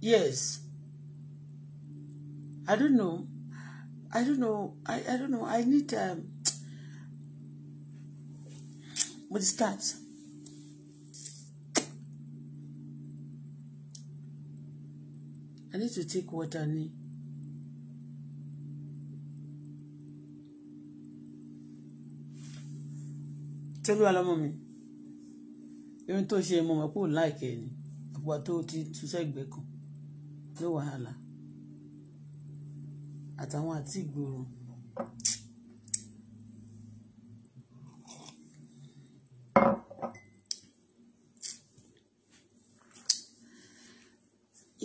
Yes. I don't know. I don't know. I, I don't know. I need um what is that? I need to take what I need. Tell you, Alamomi irun tó ṣe mo mọ̀ pé òun láìkẹ́ ni àgbà tó ti tu sẹ́gbẹ̀ẹ́ kan ló wàhálà àtàwọn àti ìgboro.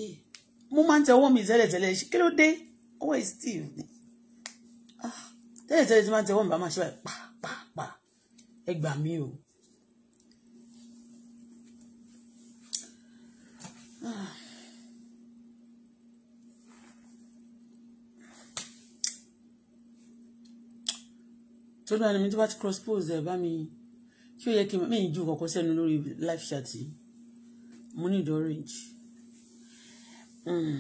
Eh, mo máa ń tẹ ọwọ́ mi tẹ́lẹ̀tẹ́lẹ̀ kí ló dé ọwọ́ yìí steve ni ah, tẹ́lẹ̀tẹ́lẹ̀ tí máa ń tẹ ọwọ́ mi bá máa ṣe báyìí pàápàá ẹ gbà o. Ah. tọ́lú àná mi tó bá ti cross pose ẹ̀ bá mi kí ó yẹ kí mi ju kọ̀kọ́ sẹ́nu lórí life chat yìí mo ní ìdọ́rẹ́jì hmm.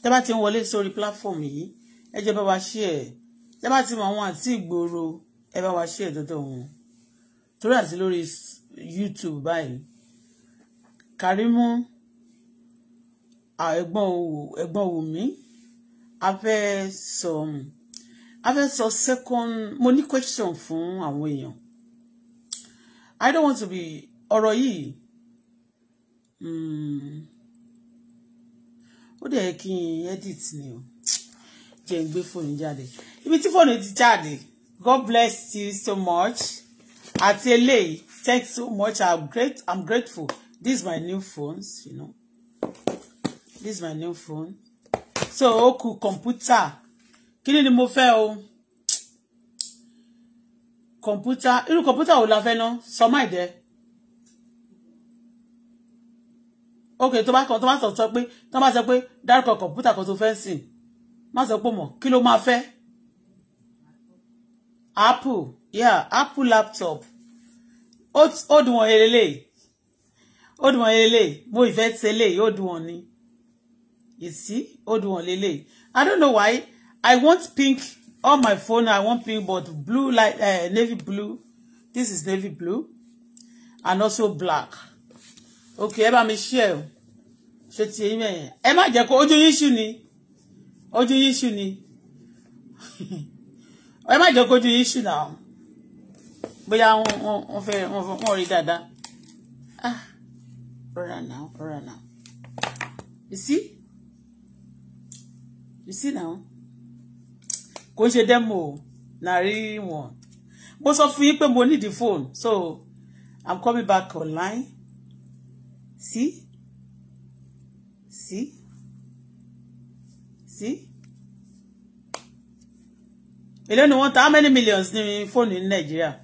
tẹ́ bá ti ń wọlé sórí platform yìí ẹ jẹ́ bá wa share tẹ́ bá ti mọ àwọn àti ìgboro ẹ bá wa share dọ́dọ̀ wọn torí àti lórí YouTube báyìí Karimo. Ah, ẹ̀gbọ́n ẹ̀gbọ́n Wùmí a fẹ́ sọ a fẹ́ sọ second mo ní question fún àwọn èèyàn I don't want to be ọ̀rọ̀ yìí hmm, ó dẹ̀ kí n edit ni o jẹ́ n gbé fóònù jáde ibi tí fóònù ti jáde God bless you so much àti eléyìí thanks so much I'm great I'm grateful these my new phones you know this is my new phone so ó kù kọ̀ǹpútà kí ni mo fẹ́ o kọ̀ǹpútà irú kọ̀ǹpútà wo la fẹ́ ná sọmọ ìdẹ ok tó bá kan tó bá sọ sọ pé tó bá sọ pé dárúkọ kọ̀ǹpútà kan tó fẹ́ sìn má sọ pé mọ̀ kí ló máa fẹ́ apple yeah apple laptop ó dùn wọ̀n eléyìí ó dùn wọ̀n eléyìí mo ìfẹ́ tẹ́lẹ̀ yóò dùn wọ̀n ni you see old one lele i don't know why i want pink on my phone i want pink but blue like uh, navy blue this is navy blue and also black okay ẹ bá mi share o ṣe ti eyín ẹ̀yìn ẹ má jẹ́ kó ojú yín ṣù ni ojú yín ṣù ni ẹ má jẹ́ kó ojú yín ṣù náà bóyá wọ́n fẹ́ wọ́n rí dáadáa ah rọra náà rọra náà you see you see now kò ń ṣe demo na real one mo sọ fún yín pé mo need the phone so i'm coming back online see see see èlé ni wọ́n ta how many millions ní fóònù ní nàìjíríà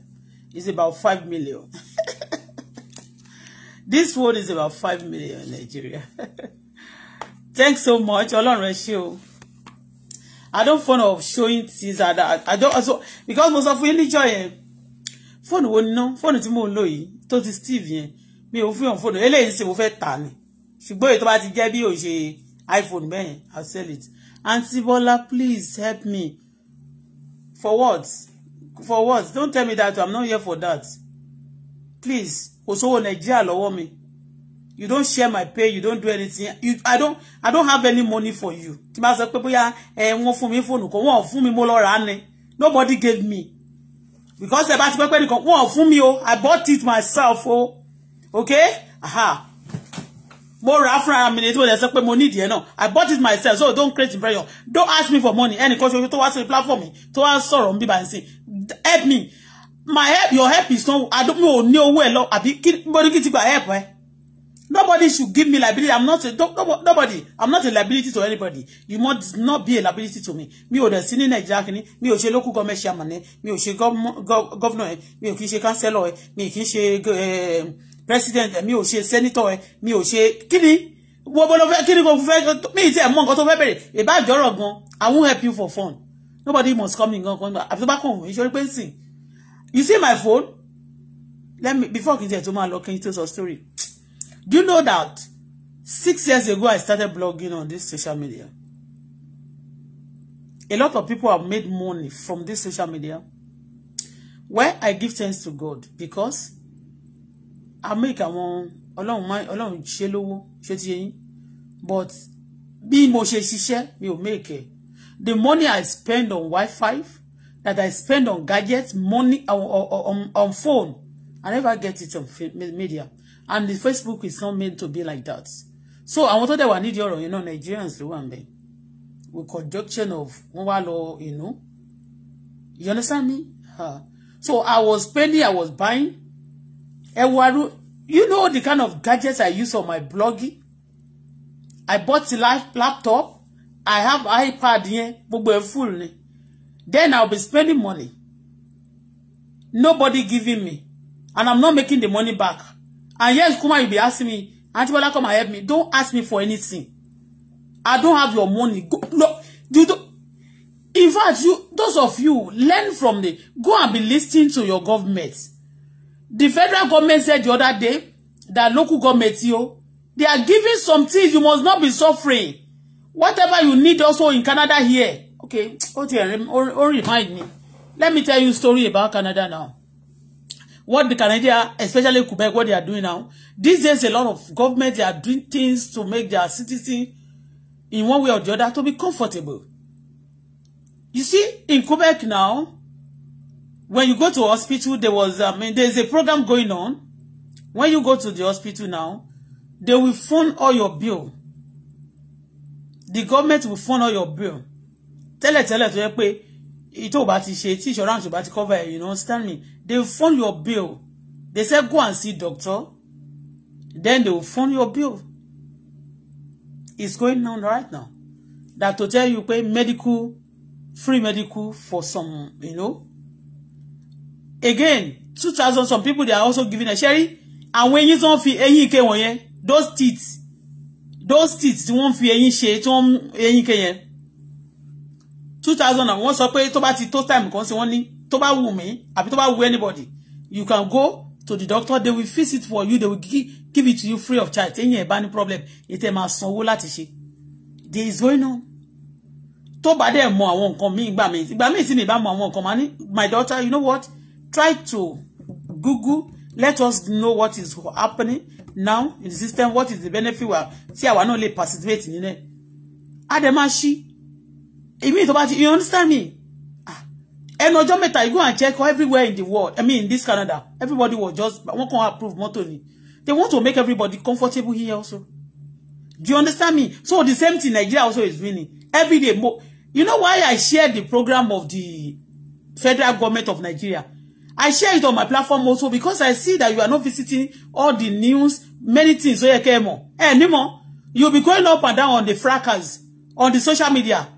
is about five million this phone is about five million in nigeria thanks so much ọlọ́run ẹ ṣé o. I don't fond of showing things like that. I don't also because most of fún yín níjọ́ yẹn fóònù wo ni ná fóònù tí mò ń lò yìí tó ti Steve yẹn mi ò fi hàn fóònù eléyìí ń sè mo fẹ́ tà ni ṣùgbọ́n èyí tó bá ti jẹ́ bí òun ṣe iPhone bẹ́ẹ̀ I sell it. Auntie Bola please help me for what for what don't tell me that I'm not here for that please kò sówó Nàìjíríà lọ́wọ́ mi you don't share my pay you don't do anything you i don't i don't have any money for you tí ma sọ pé bóyá eh wọ́n fún mi phone ko wọ́n fún mi mo lọ rà ni nobody gave me because ẹ bá ti pé pé nìkan wọ́n fún mi o i bought it myself o okay aha mo rà fún ara mi ni tí mo lè sọ pé mo need ẹ náà i bought it myself so don't create impression don't ask me for money Any ṣoṣo tó wá sí platform mi tó wá sọ̀rọ̀ ń bíbá ń sìn help me my help your help is not i don't know ní owó ẹ lọ àbí kí bọ́dí kí ti gba help Eh? Nobody should give me liability. I'm not a no, nobody. I'm not a liability to anybody. You must not be a liability to me. Me ò the senior ní Me kìíní, the local government chairman Me mi the ṣe governor ẹ, mi ò kìí ṣe councillor ẹ, eh, president Me mi the senator Me mi the ṣe What about the lo fẹ́ kíni kò fẹ́ mi ti ẹ̀ mọ nǹkan tó fẹ́ bẹ̀rẹ̀. Ìbá àjọrọ̀ I won't help you for fun. Nobody must come in gan. Àfi back bá kàn wọ́n, ìṣòro pé You see my phone? Let me before kí n tẹ̀ tó máa lọ kí n tó sọ story. Do you know that six years ago I started blogging on this social media? A lot of people have made money from this social media. Where I give thanks to God because I make a ọlọ́run along ọlọ́run ṣe lówó but be more ṣe ṣiṣẹ́ make it. E. The money I spend on Wi-Fi that I spend on gadgets, money on, on, on, on phone, I never get it on media and the Facebook is not meant to be like that so àwọn tó dẹ̀ wà nídìí ọ̀rọ̀ yẹn náà Nigerians ló wà ń bẹ with conjunction of wọ́n wá lọ you know you understand me uh, so I was spending I was buying ẹ you know the kind of gadgets I use on my blogging I bought a laptop I have iPad yẹn gbogbo ẹ̀ full ni then I'll be spending money nobody giving me and I'm not making the money back And yes, Kuma, you be asking me, Auntie Bola, come and help me. Don't ask me for anything. I don't have your money. Go, no, you don't. In fact, you, those of you, learn from the, go and be listening to your government. The federal government said the other day that local government, you, they are giving some things. You must not be suffering. Whatever you need also in Canada here. Okay, okay, or remind me. Let me tell you a story about Canada now what the Canada, especially Quebec, what they are doing now. These days, a lot of governments they are doing things to make their citizens, in one way or the other, to be comfortable. You see, in Quebec now, when you go to hospital, there was, I mean, there's a program going on. When you go to the hospital now, they will fund all your bill. The government will fund all your bill. Tell it, yẹ pé, ìtò bá ti ṣe, tí insurance bá ti cover, you understand me? They will fund your bill. They say go and see doctor. Then they will fund your bill. It's going on right now. That to tell you pay medical, free medical for some, you know. Again, 2,000 some people they are also giving a sherry. Àwọn eyín tí wọ́n fi eyín ike wọ̀nyẹn, those teeth, those teeth they won't feel any ṣe tí wọ́n eyín ike yẹn. 2,000 àwọn sọ pé tó bá ti tó time kan sí wọ́n To bá wù mí àbí to bá wù anybody you can go to the doctor they will fix it for you they will give, give it to you free of charge téèyàn ẹ̀ bá ní problem ètò ẹ̀ máa sanwó láti ṣe there is going on To bá dẹ̀ mọ àwọn nǹkan míì gbà míì ìgbà míì tí mi bá mọ àwọn nǹkan máa my daughter you know what try to google let us know what is happening now in the system what is the benefit wa tí àwa náà lè participate nínú ẹ̀ á dẹ̀ máa ṣí ìmí tó bá ti you understand me ẹnu ọjọ́ mẹ́ta you go and check everywhere in the world i mean in this Canada everybody was just wọ́n kàn approve mọ́tò ni they want to make everybody comfortable here also do you understand me so the same thing Nigeria also is winning every day mo you know why i share the program of the federal government of Nigeria I share it on my platform also because I see that you are not visiting all the news, many things. So you care more. Hey, anymore, you'll be going up and down on the fracas, on the social media.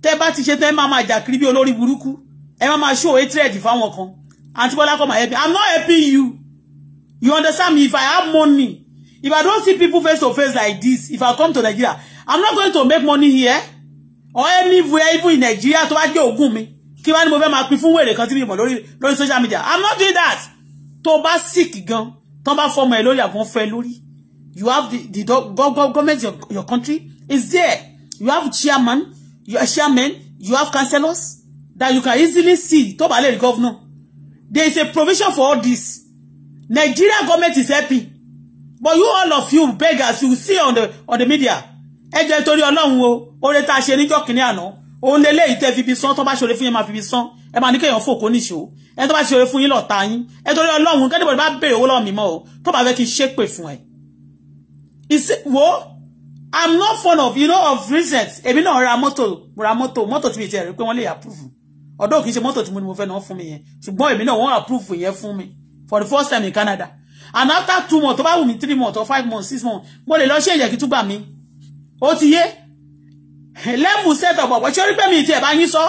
Tẹ́ bá ti ṣe tẹ́ máa máa jà kiri bí olórí burúkú ẹ máa máa show hatred fáwọn kan àǹtí Bọ́lá kọ́ máa help i'm not helping you you understand me if i have money if i don't see people face to face like this if i come to nigeria i'm not going to make money here or anywhere even in nigeria to bá jẹ́ ògùn mi kí wá ní mo fẹ́ máa pín fún wèrè kan tí mi mọ̀ lórí lórí social media i'm not doing that To bá sick gan to bá fọmọ ẹ lórí àgbọn fẹ lórí you have the the go, go, government your, your country is there you have chairman your chairman you have councillors that you can easily see tó bá lè rí governor there is a provision for all this Nigeria government is helping but you all of you beggars you see on the on the media E jẹ́ torí Ọlọ́run o oore tá a ṣe níjọ́ kìíní àná òun lélẹ́yìí tẹ́ fi fi san tó bá ṣoore fún yín máa fi fi san ẹ máa ní kéèyàn fòkó níṣó ẹ tó bá ṣoore fún yín lọ́ọ̀ta yín ẹ torí Ọlọ́run kẹ́dẹ́bọ̀dé bá béèrè owó lọ́wọ́ mi mọ́ o tó bá fẹ́ kí n ṣépè fún ẹ. wo I'm not fond of you know of recent èmi náà ra mọ́tò ra mọ́tò mọ́tò tí mi ti rí pé wọ́n lè approve ọ̀dọ́ kì í ṣe mọ́tò tí mo ní mo fẹ́ náà fún mi yẹn ṣùgbọ́n èmi náà wọ́n approve yẹn fún mi for the first time in Canada and after two months tó bá wù mí three months or five months six months mo lè lọ ṣe ìyẹ̀kí túgbà mi ó ti yé lẹ́mù sẹ́tọ̀ bọ̀bọ̀ ṣé orí pé mi ti ẹ̀ bá yín sọ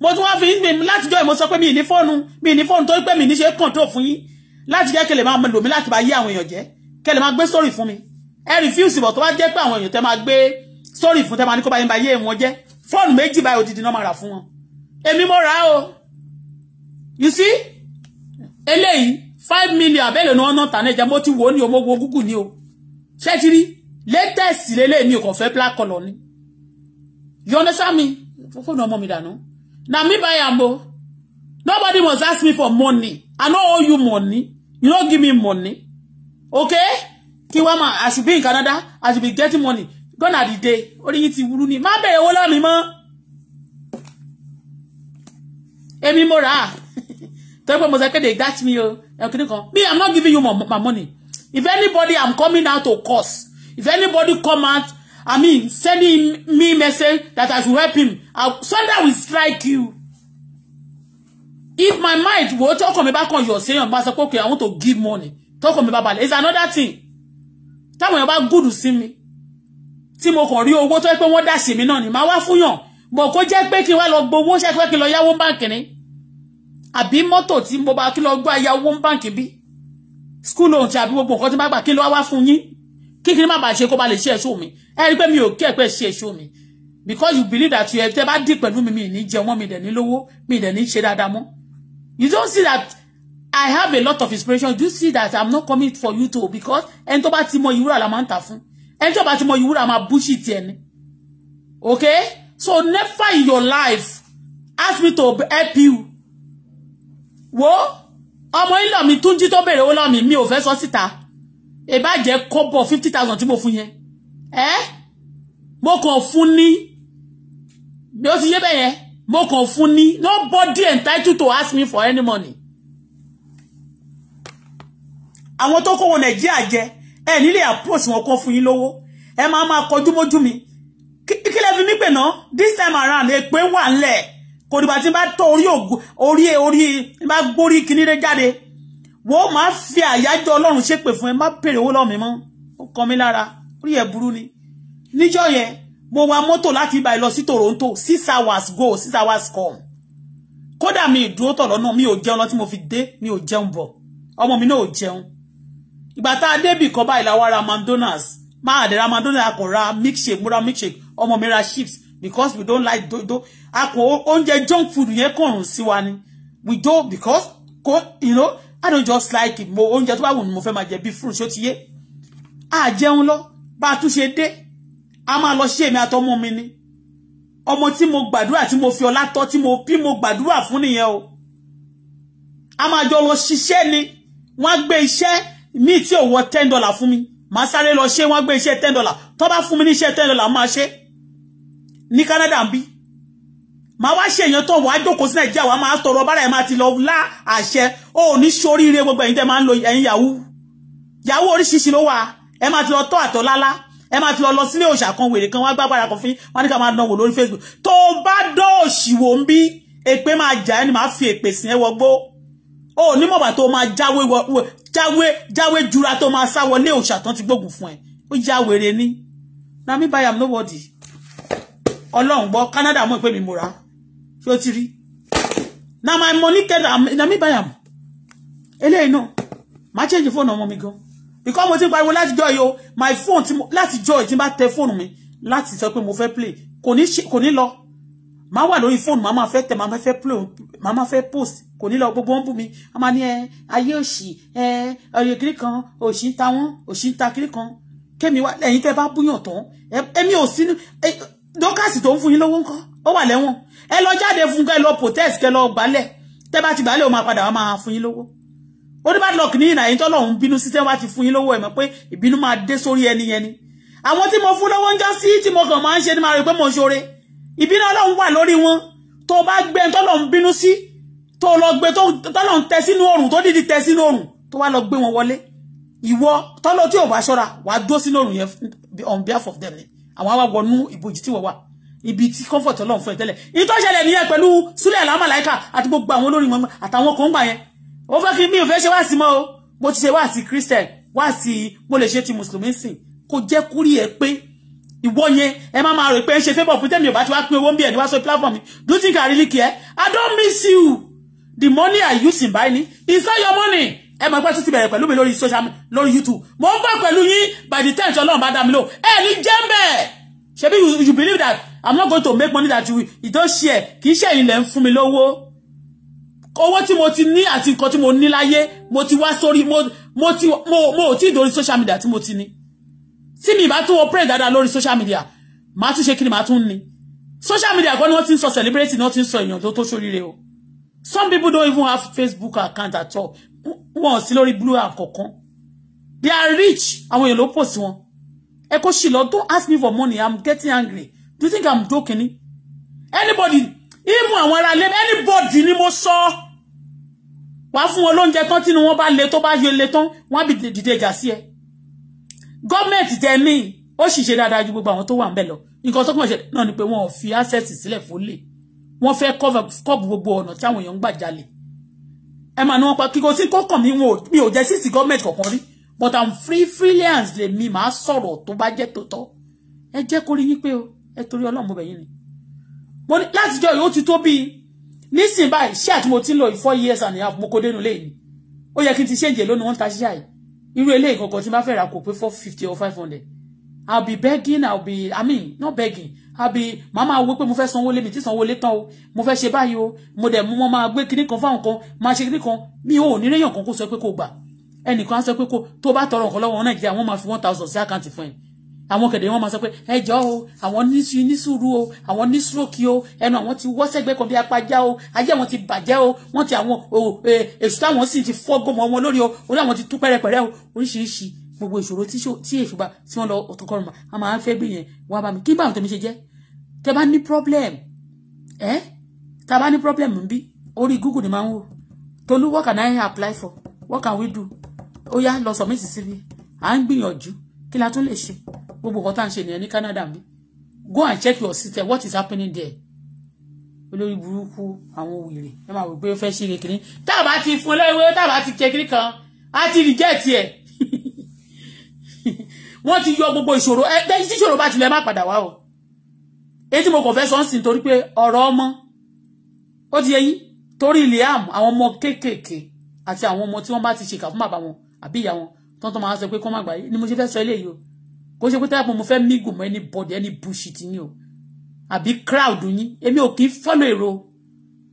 mo tún wáá fi ń gbìn látijọ́ ìmọ̀ sọ pé mi ní fóònù mi ní fóònù torí pé mi ní ṣe control fún yín láti jẹ́ kẹlẹ̀ máa lò mí láti bá yí àwọn èèyàn jẹ́ kẹlẹ̀ máa gbé story fún mi ẹ refuse bọ̀ tó bá jẹ́ pé àwọn èèyàn tẹ máa gbé story fún tẹ máa ní kó bá yín bá yé wọn jẹ́ fóònù méjì báyìí odidi náà máa rà fún wọn èmi mo rà o you see eléyìí five million abẹ́lẹ̀ no wọ́n náà tà ní ẹja mo ti wò ó ní o mo wo Google ni o ṣé ti rí latest lélẹ̀ mi ò kàn fẹ́ black colour ni you understand me fóònù ọmọ mi dànù na me buy am o nobody must ask me for money I no owe you money you no give me money okay kiwama I should be in Canada I should be getting money gonna the day oríyìn ti wúrú ni má bẹ̀rẹ̀ owó lọ́mìí mọ́. èmi mo rà á tó pé mo sọ pé they got me o ẹ̀kíní kan me i'm not giving you my, money if anybody i'm coming out to curse if anybody come out i mean sending me message that i should help him I'll, thunder will strike you if my mind wo tọkàn mi bá kàn yọ séèyàn bá sọ pé okay i want to give money Talk mi bá balẹ̀ it's another thing táwọn èèyàn bá gùdù sí mi tí mo kàn rí owó tó yẹ pé wọ́n dà sí mi náà ni màá wá fúnyàn bọ̀ kó jẹ́ pé kí n wá lọ gbowó ṣe pé kí n lọ yáwó báǹkì ni àbí mọ́tò tí mo bá kí lọ gbọ́ aya owó ń báǹkì bí skul ohun ti àbí gbogbo nǹkan tí bá gbà kí lọ wá fún yín kí kí ni má bàa ṣe kó ba lè ṣe ẹ̀ṣọ́ mi ẹ rí pé mi ò kí ẹ ṣe ẹ̀ṣọ́ mi because you believe that you ẹ tẹ bá dì pẹ̀lú mi mi ní jẹun mọ́ mi dẹ̀ ní lówó mi dẹ̀ ní ṣe dáadáa mọ́ you don't see that I have a lot of inspiration you see that I'm not coming for you too because ẹni tó bá ti mọ ìwúrà la máa ń tà fún ẹni tó bá ti mọ ìwúrà máa búṣì tiẹ̀ ni okay so never in your life ask me to help you wo ọmọ ìlọ mi tún jí tó béèrè owó lọ́wọ́ mi mi ò fẹ́ sọ síta ìbá jẹ́ kọ́bọ̀ fifty thousand tí mo fún yẹn ẹ́ mo kàn fún ní bí ó ti yé bẹ́yẹn mo kàn fún ní nobody entitled to ask me for any money. àwọn tó kó wọn nàìjíríà jẹ ẹ nílé approach wọn kó fún yín lówó ẹ máa máa kọjú mójú mi kí lẹ fi mí pè náà this time around èpè wà ńlẹ̀ kò dìgbà tí n bá tọ́ orí ògùn orí orí n bá gbórí kíní rẹ jáde wò máa fi àyájọ́ ọlọ́run ṣépè fún ẹ má bèrè owó lọ́mí mọ́ ó kàn mí lára orí ẹ̀ burú ni níjọ́ yẹn mo wa mọ́tò láti ibà lọ sí Toronto six hours go six hours come kódà mi ìdúró tọ̀ lọ́nà mi ò jẹun lọ mo fi dé mi ò jẹun bọ̀ ọmọ mi náà ò jẹun ìgbà tá a débì kan báyìí làwọn ra McDonald's máa dẹ̀ ra McDonald's kò ra milkshake mo ra milkshake ọmọ mi ra chips because we don't like dodo ako oúnjẹ junk food yẹn kàn rùn sí wa ni we do because ko you know i don't just like it mo oúnjẹ tó bá wù mí mo fẹ́ máa jẹ bí fruit ṣó ti yé a jẹun lọ bá a tún ṣe dé a máa lọ ṣe èmi àtọmọ mi ni ọmọ tí mo gbàdúrà tí mo fi ọlá tọ́ tí mo bí mo gbàdúrà fún nìyẹn o a máa jọ lọ ṣiṣẹ́ ni wọ́n á gbé iṣẹ́ míì tí ò dollar fún mi màá sáré lọ ṣe wọ́n á gbé iṣẹ́ dollar tó bá fún mi ní iṣẹ́ ten dollar máa ṣe ní Canada ń bí màá wá ṣèyàn tó wàá jókòó sí Nàìjíríà wàá máa tọrọ bára ẹ̀ máa ti lọ lá àṣẹ ó ní sóríire gbogbo ẹ̀yin tẹ́ máa ń lo ẹ̀yin yahoo yahoo oríṣiríṣi ló wà ẹ máa ti lọ tọ́ àtọ́ lálá ẹ máa ti lọ lọ sílé òòṣà kan wèrè kan wá gbàgbára kan fún wọn ní ká máa dánwò lórí Facebook tó do dán òṣìwò ń bí èpè máa jà ẹni máa fi èpè sí ẹwọ gbó ó ní mọ̀bà tó máa jáwé jáwé jáwé jura tó máa sáwọlé òòṣà tán ti gbógun fún ẹ ó já wèrè ní na me buy am nobody Ọlọ́run gbọ́ Canada mọ̀ pé mi múra ṣé o ti rí na my money get na me buy am eléyìí náà máa change fóònù ọmọ mi gan because mo ti pariwo láti jọ yìí my phone láti jọ yìí tí n bá tẹ fóònù mi láti sọ pé mo fẹ́ play kò ní lọ máa wà lórí fóònù máa máa fẹ́ tẹ̀ máa máa fẹ́ play máa máa fẹ́ post kò ní lọ gbogbo wọn bú mi a máa ní ẹ ayé òṣì ẹ ọyọ kiri kan òṣì ń ta wọn òṣì ń ta kiri kan kémi wá ẹ̀yin tẹ́ bá búyàn tán èmi ò sínú dókàsì tó ń fún yín lówó ńkọ́ ó wà lẹ́wọ̀n ẹ lọ jáde fún kẹ́ lọ protest kẹ́ lọ gbálẹ̀ tẹ́ bá ti gbálẹ̀ ó máa padà wá máa fún yín lówó ó ní bad luck ní ìnà yín tọ́lọ́run bínú sí tẹ́wọ́n ti fún yín lówó ẹ̀ mọ̀ pé ìbínú máa dé sórí ẹni yẹn ni àwọn tí mo fún lówó ń já sí tí mo kàn máa ń ṣe ni máa rí pé mo ṣoore ìbínú ọlọ́run wà lórí wọn tó bá gbé ẹni tọ́lọ́run bínú sí tó lọ gbé tọ́lọ́run tẹ sínú òrùn tó dìdí tẹ sínú òrùn tó wá lọ gbé wọn wọlé ìwọ tọ́lọ́ tí ò bá ṣọ́ra wàá dó sínú òrùn yẹn on behalf of them ni àwọn àwa wọnú ìbòjì tí wọ́n wà ibi tí comfort ọlọ́run fún ẹ tẹ́lẹ̀ ìyí tó ṣẹlẹ̀ nìyẹn pẹ̀lú súlẹ̀ lámàláìkà àti gbogbo àwọn olórin mọ́mọ́ àtàwọn kan gbà yẹn ó fẹ́ kí mi ò fẹ́ ṣe wá sí mọ́ o mo ti ṣe wá sí christian wá sí mo lè ṣe ti mùsùlùmí sìn kò jẹ́ kúrí ẹ pé ìwọ yẹn ẹ má máa rò pé ń ṣe favour fún tẹ́mi ò bá ti wá pín owó ń bí ẹni wá sórí platform do you think I really care I don't miss you the money I use in buying is not your money ẹ mọ̀ pé títí bẹ̀rẹ̀ pẹ̀lú mi lórí social lórí youtube mo ń bọ̀ pẹ̀lú yín by the time tí ọlọ́run bá dá mi lò ẹ ní jẹ́ńbẹ̀ ṣebí you you believe that i'm not going to make money that you you don share kì í ṣe ilẹ̀ ń fún mi lówó owó tí mo ti ní àti nǹkan tí mo ní láyé mo ti wá sórí mo mo ti mo mo ti dórí social media tí mo ti ní tí mi bá tún operate dáadáa lórí social media màá tún ṣe kí ni màá tún social media kọ́ ni wọ́n ti ń sọ celebrity ni wọ́n ti ń sọ èèyàn tó tó o some people don't even have facebook account at all wọn sí lórí blue and kọ̀ọ̀kan they are rich àwọn èèyàn ló pọ̀ sí wọn ẹ kó ṣì lọ don't ask me for money i'm getting angry do you think i'm joking ni anybody even àwọn ará ilé anybody ni mo sọ wàá fún wọn lóúnjẹ tán tínú wọn bá le tó bá yọ le tán wọn á bì dìde ìjà sí ẹ gọ́ọ̀mẹ̀ntì tẹ ní ó sì ṣe dáadáa ju gbogbo àwọn tó wà ń bẹ̀ lọ nǹkan tó kàn ṣe náà ni pé wọn ò fi access sílẹ̀ fún lè wọ́n fẹ́ cover gbogbo ọ̀nà tí àwọn èèyàn ń gbà jalè ẹ máa ní wọn pa kíkọ sí kọkàn mi wọn mi ò jẹ sísì gọọmẹǹt kankan rí but i'm free freelance lè mi máa sọ̀rọ̀ tó bá jẹ́ tòótọ́ ẹ jẹ́ kó rí yín pé o ẹ torí Ọlọ́run mo bẹ̀ yín ni mo ní látijọ́ yìí ó ti tó bíi nísìnyí báyìí ṣé àti mo ti ń lọ four years and a half mo kó dénú léyìí ó yẹ kí n ti ṣéǹjẹ lónìí wọn ń ta ṣíṣá yìí irú eléyìí kankan tí n bá fẹ́ ra kò pé four fifty or five hundred i'll be begging i'll be i mean not begging àbí màmá wo pé mo fẹ́ sanwó lé mi tí sanwó lé tán o mo fẹ́ ṣe báyìí o mo dẹ̀ mo máa gbé kinní kan fáwọn kan máa ṣe kinní kan mi ò ní réyàn kan kó sọ pé kó gbà ẹnìkan á sọ pé kó tó bá tọrọ nǹkan lọ́wọ́ nàìjíríà wọ́n máa fi one thousand sí àkáǹtì fún ẹ àwọn kẹ̀dẹ̀ wọ́n máa sọ pé ẹ jọ̀ọ́ o àwọn ní sùúrù o àwọn ní stroke o ẹnu àwọn ti wọ́ sẹ́gbẹ́ kan bí apájá o ayé àwọn ti bàjẹ́ o wọ́n ti àwọn e, èṣù táwọn sì ti fọ́gbọ́n mọ́ wọn lórí o orí àwọn ti tú pẹ́rẹpẹ̀rẹ o oríṣiríṣi gbogbo ìṣòro tí èṣù tí wọ́n lọ ọ̀tọ̀kọ́ rùmà a máa fẹ́ bí yẹn wá bá mi kí báwọn tẹ̀mí ṣe jẹ́ tẹ bá ní problem ẹ tá a bá ní problem ń bí orí Google ni máa ń wò Tolú what can I apply for what can we do ó yá lọ submit CV à ń gbìyànjú kí la tún lè ṣe gbogbo nǹkan tá à ń ṣe nìyẹn ní Canada mi go and check your system what is happening there olórí burúkú àwọn wèrè ẹ máa wò pé ó fẹ́ ṣe kékeré tá a bá ti fún ọ lẹ́wọ́ tá ti kékeré kan á ti rìjẹ́ẹ̀tì ẹ̀ wọ́n ti yọ gbogbo ìṣòro ẹ bẹ́ẹ̀ tí ìṣòro bá tilẹ̀ má padà wá o èyí tí mo kàn fẹ́ sọ ń sìn torí pé ọ̀rọ̀ ọmọ ó ti yẹ yín torí Liam àwọn ọmọ kéékèèké àti àwọn ọmọ tí wọ́n bá ti ṣèkà fún bàbá wọn àbí ìyá wọn tó ń tọ́ máa sọ pé kó má gbà yìí ni mo ṣe fẹ́ sọ eléyìí o kò ṣe pé táyà mo fẹ́ mí gùn mọ́ ẹni bọ̀dì ẹni bullshit ni o àbí crowd yín èmi ò kì í follow èrò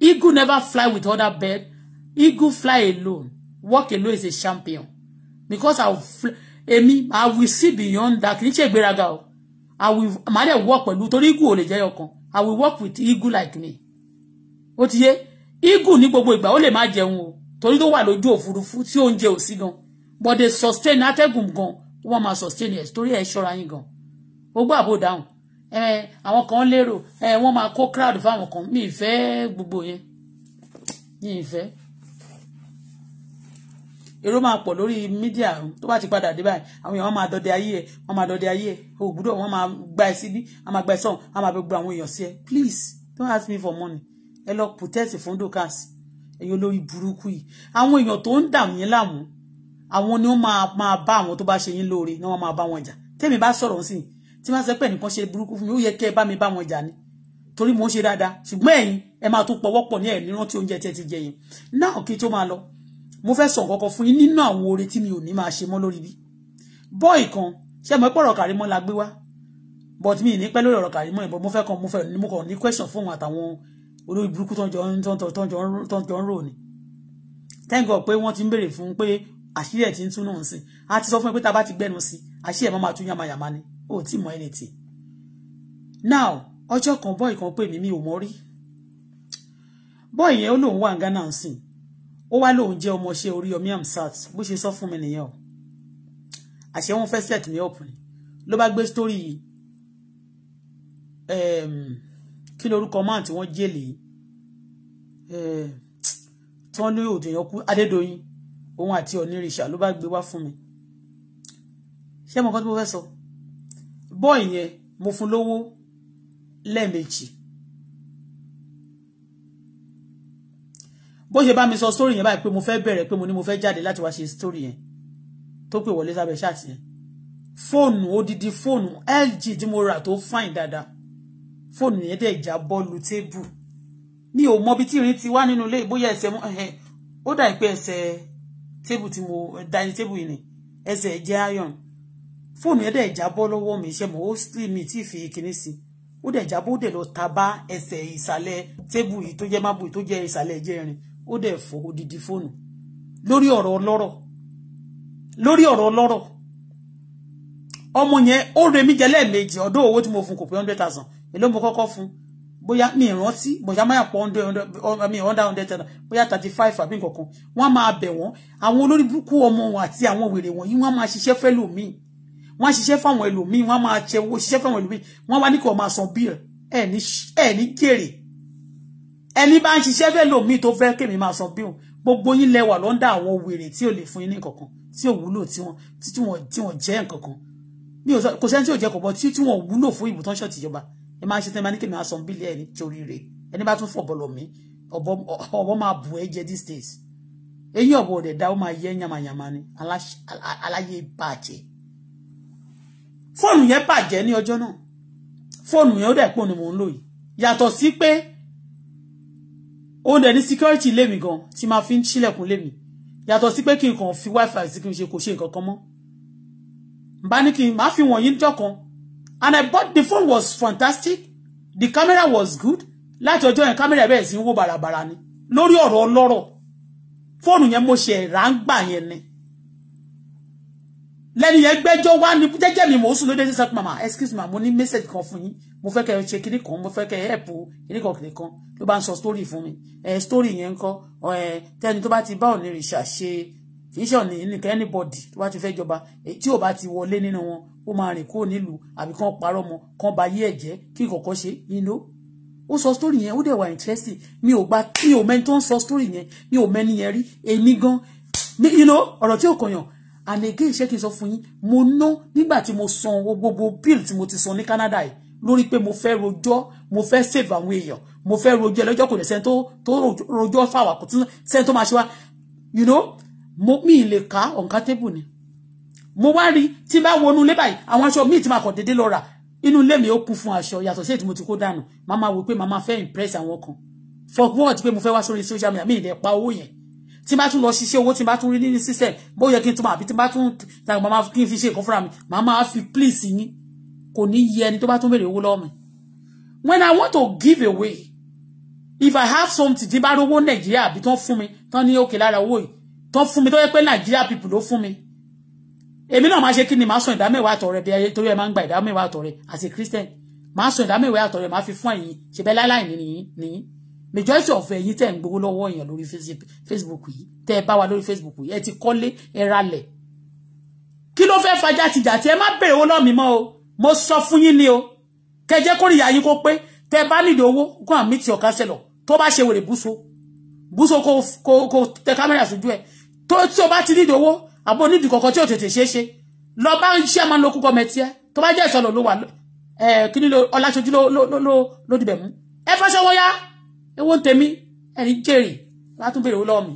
eagle never fly with other bird eagle fly alone walk alone is a champion because I fly èmi i will see beyond that kì í ṣe ìgbéraga o i will màá dẹ̀ work pẹ̀lú torí eagle ò lè jẹ́ ọkàn i will work with eagle like me ó ti yé eagle ní gbogbo ìgbà ó lè má jẹun o torí tó wà lójú òfurufú tí oúnjẹ ò sí gan but they sustain atẹ́gùn gan wọ́n máa sustain ẹ̀ torí ẹ̀ ṣọ́ra yín gan ó gbọ́ àbò dáhùn àwọn kan lérò wọ́n máa kó crowd fáwọn kan mi ì fẹ́ gbogbo yẹn mi ì èrò máa pọ̀ lórí mídíà tó bá ti padà dé báyìí àwọn èèyàn wọn máa dọdẹ ayé ẹ wọn máa dọdẹ ayé ẹ o gbúdọ̀ wọn máa gba ẹ síbí wọn máa gba ẹ sọ̀hún wọn máa gba àwọn èèyàn sí ẹ please don't ask me for money ẹ lọ protest fún dokas ẹ̀yin olórí burúkú yìí àwọn èèyàn tó ń dààmú yín láàmú àwọn ni wọ́n máa máa bá àwọn tó bá ṣe yín lóore ni wọ́n máa bá wọn jà tẹ́mi bá sọ̀rọ̀ ń sìn tí wọ́n sọ pé nìkan ṣe burúkú fún mi ó yẹ kẹ́ bá mi bá wọn jà ni torí mo ń ṣe dáadáa ṣùgbọ́n ẹ̀yin ẹ máa tún pọ̀wọ́pọ̀ ní ẹ̀ níran tí oúnjẹ tẹ́ ti jẹ yẹn náà kí tó máa lọ mo fẹ́ sọ nǹkan fún yín nínú àwọn oore tí mi ò ní máa ṣe mọ́ lórí bí bọ́ọ̀ì kan ṣé mo pọ̀rọ̀ Karimo la gbé wá but mi ní pẹ́ lórí ọ̀rọ̀ Karimo yẹn but mo fẹ́ kan mo fẹ́ mo kàn ní question fún òun àtàwọn olórí burúkú tó ń jọ ń rò ni thank God pé wọ́n ti ń béèrè fún pé àṣírí ẹ̀ ti ń tún náà sí a ti sọ fún ẹ pé tá a bá ti gbẹnu sí àṣírí ẹ̀ máa máa tún yàmàyàmá ni ó ti mọ ẹni tì now ọjọ́ kan bọ́ọ̀ì kan pè mí mi ò mọ́ rí bọ́ọ̀ì yẹn ó lóun wà ń gánà ń sìn ó wá lóun jẹ́ ọmọọṣẹ́ Oríyọmí Hamzat bó ṣe sọ fún mi nìyẹn o àṣẹ wọn fẹ́ set me up ni ló bá gbé story ehm, kí lorúkọ máà tí wọ́n jèlè ehm, tí wọ́n ní òdòyàn kú Adédoyin òun àti onírìṣà ló bá gbé wá fún mi ṣé mo kọ́ tí mo fẹ́ sọ bọ́ọ̀ yẹn mo fún lówó lẹ́ẹ̀mejì bó ṣe bá mi sọ story yẹn báyìí pé mo fẹ́ bẹ̀rẹ̀ pé mo ní mo fẹ́ jáde láti wá ṣe story yẹn tó pè wọlé sábẹ́ ṣáàtì yẹn fóònù odidi fóònù LG tí mo rà tó fine dáadáa fóònù yẹn dẹ̀ já bọ́ọ̀lù tébù mi ò mọ bí tí irin ti wá nínú ilé bóyá ẹsẹ̀ ó dà pé ẹsẹ̀ tébù tí mo dání tébù yìí ni ẹsẹ̀ jẹ́ iron fóònù yẹn dẹ̀ já bọ́ lọ́wọ́ mi ṣe mọ̀ ó sì mi tí ì fi kinní sí ó dẹ̀ já bó dẹ̀ lọ ta bá ẹsẹ̀ ìsàlẹ̀ tébù yìí tó jẹ́ mábù tó jẹ́ ìsàlẹ̀ jẹ́rin ó dẹ̀ fọ́ odidi fóònù lórí ọ̀rọ̀ ọlọ́rọ̀ lórí ọ̀rọ̀ ọlọ́rọ̀ ọmọ yẹn ó re mí jẹ lẹ́ẹ̀mejì ọdún owó tí mo fún kò pé hundred thousand èló mo kọ́kọ́ fún bóyá mi ìrántí bóyá máa pọ̀ hundred mi hundred hundred ten bóyá thirty five àbí nǹkankan wọ́n á máa bẹ̀ wọ́n àwọn olórí burúkú ọmọ wọn àti àwọn wèrè wọ̀nyí wọ́n á máa ṣiṣẹ́ fẹ́ lòmíì wọ́n á ṣiṣẹ́ fáwọn ẹlòmíì wọ́n á máa ṣe fáwọn ẹlòmíì wọ́n wá ní kí wọ́n máa san bíl ẹ̀ ní jèrè ẹni bá ń ṣiṣẹ́ fẹ́ lòmíì tó fẹ́ kémi máa sọ bí òun gbogbo yín lẹ́wà lọ́ndà àwọn wèrè tí ò lè fún yín ní kankan tí ò wúlò tí wọ́n tí wọ́n tí wọ́n jẹ́ nkankan mi ò sọ kò sẹ́ni tí ò jẹ́ kọ̀bọ tí tí wọ́n wúlò fún ìbùtán ṣọ̀tì ìjọba ẹ máa ṣe tẹ́ máa ní kémi máa sọ bílẹ̀ ẹni torí rẹ̀ ẹni bá tún fọ̀bọ̀ lọ mí ọ̀bọ máa bù ẹ́ jẹ these days eyín ọ̀bọ ọ̀dẹ̀ dá ó máa yẹ yamayama ni aláyé bàjẹ́ fóònù yẹn bàjẹ́ ní ọjọ́ náà fóònù yẹn ó dẹ̀ pọ̀ ni mò ń lò yìí yàtọ̀ sí pé ó dẹ̀ ní security lé mi gan tí máa fi ń ṣílẹ̀kùn lé mi yàtọ̀ sí pé kí n kàn fi wifi sí kí n ṣe kò ṣe nǹkan kan mọ́ bá ní kí n má fi wọ̀nyí dọ̀kan and I bought the phone was fantastic the camera was good láti ọjọ́ yẹn camera bẹ́ẹ̀ sí ń wó bàràbàrà ni lórí ọ̀rọ̀ ọlọ́rọ̀ fóònù yẹn mo ṣe ráńgbà yẹn ni lẹ́nu yẹn gbẹ́jọ́ wá ní jẹ́jẹ́ mi mò ń sùn lóde ṣe sọ pé mama excuse me mo ní message kan fún yín mo fẹ́ kẹ́ ṣe kinní kan mo fẹ́ kẹ́ help kinní kan kinní ló bá ń sọ story fún mi story yẹn ń kọ́ ẹ tẹ́ni tó bá ti bá òní rìṣà ṣe kì í ṣe òní anybody tó bá ti fẹ́ jọba tí ò bá ti wọlé nínú wọn ó máa rìn kúrò nílùú àbí kán parọ́ mọ́ kán ba yí ẹ̀jẹ̀ kí kọ̀ọ̀kan ṣe yín ó sọ story yẹn ó dẹ̀ wà interesting mi ò gba mi ò mẹ́ni tó ń sọ story yẹn mi ò mẹ́ni yẹn rí èmi gan you know ọ̀rọ̀ tí ò kàn yàn and again ṣé kí n sọ fún yín mo ná nígbà tí mo san gbogbo bill tí mo ti san ní Canada yìí lórí pé mo fẹ́ rojọ́ mo fẹ́ save àwọn èèyàn mo fẹ́ rojọ́ lọ́jọ́ kò ní sẹ́ni tó tó rojọ́ fáwa kò tún sẹ́ni tó máa ṣe wá you know mo mi lè ka ọ̀nká tébù ni mo wá rí tí bá wọnú ilé báyìí àwọn aṣọ míì tí máa kàn déédéé lọ rà inú ilé mi ó kún fún aṣọ yàtọ̀ sí ètò mo ti kó dànù màá máa wò pé màá máa fẹ́ impress àwọn kan for what pé mo fẹ́ wá sórí social media mi ìlẹ̀ pa owó yẹn tí bá tún lọ ṣiṣẹ́ owó tí bá tún rí nínú system bó yẹ kí n tún máa bí tí bá tún tàbí màá kí n fi ṣe nǹkan fúnra mi màá máa fi please yín kò ní yẹ ẹni tó bá tún béèrè owó lọ́wọ́ when i want to give away if i have something tí bá rówó nàìjíríà àbí tán fún mi tán ní òkè lára owó yìí tán fún mi tó yẹ pé nàìjíríà people ló fún mi èmi náà máa ṣe kí ni màá sọ ìdámẹ́wàá àtọ̀rẹ́ bí ayé torí ẹ máa ń gba ìdámẹ́wàá àtọ̀rẹ́ as a christian màá sọ ìdámẹ́wàá àtọ̀rẹ́ màá fi fún ẹ̀yin ṣe bẹ́ẹ̀ láláì ní nìyí majority of ẹ̀yin tẹ̀ ń gbowó lọ́wọ́ èèyàn lórí facebook yìí tẹ́ ẹ bá wa lórí facebook yìí ẹ ti kọ́lé ẹ ralẹ̀ kí ló fẹ́ fajá tìjà tí ẹ má bèrè owó lọ́mìí mọ́ o mo sọ fún yín ni o kẹ́ jẹ́ kó ríyà yín kó pé tẹ́ bá nílò owó go and meet your counselor tó bá ṣe wèrè búso búso kó kó kó tẹ kámẹ́rà sójú ẹ̀ tó tí o bá ti nílò owó àbọ̀ nídìí kọ̀ọ̀kan tí ò tètè ṣeé ṣe lọ bá ń ṣe àmọ́ lókù gọ́ọ̀mẹ̀tì ẹ tó bá jẹ́ ìsọ̀lọ̀ ló wà kí ni ọláṣojú ló dìbẹ̀ mú ẹ fẹ́ ṣọwọ́ yá ewo ń tèmi ẹni jèrè látún bèrè owó lọ́wọ́ mi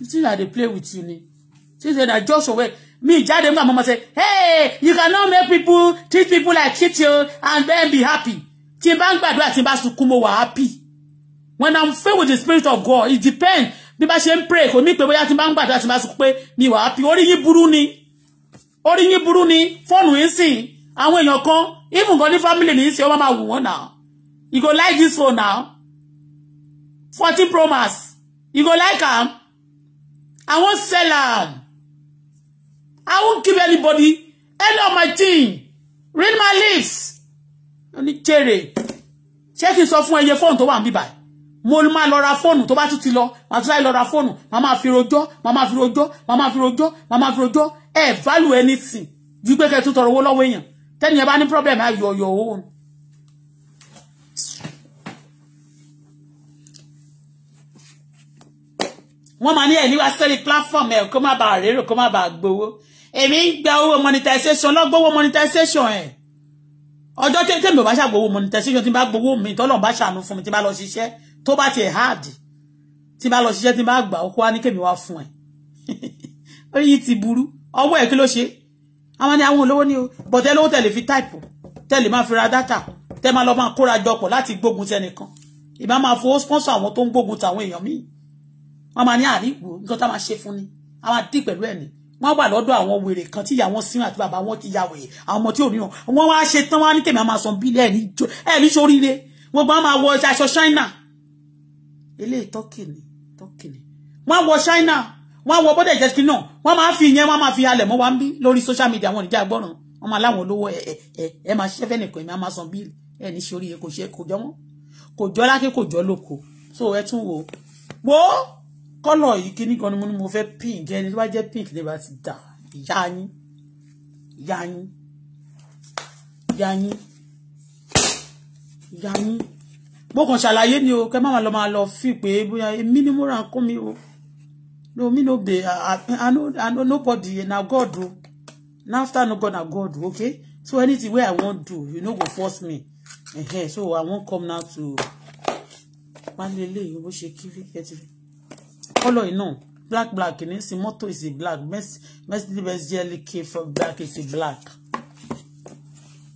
you think I dey play with you ni she na just away me jáde nígbà mama say, hey you cannot make people treat people like shit you and then be happy tí n bá ń gbàdúrà tí n bá mo wà happy when i'm filled with the spirit of God it depends bí bá ṣe ń pray kò ní pé bóyá tí n bá ń gbàdúrà tí n bá sunkún mi wà happy orí yín burú ni orí yín burú ni fóònù yín sìn àwọn èèyàn kan even gan ní family ní í ṣe ọmọ máa wù wọ́n now you go like this phone now fourteen promise. you go like am i wan sell am I won't give anybody any of my thing. Read my lips. Oni jèrè. Ṣé kí n sọ fún ẹyẹ fóònù tó wà ń bíbà? Mo máa lọ ra fóònù tó bá tún ti lọ. Màá tún láì lọ ra fóònù. Màá máa fi rojọ́. Màá máa fi rojọ́. Màá fi rojọ́. Màá fi rojọ́. Ẹ value anything. Ju pé kẹ́ tún tọrọ owó lọ́wọ́ èèyàn. Tẹ́niyẹn bá ní problem, I your your own. wọ́n máa ní ẹ̀ níwá sórí platform ẹ̀ kó má bàa rérò kó má bàa gbowó èmi ń gba owó monetization lọ́gbọ́wọ́ monetization ẹ̀ ọjọ́ tẹ́tẹ́mi ò bá ṣàgbowó monetization tí n bá gbowó mi tọ́lọ̀ bá ṣàánú fún mi tí n bá lọ ṣiṣẹ́ tó bá tiẹ̀ hard tí n bá lọ ṣiṣẹ́ tí n bá gbà ó kó wá ní kèmí wá fún ẹ̀ oyin ti burú ọwọ́ ẹ̀ kí ló ṣe àwọn ni àwọn olówó ni o bọ̀tẹ́ lówó tẹ̀lé fi táìpù tẹ̀lé máa fi ra dátà tẹ́ máa lọ máa kóra jọpọ̀ láti gbógun tẹnìkan ìbá máa fowó sponsor àwọn tó ń gbógun tàwọn èèyàn míì wọ́n máa ní àníwò nǹkan tá máa ṣe fún ni a máa dín pẹ̀lú ẹ̀ ni wọ́n wà lọ́dọ̀ àwọn wèrè kan tí ìyá sínú àti bàbá wọn ti ya wèrè àwọn ọmọ tí ò ríran wọ́n wá ṣe tán wá ní tèmi àmà sàn bílẹ̀ ẹ̀ ní sóríire wọ́n bá máa wọ aṣọ ṣáínà eléyìí tọ́kì ni tọ́kì ni wọ́n wọ ṣáínà wọ́n wọ bọ́dẹ̀ jẹ́sìkì náà wọ́n máa fi ìyẹn wọ́n máa fi halẹ̀ mọ́ wa ń bí lórí social media wọn ìjà gbọ́ràn wọ́n máa láwọn olówó ẹ̀ ẹ̀ ẹ̀ máa ṣiṣẹ́ fẹ́ nìkan ẹ̀mí àmà sàn bílẹ̀ ẹ̀ kọ́lọ̀ yìí kíní kan ni mo ní mo fẹ́ pink ẹni tó bá jẹ́ pink ní bá ti dà ìyá yín ìyá yín ìyá yín ìyá yín mo kàn ṣàlàyé ni o kẹ má lọ máa lọ fi pé bóyá èmi ni mo ra nǹkan mi o no me no be I, I know I know nobody na God o na after no God na God okay so anything wey I wan do you no go force me uh -huh. so I wan come now to. Pálí eléyìí bó ṣe kiri kẹ́tìrì kọ́lọ̀ yìí náà black black ní sin mọ́tò is black the best benz glk for black is black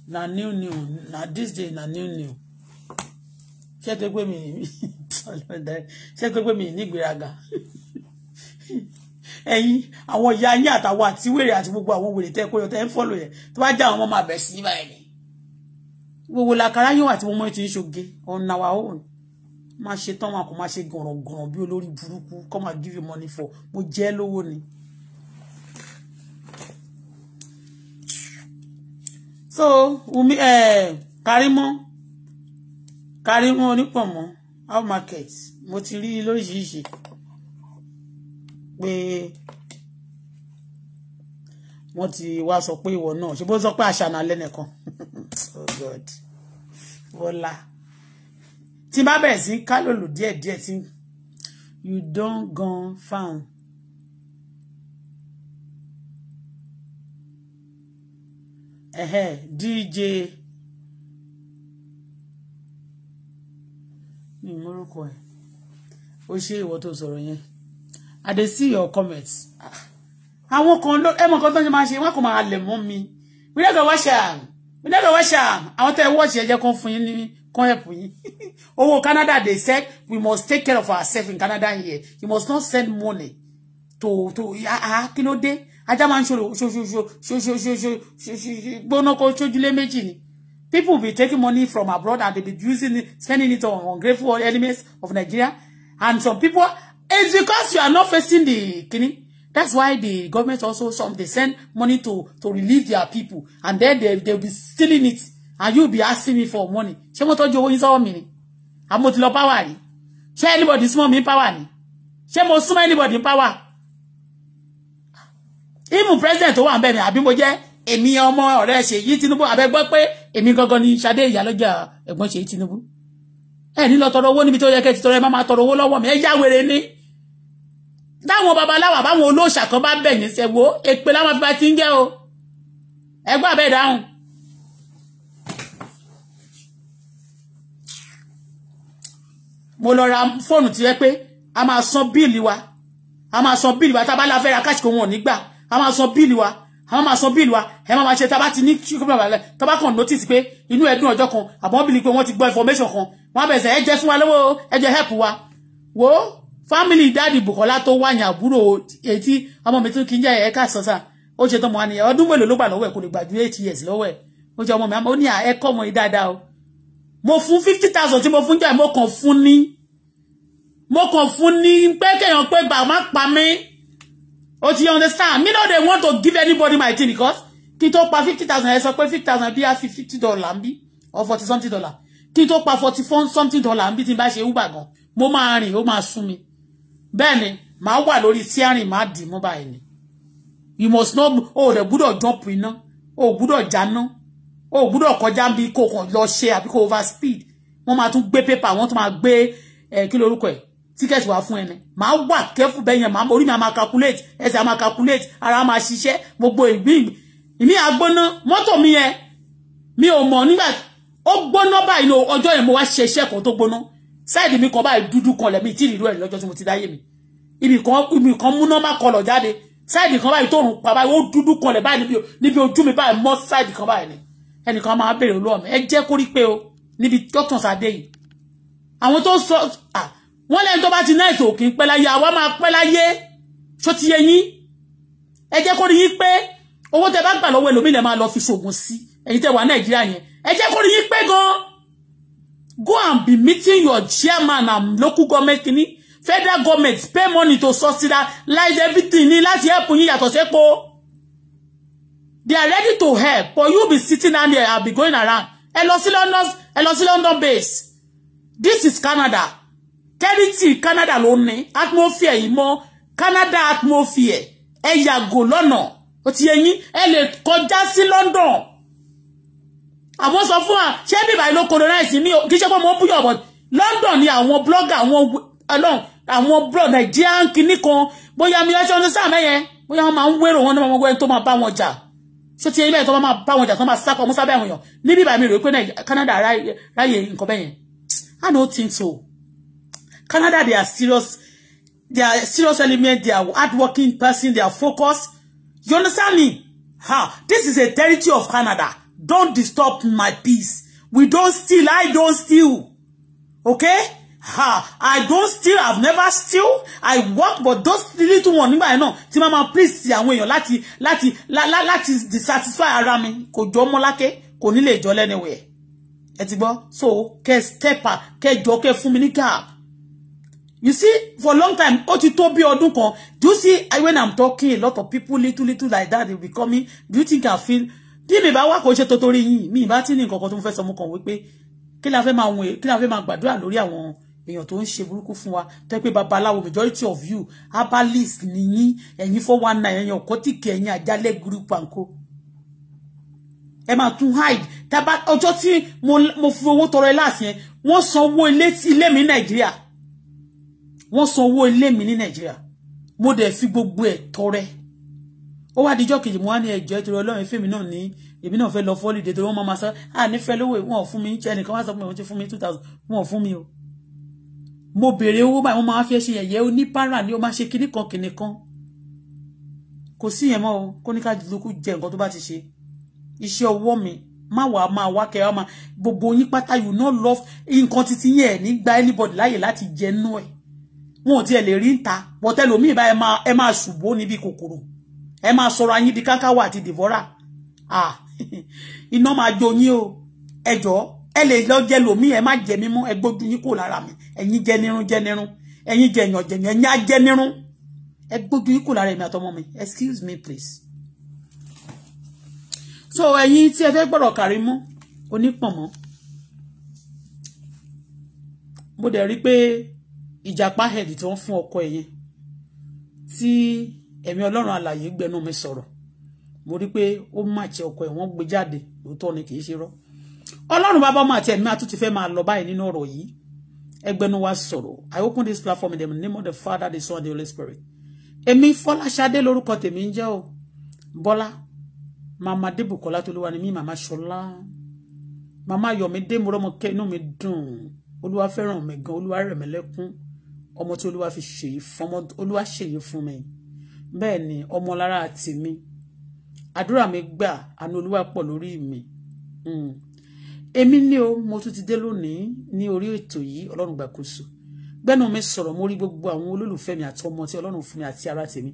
na new new na this day na new new ṣé tó pé mi ṣé tó pé mi nígbéraga ẹ̀yin àwọn ìyá yín àtàwọn àti wèrè àti gbogbo àwọn wèrè tẹ kó yọ tẹ ń fọlọ yẹ tó bá jẹ àwọn ọmọ màbẹ sí báyìí gbogbo làkàrà yóò àti wọn mọ ètò ìṣòge on our own máa ṣe tán wọn kò máa ṣe gànràngànràn bí olórí burúkú kọ́ máa give you money for mo jẹ́ lówó ni. so Wumi eh, Karimo Karimo onípọ̀mọ́ how market mo ti rí lóríṣiríṣi pé wọ́n ti wá sọ pé ìwọ náà ṣe sọ pé àṣà náà lẹ́nìkan oh God Bọ́lá. Voilà tí bá bẹ̀rẹ̀ sí kálòlò díẹ̀díẹ̀ tí you don gan fáwọn. ẹ̀hẹ́ dj ní ìmúrúkọ ẹ̀ ó ṣe ìwọ tó sọ̀rọ̀ yẹn i dey see your comments àwọn kan ló ẹmọ kan tó ń máa ṣe wọn kò máa lẹ̀ mọ́ mi we never wash am we never wash am àwọn tẹ́ ẹ wọ́ọ̀ṣì ẹ̀jẹ̀ kan fún yín ní come help yín owó Canada they said we must take care of ourselves in Canada here you must not send money to to ah show show show show show show show show kó show méjì ni people be taking money from abroad and they be using it spending it on ungrateful enemies of Nigeria and some people it's because you are not facing the kini that's why the government also some they send money to to relieve their people and then they they be stealing it and you be asking me for money ṣé wọ́n tọ́jú owó yín sọ́wọ́ mi ni àmọ́ mo ti lọ power rí ṣé anybody súnmọ́ mi power ni ṣé mo súnmọ́ anybody power even president tó wà ń bẹ̀ mi àbí mo jẹ́ èmi ọmọ ọ̀rẹ́ Ṣèyí Tinubu àbẹ́gbọ́ pé èmi gangan ni Ṣadé Ìyálọ́jà ẹ̀gbọ́n Ṣèyí Tinubu ẹ̀ ní lọ tọrọ owó níbi tó yẹ kẹ́ ti tọrọ ẹ má máa tọrọ owó lọ́wọ́ mi ẹ yá wèrè ni táwọn babaláwa báwọn olóòṣà kan bá bẹ̀yìn ṣẹ̀wó èpè láwọn fi bá ti ń jẹ́ o ẹgbẹ́ be dáhùn mo lọ ra fóònù tí yẹ pé a máa san bíìlì wa a máa san bíìlì wa tá a bá la fẹ́ ra káàṣì kò wọn ò ní gbà a máa san bíìlì wa a máa san bíìlì wa ẹ máa ṣe tá a bá ti ní ṣùgbọ́n bàbá rẹ tá a bá kàn notice pé inú ẹ̀dùn ọjọ́ kan àbọ̀ bíìlì pé wọ́n ti gbọ́ information kan wọ́n á bẹ̀sẹ̀ ẹ jẹ́ fún wa lọ́wọ́ ẹ jẹ́ help wa wo family dáàdì bukola tó wà yàn àbúrò etí ọmọ mi tún kí n jẹ́ ẹ̀ka sọ́sà ó ṣe tọmọ wa nìyẹn ọdún mélòó ló gbà lọ́wọ́ ẹ̀ kò lè gbàdúrà eight years lọ́wọ́ ẹ̀ ó jẹ́ ọmọ mi ó ní ẹ̀kọ́ ọmọ yìí dáadáa o mo fún fifty thousand tí mo fún jà mo kàn fún ní mo kàn fún ní pé kéèyàn pé gbà má pa mí o ti understand me no dey want to give anybody my thing because kí n tó pa fifty thousand ẹ sọ pé fifty thousand bí i àfi fifty dollar ń bí or forty something dollar kí n tó pa forty four something dollar ń bí tí n bá ṣe uber gan mo máa rìn ó máa sún mi bẹ́ẹ̀ ni màá wà lórí tíárìn màá dì mú báyìí ni you must know o ò dẹ̀ gbúdọ̀ jump iná o ò gbúdọ̀ jáná o ò gbúdọ̀ kọjá bí kò kàn lọ ṣe àbí kò over speed wọ́n máa tún gbé pépà wọ́n tún máa gbé kí lorúkọ ẹ̀ tíkẹ́ẹ̀tì wá fún ẹni máa wà kẹ́fù bẹ́ẹ̀ yẹn ma orí mi máa calculate ẹsẹ̀ máa calculate ara máa ṣiṣẹ́ gbogbo ìgbín ìmí àgbóná mọ́tò mi yẹn mi ò mọ̀ nígbà ó gbóná báyìí lo ọjọ́ yẹn mo wá ṣe iṣẹ́ kan tó gbóná sáìdì mi kan báyìí dúdú kan lẹ́mí tí ìrírú ẹ̀ lọ́jọ́ tí mo ti dáyé mi ibì kan ibì kan mú nọ́mbà kọlọ̀ jáde sáìdì kan báyìí tóorùn pa báyìí ó dúdú kan lẹ̀ báyìí níbi ojú mi báyìí mọ́ sáìdì kan báyìí ni ẹnìkan máa béèrè olóòmù ẹ jẹ́ kó rí pé o níbi tọ́tàn sáadé yìí àwọn tó sọ ah wọ́n lẹ́yìn tó bá ti náà ètò òkín pẹ́ láyé àwa máa pẹ́ láyé ṣó ti yẹ yín ẹ jẹ́ kó rí yín pé owó tẹ bá gbà lọ́wọ́ ẹlòmíì lẹ́ máa lọ fi ṣoògùn sí ẹ̀yin tẹ wà nàìjíríà yẹn ẹ jẹ́ kó rí yín pé gan go and be meeting your chairman and local government kìíní federal government pay money to subsidize everything ní láti help yín yàtọ̀ sépo they are ready to help but you be sitting down there and be going around ẹ lọ sí london ẹ lọ sí london base this is canada tẹ́rítì Canada ló ní atmosphere yìí mọ́ Canada atmosphere ẹ yàgò lọ́nà ó ti yẹ yín ẹ lè kọjá sí London àwọn sọ fún wa ṣé bíbá ìlú colonize ní kí ṣe pé mo ń búyọ̀ bọ̀ London ni àwọn blogger àwọn ọlọ́run àwọn blog Nigerian kìíní kan bóyá mi ẹṣọ ní sáà mẹ́yẹn bóyá wọ́n máa ń wérò wọn ní ọmọ ọgbẹ́ni tó máa bá wọn jà ṣó ti yẹ ibẹ̀ tó máa bá wọn jà tó máa sápọ̀ mú sábẹ́ àwọn èèyàn ní bíbá mi rò pé Canada ráyè nǹkan bẹ́yẹn I no think so. Canada, they are serious. They are serious element. They are hardworking person. They are focused. You understand me? Ha! This is a territory of Canada. Don't disturb my peace. We don't steal. I don't steal. Okay? Ha! I don't steal. I've never steal. I work, but those little one you know, náà tí máa máa please sí àwọn èèyàn láti lati, láti dissatisfy ara mi. Kò jọ Mọ́lákẹ́. Kò ní lè jọ lẹ́nu wẹ̀. Ẹ ti gbọ́? So, kẹ́ step up. Kẹ́ jọ kẹ́ fún mi ní gap. You see, for a long time, ó ti tó bí ọdún kan. Do you see, when I'm talking, a lot of people little, little like that, they'll be coming. Do you think I feel? Tí mi bá wa kò ṣe totori yín, mi bá ti ní nǹkan kan tó ń fẹ́ sọ mú kan wípé kí la fẹ́ máa wọn kí la fẹ́ máa gbàdúrà lórí àwọn èèyàn tó ń ṣe burúkú fún wa tó pé babaláwo majority of you herbalist nìyí ẹ̀yin four one nine ẹ̀yin ọ̀kọ́tìkì ẹ̀yin àjálẹ̀ group àǹkó ẹ máa tún hide tábà ọjọ́ tí mo fi owó tọrọ ẹ láàsì yẹn wọ́n san owó ilé mi nàìjíríà wọ́n san owó ilé mi ní nàìjíríà mo dẹ̀ fi gbogbo ẹ̀ tọrẹ ó wá dijọ́ kejì mo wá ní ẹ̀jọ́ ìtòrò ọlọ́run fèmí náà ní èmi náà fẹ́ lọ fọ́ọ̀lì dé torí wọ́n máa ma sọ à nífẹ̀ẹ́ lówó wọn ò fún mi ṣe ẹnìkan wá sọ pé wọ́n ti fún mi two thousand wọn ò fún mi o mo béèrè owó báyìí wọ́n máa fi ṣe yẹ̀yẹ́ ó ní para ni ó máa ṣe kinní kan kinní kan kò sí yẹn mọ́ o kó ní ká lukú jẹ nǹkan tó bá ti ṣe iṣẹ́ ọwọ́ mi má wà á máa wá kẹ́ ọ́ máa gbogbo yín pátá you no love nǹkan titi yẹn ní gba anybody láyè láti jẹ́ nú ẹ̀ wọn ò tiẹ̀ lè rí ń ta bọ́tẹ́lómi ìbá ẹ máa ṣùgbọ́n níbi kòkòrò ẹ máa sọ̀rọ̀ ayín di kákáwà àti dìvọ́rà iná máa jó yín o ẹ jọ̀ọ́ ẹ lè lọ jẹ lòmí ẹ má jẹ mí mọ́ ẹ gbójú yín kò lára mi ẹ̀yin jẹ nírun jẹ nírun ẹ̀yin jẹ èèyàn jẹ ẹ̀yin á jẹ nírun ẹ gbójú yín kò lára mi àtọmọ mi excuse me please. so ẹ̀yin tí ẹ fẹ́ gbọ́dọ̀ kárí mú onípọ̀nmọ́ mo dẹ̀ rí pé ìjàpá head tí wọ́n fún ọkọ ẹ̀yẹn tí ẹ̀mí ọlọ́run àlàyé gbẹnu mi sọ̀rọ̀ mo rí pé ó màtí ọkọ ẹ̀ wọ́n gbé jáde lóòótọ́ ni kì í ṣe rọ́ ọlọ́run bàbá ọmọ àti ẹ̀mí àtúntì fẹ́ máa lọ báyìí nínú ọ̀rọ̀ yìí ẹgbẹ́nu wa sọ̀rọ̀ I open this platform in the name of the Father the Son and the Holy Spirit èmi Fọláṣadé lórúkọ tèmi ń jẹ́ o Bọ́lá màmá Débùkọ́lá Tolúwa ni mí màmá Ṣọlá màmá Yọ̀mí Démúrọ́mọkẹ́ inú mi dùn olúwa fẹ́ràn mi gan olúwa rẹ̀ mí ọmọ tí olúwa fi ṣèyí fọmọ olúwa ṣèyí fún mi bẹ́ẹ̀ ni ọmọ lára àti mi àdúrà mi gbà àánú olúwa pọ̀ lórí mi hmm. èmi ni o mo tún ti dé lónìí ní orí ètò yìí ọlọ́run gbàkóso gbẹ́nu mi sọ̀rọ̀ mo rí gbogbo àwọn olólùfẹ́ mi àti ọmọ tí ọlọ́run fún mi àti ara tèmi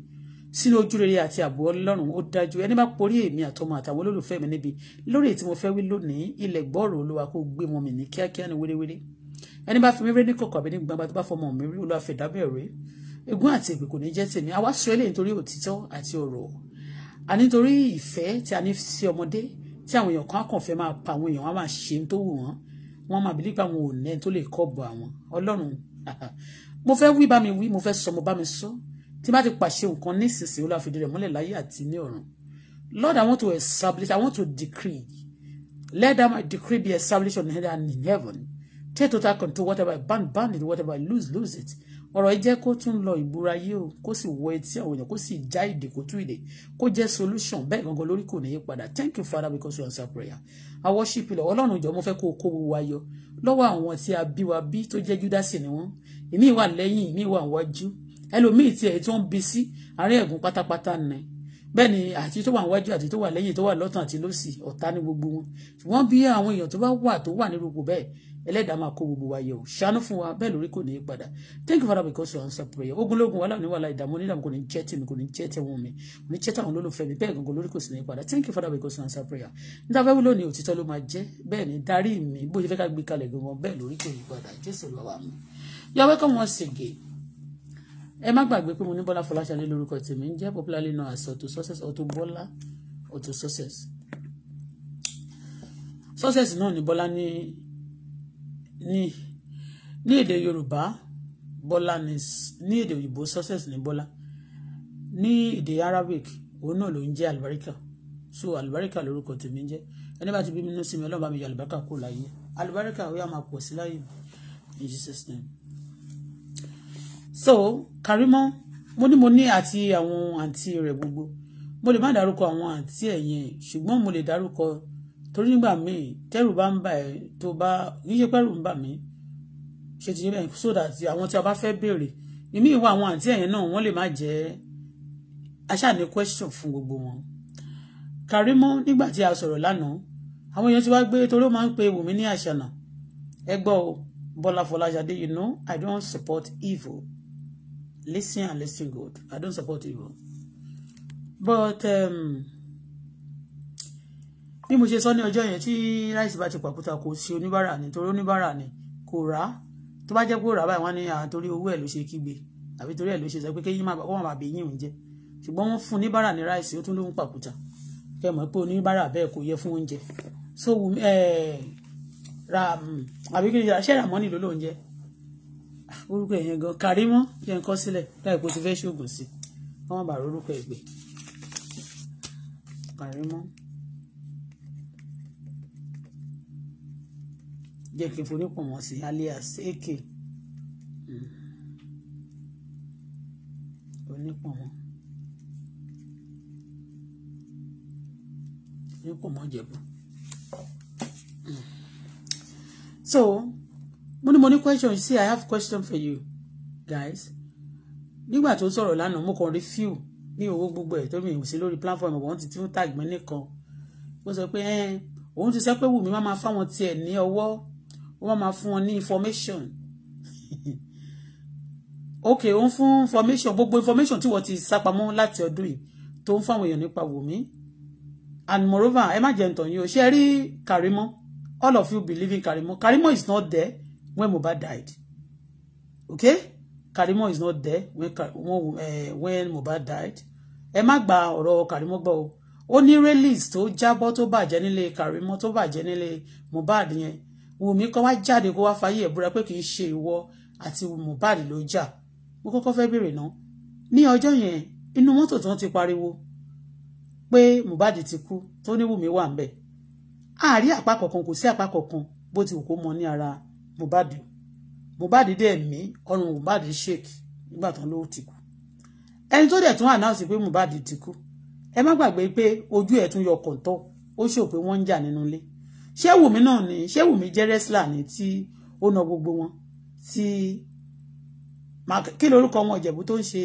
sínú ojú rere àti ààbò ọlọ́run ó dájú ẹni bá porí èmi àtọmọ àtàwọn olólùfẹ́ mi níbi lórí èyí tí mo fẹ́ wí lónìí ilẹ̀ gbọ́rọ̀ olúwa kó gbé wọn mì ní kíákíá ní wéréwéré ẹni bá fi mí rí ní kọ̀kọ̀ àbí ní gbangba tó bá fọmọ mi rí olú àfẹ̀dábẹ̀ rèé ègún àti ègbè kò ní jẹ́ tèmi àwa sọ eléyìí nítorí òtítọ́ àti ọ̀rọ̀ àní torí ìfẹ́ tí a ní sí ọmọdé tí àwọn èèyàn kan á kàn fẹ́ máa pa àwọn èèyàn wọn á máa ṣe tó wù wọ́n wọ́n máa bí nípa àwọn òǹnẹ́ tó lè kọ́ bọ̀ àwọn ọlọ́run mo fẹ́ wí bá mi wí mo fẹ́ sọ mo bá mi sọ tí bá ti pàṣẹ nǹkan nísinsìnyí olú àfẹ̀dẹ̀ mọ́lẹ̀ láyé àti ní ọ̀run Lord, I want to establish, I want to decree. Let that my decree be established on heaven and in heaven take total control whatever ban ban it whatever lose lose it ọ̀rọ̀ ẹ jẹ́ kó tún lọ ìbúra yìí o kó sì wọ etí àwọn èèyàn kó sì já ìdè kó tú ìdè kó jẹ́ solution bẹ́ẹ̀ gangan lórí kò ní yí padà thank you father because you answer prayer i worship you ọlọ́run ìjọ mo fẹ́ kó o kó gbogbo wa yọ lọ́wọ́ àwọn tí a bí wa bí tó jẹ́ júdásì ni wọ́n ìmí wà lẹ́yìn ìmí wà wájú ẹlòmíì tí ẹ̀ tó ń bi sí àárín ẹ̀gún pátápátá ni bẹ́ẹ̀ ni àti tó wà wájú àti tó wà lẹ́yìn tó wà lọ́tàn àti lọ́sì ọ̀tá ní gbogbo wọn ṣùgbọ́n bí àwọn èèyàn tó bá wà tó wà nírúkú bẹ́ẹ̀ ẹlẹ́dàá máa kó gbogbo wa yẹ o ṣàánú fún wa bẹ́ẹ̀ lórí kò ní í padà thank you father because you answer prayer ogunlógún wàhálà ní wàhálà ìdààmú onídààmú kò ní jẹ́ tèmi kò ní jẹ́ tẹ̀wọ̀n mi kò ní jẹ́ tàwọn olólùfẹ́ mi bẹ́ẹ̀ gangan lórí kò sì ní í padà thank you father because you answer prayer níta fẹ́ wúlò ní òtítọ́ ló máa jẹ́ bẹ́ẹ̀ ni darí mi bó ṣe fẹ́ ká gbé kalẹ̀ gangan bẹ́ẹ̀ lórí kò ní padà jésù lọ́wọ́ welcome once again ẹ má gbàgbé pé mo ní bọ́lá fọláṣadé lórúkọ tèmi ń jẹ́ popularly Auto Success Auto Bọ́lá Auto Success Success náà ni bọ́lá ní ní ní èdè Yorùbá Bọ́lá ni ní èdè òyìnbó success ní Bọ́lá ní èdè Arabic òun náà ló ń jẹ́ àlùbáríkà so àlùbáríkà lórúkọ tèmi ń jẹ́ ẹni bá ti bí mi nínú sí mi Ọlọ́run bá mi yọ àlùbáríkà kúrò láyé àlùbáríkà ó yà máa pọ̀ sí láyé in Jesus name so Karimo mo ní mo ní àti àwọn àǹtí rẹ̀ gbogbo mo lè má dárúkọ àwọn àǹtí ẹ̀yìn ṣùgbọ́n mo lè dárúkọ torí nígbà míì tẹ́rù bá ń bà ẹ́ tó bá kì í ṣe pẹ́rù ń bà mí ṣe ti yé bẹ́ẹ̀ so that àwọn tí a bá fẹ́ béèrè ìmí ìwà àwọn àǹtí ẹ̀yẹn náà wọ́n lè má jẹ́ aṣáàní question fún gbogbo wọn Karimo nígbà tí a sọ̀rọ̀ lánàá àwọn èèyàn ti wá gbé torí ó máa ń pe Wùmí ní àṣànà ẹ Bọ́lá Fọláṣadé you know I don't support evil listen and listen good I don't support evil but um, bí mo ṣe sọ ní ọjọ́ yẹn tí ráìsì bá ti pàkúta kò sí oníbàárà ni torí oníbàárà ni kò rà tó bá jẹ́ pé ó rà báyìí wọ́n ní àwọn torí owó ẹ̀ ló ṣe kígbe àbí torí ẹ̀ ló ṣe sọ pé kéyìn má wọ́n má bèyìn oúnjẹ ṣùgbọ́n wọ́n fún oníbàárà ní ráìsì ó tún ló ń pàkúta kẹ́ mọ̀ pé oníbàárà bẹ́ẹ̀ kò yẹ fún oúnjẹ so um, um, àbí kí ni ṣe ràmọ́nì ló lóúnjẹ orúkọ yẹn gan Kàrímọ́ yẹn kọ́ sílẹ̀ láì kó ti fẹ́ ṣoògùn sí jẹ́ kí forí pọ̀ wọ́n sí alias ak hmm. onípọ̀mọ́ onípọ̀mọ́ jẹ̀bù. Hmm. so mo ní mo ní question see i have question for you guys nígbà tó sọ̀rọ̀ lánàá mo kàn rí few ní owó gbogbo ẹ̀ tó mi ò sí lórí platform ọ̀wọ́n ti tún tag mi nìkan mo sọ pé òun ti sẹ́ pé wù mí má máa fáwọn tiẹ̀ ní ọwọ́ wọ́n máa fún wọn ní information ok ó ń fún information gbogbo information tí wọ́n ti sápamọ́ láti ọdún yìí tó ń fún àwọn èèyàn nípa Wùmí and moreover ẹ má jẹ́ ǹtàn yìí o ṣe rí Karimo all of you believe in Karimo Karimo is not there when Mohbad died okay Karimo is not there when, uh, when Mohbad died ẹ má gba ọ̀rọ̀ Karimo gbọ́ o ó ní release tó jábọ́ tó bàjẹ́ nílé Karimo tó bàjẹ́ nílé Mohbad yẹn Wùmí kan wá jáde kó wá fàyè ẹ̀búra pé kì í ṣe ìwọ àti Mohbad ló jà mo kọ́kọ́ fẹ́ bèrè náà ní ọjọ́ yẹn inú mọ́tò tán ti pariwo pé Mohbad ti kú tó ní Wùmí wà ń bẹ̀ àárí àpá kọ̀ọ̀kan kò sí àpá kọ̀ọ̀kan bó ti wù kó mọ ní ara Mohbad Mohbad dẹ̀ mí ọrùn Mohbad shake nígbà tán ló ti kú ẹni tó dẹ̀ tún ànáàsì pé Mohbad ti kú ẹ má gbàgbé pé ojú ẹ̀ tún yọ kọ̀ǹtọ̀ ó ṣò pé wọ́n ń jà nínú ilé ṣé wùmí náà ni ṣé wùmí jẹ́ wrestler ni tí ó na gbogbo wọn tí kí lorúkọ ọmọ ìjẹ̀bú tó ń ṣe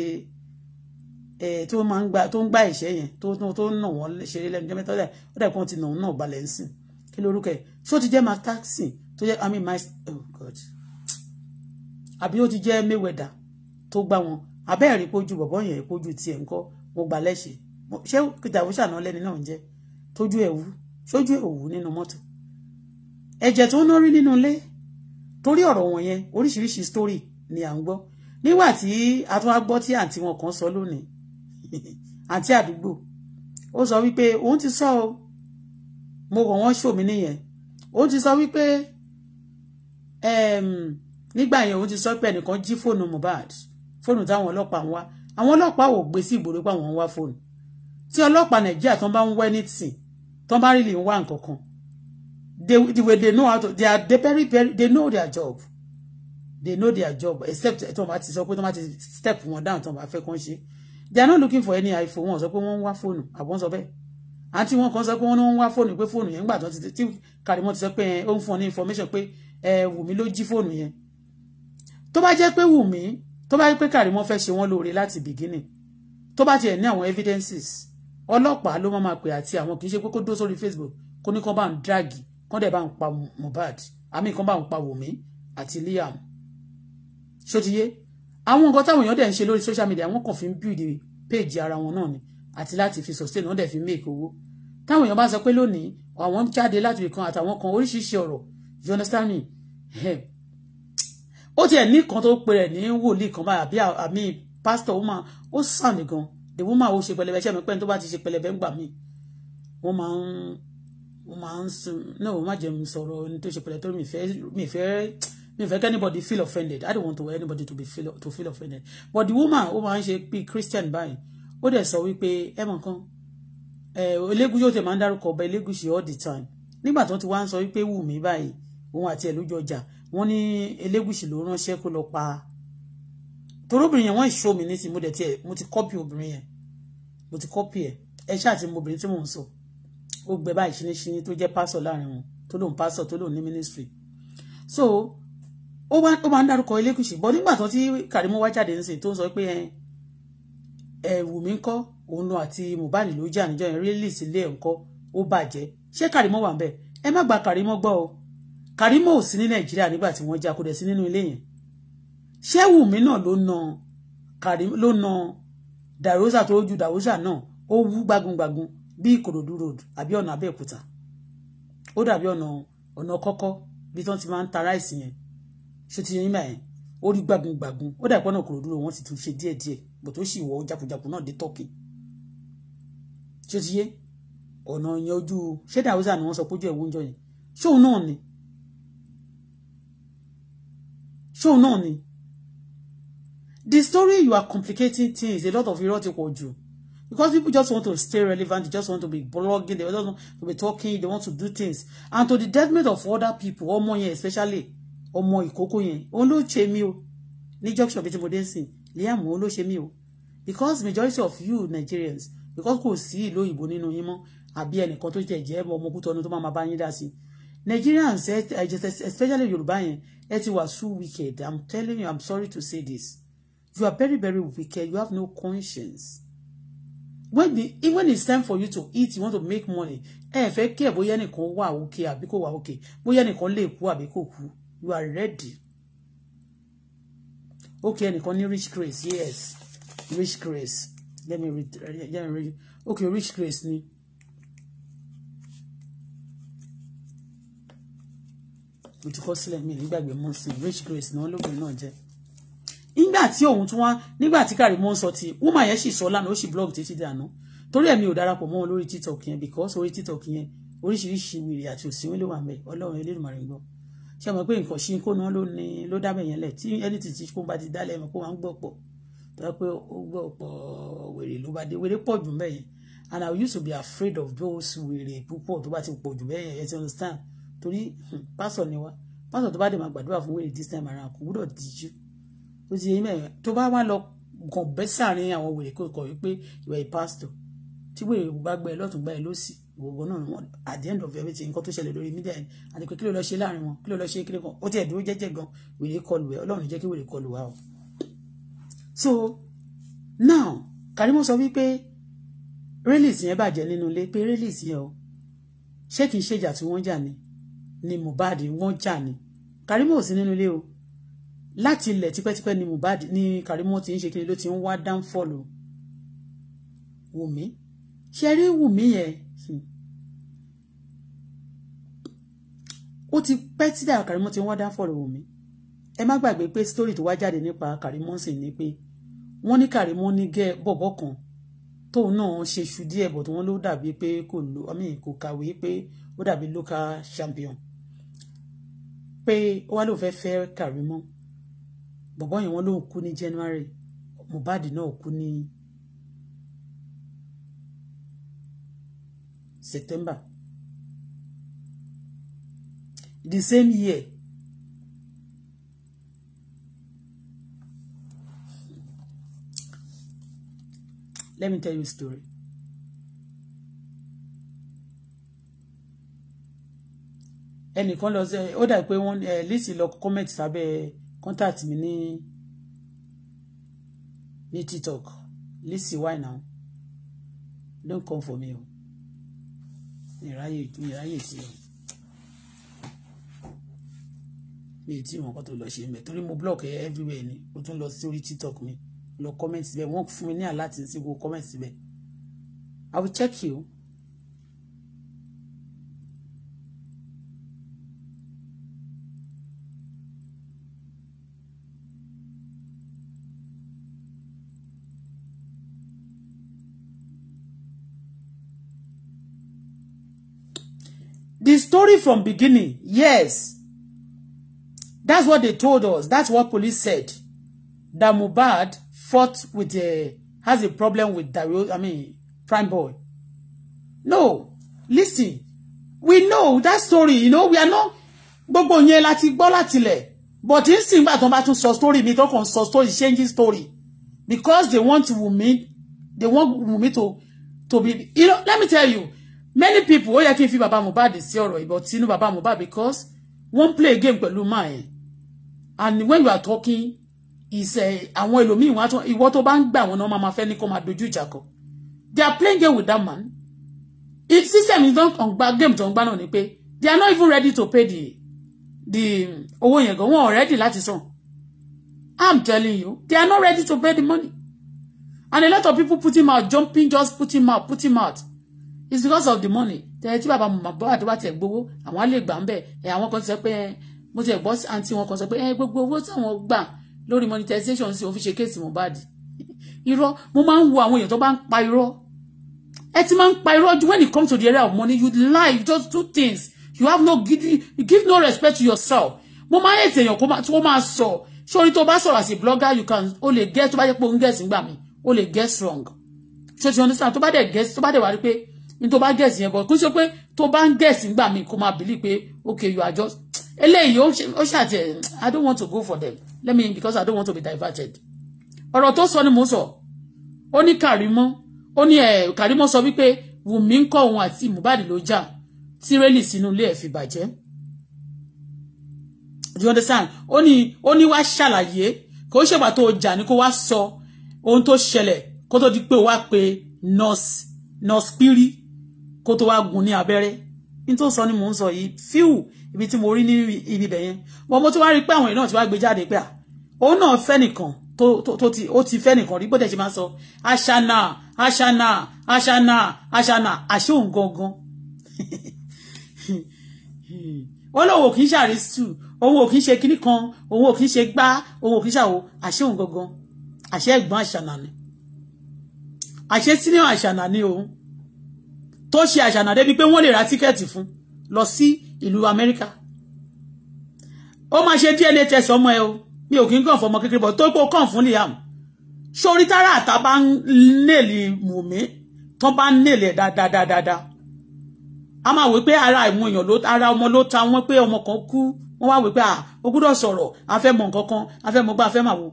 ẹ̀ tó máa ń gba tó ń gba ìṣẹ́ yẹn tó tó ń nà wọ́n ṣeré lẹ́nu jẹ́mẹ́tọ́ dẹ̀ ó dẹ̀ kó ti nà òun náà balẹ̀ ń sìn kí lorúkọ ẹ̀ ṣé ó ti jẹ́ máa taxi tó jẹ́ i mean my oh god àbí ó ti jẹ́ Mayweather tó gbá wọn abẹ́ẹ̀rí pójú bọ̀bọ́ yẹn pójú tiẹ̀ ńkọ́ mo gbà lẹ́sẹ̀ ṣé kìtàwó ṣàná lẹ́ni náà ń jẹ́ tójú ẹ̀ wú sójú ẹ̀ wú nínú mọ́tò ẹ̀jẹ̀ tó ń rí nínú ilé torí ọ̀rọ̀ wọn yẹn oríṣiríṣi story ni à ń gbọ́ nígbà tí a tún wá gbọ́ tí àǹtí wọn kan sọ lónìí àǹtí àdúgbò ó sọ wípé òun ti sọ mo kàn wọ́n ṣò mí nìyẹn òun ti sọ wípé nígbà yẹn òun ti sọ pé ẹnìkan jí fóònù Mohbad fóònù táwọn ọlọ́pàá ń wá àwọn ọlọ́pàá ò gbé sí ìgboro pé àwọn ń wá fóònù tí ọlọ́pàá Nàìjíríà tán bá ń wẹ́ nítìsín tán bá rí lè ń wá nǹkan kan They, the way they know how to, they are they very, very, they know their job. They know their job, except automatic, so automatic step one down, tó bá fẹ́ kàn They are not looking for any iPhone, wọ́n sọ one, phone ń wá fóònù, àbọ̀n sọ bẹ́ẹ̀. Àǹtí one kan sọ pé wọ́n ń wá fóònù pé fóònù yẹn nígbà tó ti tí Kàrímọ́ ti sọ pé eh, ó ń fún ọ ní information pé ẹ eh, Wùmí ló jí fóònù yẹn. Tó bá jẹ́ pé Wùmí, tó bá jẹ́ pé Kàrímọ́ fẹ́ ṣe wọ́n lóore láti beginning, tó bá tiẹ̀ ní àwọn evidences, ọlọ́pàá ló máa pè àti àwọn kì í ṣe pé kó dó sórí Facebook kó ní kó bá ń kán dẹ̀ bá ń pa Mohbad àmì kan bá ń pa Wùmí àti Liam ṣótiyé àwọn nǹkan táwọn èèyàn dẹ̀ ń ṣe lórí social media wọ́n kàn fi ń build page ara wọn náà ni àti láti fi sustain wọ́n dẹ̀ fi make owó táwọn èèyàn bá sọ pé lónìí àwọn jáde láti ibìkan àtàwọn kan oríṣiríṣi ọ̀rọ̀ you understand me ehm. ó tiẹ̀ ní kan tó pe rẹ̀ ní wòlíì kan báyìí àbí àmì pásítọ̀ ó máa ó sàn nìkan the woman ó ṣe pẹlẹbẹ ṣẹ́ mi pẹ́ni tó bá ti ṣe pẹlẹbẹ ń gbà mí wọ́n máa ń mo máa ń sun náà mo má jẹun sọ̀rọ̀ ní tó ṣe pẹ̀lẹ́ tó mi fẹ́ mi fẹ́ kí anybody feel offended I don't want to wear anybody to be feel to feel offended but the woman ó máa ń ṣe bí Christian báyìí ó dẹ̀ sọ wípé ẹ mọ̀ kan Elégùṣì ó ti máa ń dárúkọ ọba Elégùṣì all the time nígbà tó ti wá ń sọ wípé Wùmí báyìí òun àti ẹ̀ ló jọ jà wọ́n ní Elégùṣì ló ránṣẹ́ kó lọ pa torobìnrin yẹn wọ́n ìṣó mi nísìnyí mo dẹ̀ tiẹ̀ mo ti kọ́pì obìnrin yẹn mo ti kọ́pì ẹ̀ ẹ ṣáà ti mo obìnrin tí mò ń sọ ó gbẹ báyìí ṣíníṣíní tó jẹ́ pásọ̀ láàrin wọn tó lòun pásọ̀ tó lòun ní ministry so ó máa ń dárúkọ Ẹlẹ́gùṣì bọ́ nígbà tó ti Kàrímọ́ wá jáde nísìnyí tó ń sọ pé ẹ Wùmí ń kọ́ òun lọ àti Mohbad ló jà níjọ́ yẹn release ilé ẹ̀ ń kọ́ ó bàjẹ́ ṣé Kàrímọ́ wà ń bẹ̀ ẹ má gba Kàrímọ́ gbọ́ o Kàrímọ́ ò sí ní Nàìjíríà nígbà tí wọ́n jà kó dẹ̀ sí nínú ilé yẹn ṣé Wùmí náà ló na Kàrímọ́ ló na dàrósà tó ju dàrósà náà ó wú gbágungbàgun bí ìkòròdú road àbí ọ̀nà abẹ́òkúta ó dàbí ọ̀nà ọ̀nà kọ́kọ́ bí tí wọ́n ti máa ń ta ráìsì yẹn ṣé ti yẹn báyẹn ó rí gbàgùngbàgùn ó dàbí ọ̀nà ìkòròdú road wọ́n ti tún ṣe díẹ̀díẹ̀ bò tó sì wọ́ jakujaku náà dé tọ́kì ṣé ti ọ̀nà yẹn ojú ṣé dàwúsà ni wọ́n sọ pójú ẹ̀wọ́ oúnjẹ yẹn ṣóun náà ni ṣóun náà ni the story you are complicating things a lot of irọ́ ti because people just want to stay relevant they just want to be blogging they just want to be talking they want to do things and to the detriment of other people ọmọ yẹn especially ọmọ ìkókó yẹn òun ló ṣe mí o ní junction bíi tí mo dé sìn Liam òun ló o because majority of you Nigerians because kò sí ìlú òyìnbó nínú yín mọ́ àbí ẹnìkan tó jẹ jẹ ọmọ òkúta ọdún tó máa bá yín dá sí Nigerians especially Yorùbá yẹn ẹ ti wà so wicked I'm telling you I'm sorry to say this you are very very wicked you have no conscience when the when it's time for you to eat you want to make money ẹ fẹ́ kí ẹ bóyá ẹnìkan wà òkè àbí kò wà òkè bóyá ẹnìkan lè kú àbí kò kú you are ready okay ẹnìkan ní rich grace yes rich grace let me read let me read okay rich grace ni. mo ti kọ́ sílẹ̀ mi nígbàgbé mọ́sìn rich grace náà lóògùn náà jẹ́ nígbà tí òun tún wá nígbà tí Karimo ń sọ ti woman yẹn sì sọ lánàá ó sì blog títí dànù torí ẹ̀mí ò darapọ̀ mọ́ wọn lórí TikTok yẹn because orí TikTok yẹn oríṣiríṣi wìrì àti òsínwé ló wà mẹ́ ọlọ́run elédùnmarè gbọ́ ṣé ọmọ pé nǹkan ṣí kó náà ló ní ló dábẹ̀ yẹn lẹ̀ tí ẹni tí kó bá ti dálẹ̀ ẹ̀mọ́ kó máa ń gbọ́ pọ̀ tó pé ó gbọ́ pọ̀ wèrè ló bá dé wèrè pọ̀ jù mẹ́yẹn and I used to be afraid of those wèrè púpọ̀ tó bá ti pọ̀ jù mẹ́yẹn ẹ ti understand torí hmm, pásọ̀ ni wá pásọ̀ tó bá dé máa gbàdúrà fún wèrè this time around kò gbúdọ̀ díjú ó ti yé mẹ́rin tó bá wá lọ gàn bẹ́ sàárín àwọn wèrè kò kọ̀ wípé ìwà ìpásítọ̀ tí wèrè bá gbẹ lọ́tún gbá ẹ lọ́sì ìwọ̀gbọ́ náà wọn at the end of everything nǹkan tó ṣẹlẹ̀ lórí mídíà ẹ̀ àti pé kí ló lọ ṣe láàrin wọn kí ló lọ ṣe kí ló kàn ó tiẹ̀ dúró jẹ́jẹ́ gan wèrè kọlù ẹ ọlọ́run jẹ́ kí wèrè kọlù wa o. so now Karimo sọ wípé rélìsì yẹn bàjẹ́ nínú ilé pé rélìsì yẹn o ṣé kì í ṣèjà tí wọ́n jà ni ni Mohbad wọ́n jà ni Karimo ò sí nínú ilé o láti ilẹ̀ tipẹ́tipẹ́ ni Mohbad ni Karimot ti ń ṣe kí ni ló ti ń wá downfall o Wùmí ṣe rí Wùmí yẹn ó ti pẹ́ tí dáa Karimot ti ń wá downfall o Wùmí ẹ má gbàgbé pé story tó wá jáde nípa Karimot sì ni pé wọ́n ní Karimot ní gẹ́ bọ̀bọ̀ kan tóun náà ṣe ṣu díẹ̀ bọ̀ tí wọ́n ló dàbí pé kò lo I mean kò kàwé pé ó dàbí local champion pé ó wá lóun fẹ́ fẹ́ Karimot bọ̀bọ́ yẹn wọ́n ló kú ní January Mohbad náà kú ní September the same year let me tell you a story ẹnìkan lọ sí ó dà pé wọ́n ẹ eh, lisi lọ comment sábẹ́ contact mi ní ní tiktok lisi why now Don't come for me o mi ráyè mi ráyè sí o mi ì tí ì mọ̀ nǹkan tó lọ ṣe mẹ́ torí mo block ẹ everywhere ni o tún lọ sórí tiktok mi lọ comment síbẹ̀ wọ́n fún mi ní àlá tí n comment síbẹ̀ i will check you. story from beginning, yes. That's what they told us. That's what police said. That Mubad fought with a, uh, has a problem with Dario, I mean, Prime Boy. No, listen. We know that story, you know, we are not, gbogbo yẹn láti gbọ́ láti lẹ̀. But in sin ba ton ba tún sọ story mi ton kon sọ story changing story because they want to Wunmi they want Wunmi to to be you know let me tell you many people ó yẹ kí n fi bàbá Mohbad sí ọ̀rọ̀ ìbọn tinú bàbá Mohbad because wọ́n play game pẹ̀lú máa yẹn and when you are talking he eh, àwọn ẹlòmíì wọn àtọ ìwọ tó bá ń gbà wọn náà máa ma fẹ́ ní kó máa dojú ìjà kọ they are playing game with that man if system is not on gba game tó ń gbá náà ni pé they are not even ready to pay the the owó yẹn gan wọn ò ready láti i'm telling you they are not ready to pay the money and a lot of people put him out jumping just put him out put him out it's because of the money tẹ̀yẹ tí bàbá màmá bá àdúrà tẹ̀ gbowó àwọn á lè gbà ń bẹ̀ ẹ̀ àwọn kan sọ pé mo ti gbọ́ àǹtí wọn kan sọ pé ẹ gbogbo owó táwọn gbà lórí monetization sí òfin ṣe kéèsì Mohbad irọ́ mo máa ń wo àwọn èèyàn tó bá ń pa irọ́ ẹ ti máa ń pa irọ́ when it comes to the area of money you lie you just do things you have no gidi you give no respect to yourself mo máa ń ètò èèyàn tí wọ́n máa sọ sórí tó bá sọ̀rọ̀ as a blogger you can o lè guess tó bá yẹ pé o ń guess nígbà mi o lè guess wrong So, o understand tó bá dẹ̀ guess tó bá dẹ̀ wá rí pé ní tó bá gẹ̀ẹ́sì yẹn bọ̀ kó ṣe pé tó bá ń gẹ̀ẹ́sì gbà mí kó máa bìlí pé okay you are just eléyìí ó ṣàtì i don't want to go for them let me because i don't want to be diverted. ọ̀rọ̀ tó sọ ni mo sọ ó ní kàrímọ́ ó ní ẹ̀ kàrímọ́ sọ wípé wùmí ń kọ́ òun àti Mohbad ló jà tírélì sínú ilé ẹ̀ fi bàjẹ́ do you understand ó ní ó ní wá ṣàlàyé kò ṣègbà tó jà ní kó wá sọ ohun tó ṣẹlẹ̀ kó tó di pé wá pe nurse nurse pírí kó tó wá gún ní abẹ́rẹ́ ní tó sọ ni mò ń sọ yìí fíù ibi tí mo rí ní ibi bẹ̀ yẹn wọn mo tún wá rí pé àwọn èèyàn náà ti wá gbé jáde pé à òun náà fẹ́ nìkan tó ti ó ti fẹ́ nìkan rí bó dẹ̀ ṣe máa sọ aṣáná aṣáná aṣáná aṣáná àṣóhùn gangan ó lóun ò kì í ṣàrísù òun ò kì í ṣe kinní kan òun ò kì í ṣe gbá òun ò kì í ṣàwò àṣóhùn gangan àṣẹ ẹ̀gbọ́n àṣànà ni àṣẹ sínú àṣànà ni òun tó ṣe àṣànà débi pé wọ́n lè ra tíkẹ́ẹ̀tì fún lọ sí ìlú Amẹ́ríkà ó máa ṣe DNA test ọmọ ẹ o mi ò kí ń kàn fọmọ kékeré bọ̀ tó kó kàn fún Liam sórí tára àtà bá ń nèlì Wùmí tán bá ń nèlì ẹ̀ dáadáa a máa wí pé ara ìmọ̀ èèyàn ló ara ọmọ ló ta wọ́n pé ọmọ kan kú wọ́n wá wí pé ó gbọ́dọ̀ sọ̀rọ̀ a fẹ́ mọ nǹkan kan a fẹ́ mọ gbá a fẹ́ màwo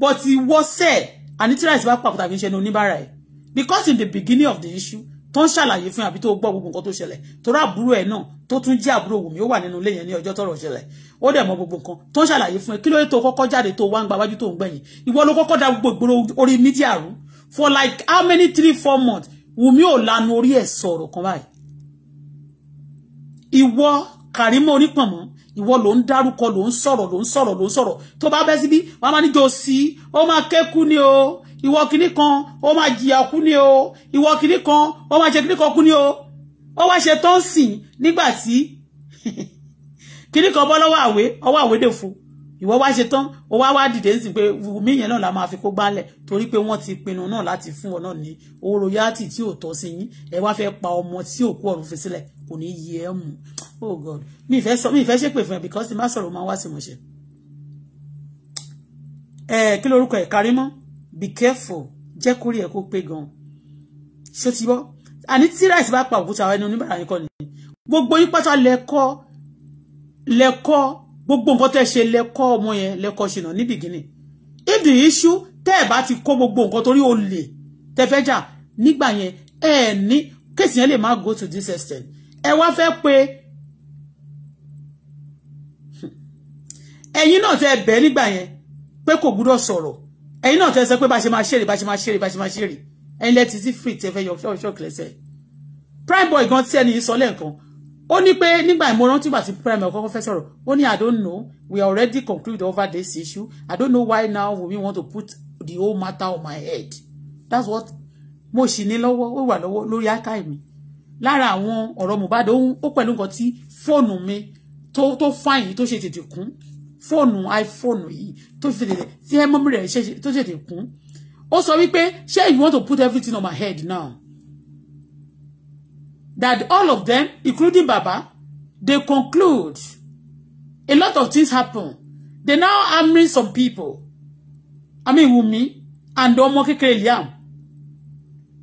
but ìwọ́sẹ̀ àní tíráìsì bá pàkútà fi ń ṣe ní oníbàárà ẹ̀ because in the beginning of the issue tó ń ṣàlàyé fún àbí tó gbọ́ gbogbo nǹkan tó ṣẹlẹ̀ torí àbúrò ẹ̀ náà tó tún jẹ́ àbúrò Wùmí ó wà nínú ilé yẹn ní ọjọ́ tọ́rọ̀ ṣẹlẹ̀ ó dẹ̀ mọ gbogbo nǹkan tó ń ṣàlàyé fún ẹ kí ló tó kọ́kọ́ jáde tó wá ń gba wájú tó ń gbẹ̀yìn ìwọ ló kọ́kọ́ da gbogbo ìgboro orí mídíà rú for like how many three four months Wùmí ò lanu orí ẹ̀ sọ̀rọ̀ kan báyìí ìwọ Karimo Onípọ̀nmọ́ ìwọ ló ń dárúkọ ló ń sọ̀rọ̀ ló ń sọ̀rọ̀ ló ń sọ̀rọ̀ tó bá bẹ́ síbí wàá máa níjọ sí ó máa kékú ni o ìwọ kìíní kan ó máa jìyà kú ni o ìwọ kìíní kan ó máa ṣe kìíní kan kú ni o ó wá ṣe tó ń sìn nígbà tí kìíní kan bọ́ lọ́wọ́ àwé ọwọ́ àwé dè fún ìwọ wá ṣe tán ó wá wá dìde ń sìn pé Wùmí yẹn náà la máa fi kó gbálẹ̀ torí pé wọ́n ti pinnu náà láti fún ọ náà ní owó royalty tí ò tọ́ sí yín ẹ wá fẹ́ pa ọmọ tí òkú ọ̀run fi sílẹ̀ kò ní yí ẹ mú oh god mi ìfẹ́ sọ mi ìfẹ́ ṣépè fún ẹ because ti má sọ̀rọ̀ máa wá sí mo ṣe ẹ kí lorúkọ ẹ Karimọ be careful jẹ́ kórè ẹ̀ kó pé gan-an ṣó ti bọ́ àní tí rice bá pa òkúta ẹnu oníbàárà yín kọ́ ni gbogbo yín pátá lẹ́kọ́ lẹ́kọ́ gbogbo nǹkan tẹ́ ṣe lẹ́kọ́ ọmọ yẹn lẹ́kọ́ ṣìnà ní bìgínì if the issue tẹ́ ẹ̀ bá ti kó gbogbo nǹkan torí olè tẹ́ fẹ́ jà nígbà yẹn ẹ ní kéèsì yẹn lè má go to this extent ẹ wá fẹ́ pé ẹ̀yin náà tẹ́ bẹ́ẹ̀ nígbà yẹn pé kò gbúdọ̀ sọ̀rọ̀ ẹ̀yin náà tẹ́ sọ pé bá ṣe máa ṣèrè bá ṣe máa ṣèrè bá ṣe máa ṣèrè ẹ̀yin lẹ́tí sí free tẹ́ fẹ́ yọ ṣọ́ọ̀ṣọ́ kìlẹ̀sẹ̀ prime boy gan tí ẹni yìí sọ lẹ́ẹ̀kan ó ní pé nígbà ìmọ̀ràn tí bàtí prime boy kọ́kọ́ fẹ́ sọ̀rọ̀ ó ní i don't know we already conclude over this issue i don't know why now we want to put the whole matter on my head that's what mo sì ní lọ́wọ́ ó wà lọ́wọ́ lórí áká mi lára àwọn ọ̀rọ̀ Mohbad ó pẹ̀lú nǹkan tí fóònù mi tó fáyìn tó ṣe tètè kún fóònù iphone yìí tó fi tètè tí ẹ mọ́mí rẹ̀ tó tètè kún ó sọ wípé ṣé you want to put everything on my head now that all of them including baba they conclude a lot of things happen they now arming some people i mean Wunmi and ọmọ kékeré liam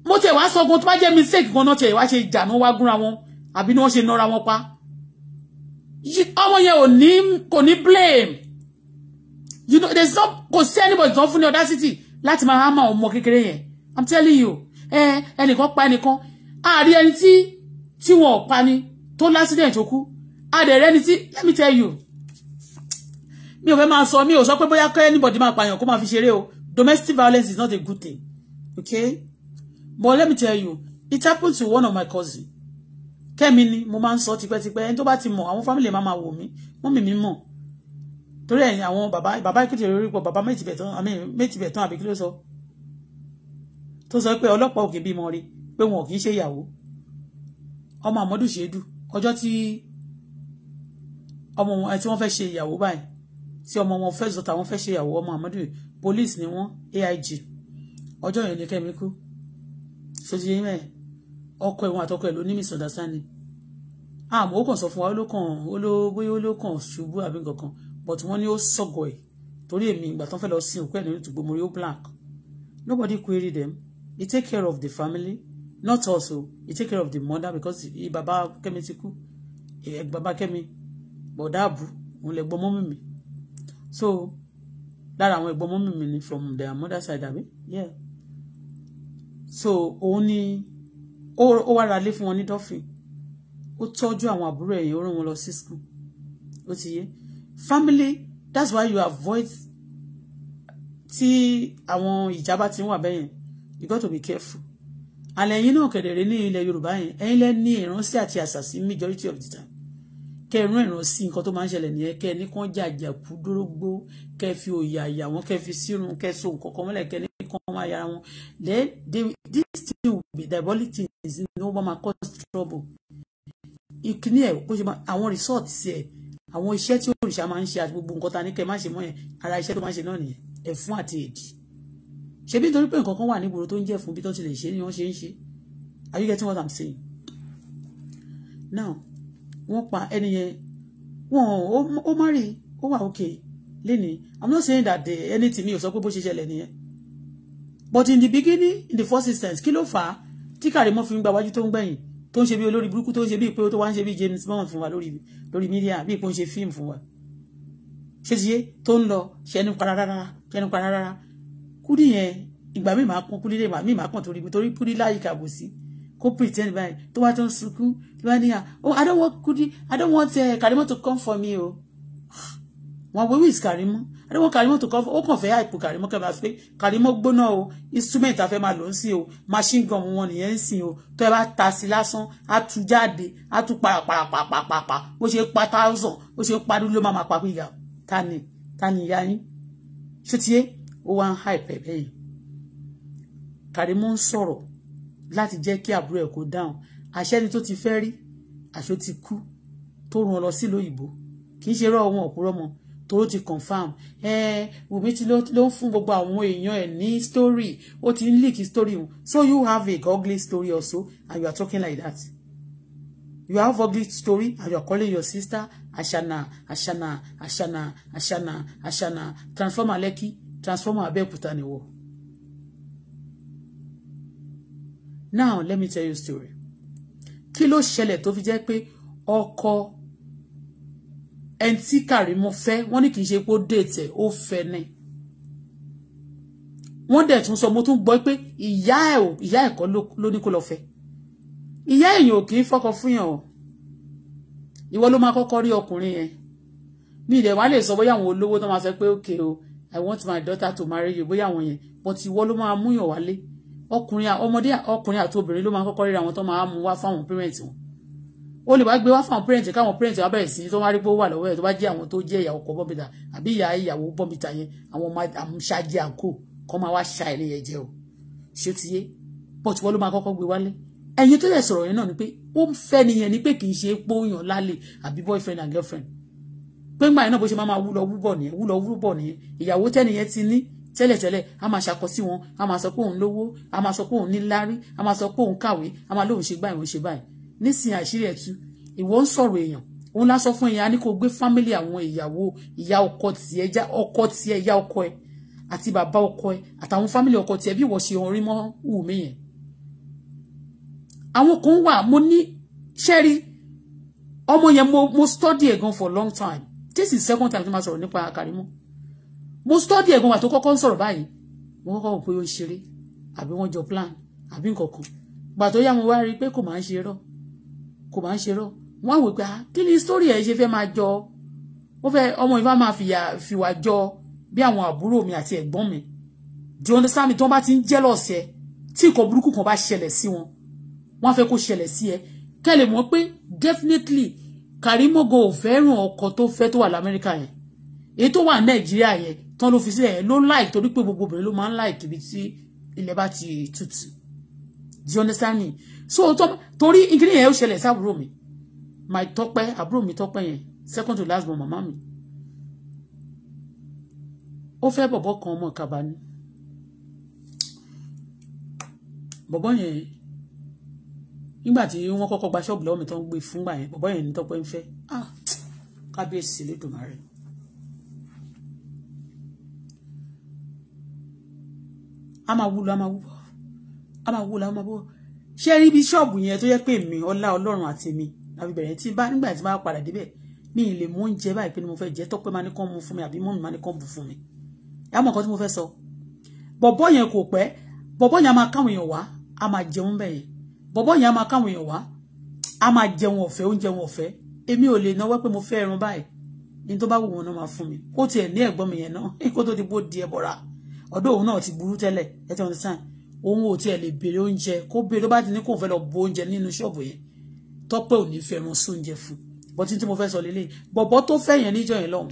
mo tẹ̀ wá sọ́gun tó bá jẹ́ mistake gan náà tẹ̀ wá ṣe ìjà náà wá gúnra wọn àbí ni wọ́n ṣe nọ́ra wọn pa ọmọ yẹn ò ní kò ní blame you know there's no kò sí anybody tó ń fún ní city. láti máa hámà ọmọ kékeré yẹn i'm telling you ẹ ẹnìkan pa ẹnìkan àárí ẹni tí tí wọn ò pa ni tó lásìdẹ̀ tó kú adẹ̀rẹ́ ẹni tí let me tell you mi ò fẹ́ máa sọ mi ò sọ pé bóyá kẹ́ anybody máa pààyàn kó máa fi ṣeré o domestic violence is not a good thing okay but let me tell you it happened to one of my cousins kẹ́mi ni mo máa ń sọ tipẹ́tipẹ́ ẹni tó bá ti mọ̀ àwọn fámìlì máa máa wò mí wọ́n mì mí mọ̀ torí ẹ̀yìn àwọn bàbá bàbá ìkìtì lórí pọ̀ bàbá méjìbẹ̀tán àmì méjìbẹ̀tán àbí kí ló sọ tó sọ pé ọlọ́pàá òkè bímọ rí pé wọn ò kì í ṣe ìyàwó ọmọ àmọ́dù ṣèdù ọjọ́ tí ọmọ wọn tí wọ́n fẹ́ ṣe ìyàwó báyìí tí ọmọ wọn fẹ́ zọta wọn fẹ́ ṣe ìyàwó ọmọ àmọ́dù police ni wọ́n AIG ọjọ́ yẹn ni kẹ́mi kú ṣojú yín mẹ́rin ọkọ ẹ̀wọ̀n àtọkọ ẹ̀ ló ní misunderstanding àmọ́ ah, ó kàn sọ fún wa ó ló kàn ó ló bóyá ó ló kàn ṣubú àbí kankan but wọ́n ní ó sọ̀gọ̀ ẹ̀ torí èmi ìgbà tán fẹ́ lọ sin òkú ẹ̀ lórí ìtùgbò mo ó black nobody query them he take care of the family not also he take care of the mother because he baba Kẹ́mi ti kú ẹ̀ baba Kẹ́mi bọ̀dá àbú òun lè gbọ́ mọ́mì so lára àwọn ẹ̀gbọ́n mọ́mì mi ni from their mother side àbí yeah so òun ni ó wá ra ilé fún wọn ní dọ́fìn ó tọ́jú àwọn àbúrò ẹ̀yìn ó rán wọn lọ sí school ó ti yé family that's why you avoid tí àwọn ìjábá ti ń wà bẹ́yẹn you got to be careful àlẹ́ yín náà kẹ̀dẹ̀rẹ́ ní ilẹ̀ yorùbá yẹn ẹ̀yin lẹ́ ní ìránṣẹ́ àti àṣàṣì majority of the time kẹ́ ẹ̀rún ẹ̀ràn sí nǹkan tó máa ń ṣẹlẹ̀ nìyẹn kẹ́ ẹ ní kán jàjàkú dórógbó kẹ́ ẹ fi òye àyà wọn kẹ́ ẹ fi sírun kẹ́ ẹ so nǹkan kan mọ́lẹ̀ kẹ́ ẹ ní kán máa yára wọn then they still be diabolic things ni ó cause trouble ìkíní ẹ̀ bó ṣe máa àwọn resort ẹ̀ àwọn iṣẹ́ tí òrìṣà máa ń ṣe àti gbogbo nǹkan ta ní kẹ́ má ṣe mọ́ yẹn ara iṣẹ́ tó máa ń ṣe náà nìyẹn ẹ̀fún àti èdì ṣebí nítorí pé nǹkan kan wà nígboro tó ń jẹ́ fún bí tó lè ṣe ni wọ́n ṣe ń ṣe are you getting what i'm saying now wọ́n pa ẹni yẹn wọ́n ó má rí ó wà okay lénìí i'm not saying that eh, anything mi ò sọ pé bó ṣe ṣẹlẹ̀ nìyẹn but in the beginning in the first instance kí ló fà á tí Karimo fi ń gba wájú tó ń gbẹ̀yìn tó ń ṣe bí olórí burúkú tó ń ṣe bí ìpéwó tó wá ń ṣe bí James Bond fún wa lórí lórí mídíà bí ìpò ń ṣe fíìmù fún wa ṣé ti yé tó ń lọ ṣẹnu para rárá ṣẹnu para rárá Kúdí yẹn ìgbà míì máa pọn Kúdí lè míì máa pọn torí torí Kúdí láyé kàbò sí kó pretend báyìí tó wá tó ń sunkún ló wá níyà oh I don't want Kúdí I don't want uh, eh, Karimo to come for me o ah, wọn wo wíìsì Karimo ariwo Karimo tó kọ́ ó kàn fẹ́ àìpò Karimo kẹ́ bá fẹ́ Karimo gbóná o instrument afẹ́ máa lò ó sí o machine gun wọn nìyẹn ń sìn o tó ẹ bá ta sí lásán á tú jáde á tú parapàpàpàpà bó ṣe pa thousand bó ṣe parí ló máa máa pa ìyá ta ni ta ni ìyá yín ṣé tiẹ́ ó wá ń àìpẹ́ bẹ́yìn Karimo ń sọ̀rọ̀ láti jẹ́ kí àbúrò ẹ̀ kó dáhùn àṣẹ́ni tó ti fẹ́ rí àṣọ ti kú tó rún ọ lọ sílùú òyìnbó kì í ṣe irọ́ ohun ọ̀pọ̀rọ̀ tó ti confam eh, Wùmí ti ló ń fún gbogbo àwọn èèyàn ẹ̀ ní story ó ti ń leak story wọn so you have a ugly story also and you are talking like that you have ugly story and you are calling your sister Ashana Ashana Ashana Ashana Ashana transformer Lekki transformer Abẹ́òkúta ni now let me tell you a story kí ló ṣẹlẹ̀ tó fi jẹ́ pé ọkọ ẹni tí Kàrímù fẹ́ wọ́n ní kì í ṣe pé ó dètè ó fẹ́ ni wọ́n dẹ̀ tún sọ mo tún gbọ́ pé ìyá ẹ̀ ò ìyá ẹ̀ kọ́ ló ní kó lọ fẹ́ ìyá èèyàn ò kì í fọkọ fún yàn o ìwọ ló máa kọ́kọ́ rí ọkùnrin yẹn mi ìdẹ̀ wá lè sọ bóyá àwọn olówó tó máa sọ pé okay o I want my daughter to marry you bóyá àwọn yẹn but ìwọ ló máa mú yàn wálé ọkùnrin ọmọdé ọkùnrin àti obìnrin ló máa kọ́kọ́ ríra wọn tó máa mú wá fáwọn parents wọn ó lè wá gbé wá fún àwọn parents káwọn parents wá bẹ̀rẹ̀ sí tó wá rí pé ó wà lọ́wọ́ ẹ̀ tó bá jẹ́ àwọn tó jẹ́ ìyàwó kọ́ bọ́mìtà àbí ìyá ìyàwó bọ́mìtà yẹn àwọn ọmọ àmúṣájẹ àǹkó kọ́ máa wá ṣa ẹ̀ níyẹn jẹ́ o ṣé ti yé but wọ́n ló máa kọ́kọ́ gbé wálé ẹ̀yin tó yẹ sọ̀rọ̀ yẹn náà ni pé ó ń fẹ́ nìyẹn ni pé kì í ṣe pé ó lálẹ́ àbí boyfriend and girlfriend pé ńgbà yẹn náà bó ṣe máa máa wúlọ wúbọ̀ nìyẹn wúlọ wúbọ̀ nìyẹn ìyàwó tẹ́nìyẹn tẹ́lẹ̀tẹ́lẹ̀ a máa ṣàkọ sí wọn a máa sọ pé òun lówó a máa sọ pé òun níláárí a máa sọ pé òun kàwé a máa lóun ṣe báyìí òun ṣe báyìí nísìnyí àṣírí ẹ̀tú ìwọ ń sọ̀rọ̀ èèyàn òun lásọ fún èèyàn á ní kó gbé fámílì àwọn ìyàwó ìyá ọkọ tiẹ̀ já ọkọ tiẹ̀ ìyá ọkọ ẹ̀ àti bàbá ọkọ ẹ̀ àtàwọn fámílì ọkọ tiẹ̀ bí ìwọ ṣe orí mọ́ Wùmí yẹn. àwọn kan wà mo ní ṣẹ́rí ọmọ yẹn mo mo study ẹ̀ gan for long time this is second time tí ma sọ̀rọ̀ nípa Karimo mo study ẹ̀ gan wà tó kọ́kọ́ ń sọ̀rọ̀ báyìí mo kọ́kọ́ wò pé ó ń ṣeré àbí wọ́n jọ plan àbí nǹkan kan gbà tó yá mo wá rí i pé kò máa ń ṣe rọ́ọ̀ kò bá ń ṣe rọ wọn àwò pé ah, kí ni sórí ẹ ṣe fẹ́ máa jọ ó fẹ́ ọmọ ìfá máa fìyà fìwà jọ bí àwọn àbúrò mi àti ẹ̀gbọ́n mi do you understand me tí wọ́n bá ti ń jẹ́ lọ́sẹ̀ tí nǹkan burúkú kan bá ṣẹlẹ̀ sí wọn wọ́n fẹ́ kó ṣẹlẹ̀ sí ẹ kẹ́lẹ̀ mọ̀ pé definitely Karimogo ò fẹ́ràn ọkọ tó fẹ́ tó wà lamẹ́ríkà yẹn èyí tó wà nàìjíríà yẹn tán ló fi sílẹ̀ yẹn ló ń láì torí pé gbogbo obìnrin ló máa ń láì kìbi tí ilẹ̀ bá ti tutù do you understand me so tó torí ìkíni yẹn ó ṣẹlẹ̀ sábúrò mi my tọpẹ́ àbúrò mi tọpẹ́ yẹn second to last born màmá mi ó fẹ́ bọ̀bọ̀ kan ọmọ kaba ni bọ̀bọ̀ yẹn nígbà tí wọ́n kọ́kọ́ gba ṣọ́ọ̀bù lọ́wọ́ mi tó ń gbé fúngbà yẹn bọ̀bọ̀ yẹn ní tọpẹ́ ń fẹ́ ah kábíyèsí lẹ́dùnmáà a máa wúlò a máa wúlò a máa wúlò a máa wúlò ṣé rí ibi ṣọ́ọ̀bù yẹn tó yẹ pé mi ọlá ọlọ́run àti mi àbí bẹ̀rẹ̀ tí bá nígbà tí bá padà débẹ̀ mi ì lè mú oúnjẹ báyìí pé ni mo fẹ́ jẹ tọ́pẹ́ máa ní kán mú fún mi àbí mọ́mí máa ní kán bù fún mi yàmọ̀ nǹkan tí mo fẹ́ sọ bọ̀bọ́ yẹn kò pẹ́ bọ̀bọ́ yẹn a máa káwọn èèyàn wá a máa jẹun bẹ́ẹ̀ yẹn bọ̀bọ́ yẹn a máa káwọn èèyàn wá a máa jẹun ọ̀fẹ́ oúnjẹ wọn ọ̀fẹ́ èmi ò lè náwó pé mo fẹ́ ẹran báyìí ní tó bá wù wọn náà máa fún mi kó tiẹ̀ ní ẹ̀gbọ́n mi yẹn náà kó tó ti bó di ẹ̀bọ̀ra ọ̀dọ́ òun náà ti burú tẹ́lẹ̀ ẹ̀ ti sàn òun ò tiẹ̀ lè béèrè oúnjẹ kó béèrè tó bá ti ní kò fẹ́ lọ bo oúnjẹ nínú ṣọ́ọ̀bù yẹn tọ́pẹ́ ò ní fẹ́ràn sóúnjẹ fún bọ́tí tí mo fẹ́ sọ lélẹ̀ bọ̀bọ́ tó fẹ́ yẹn níjọ́ yẹn lọ́hùn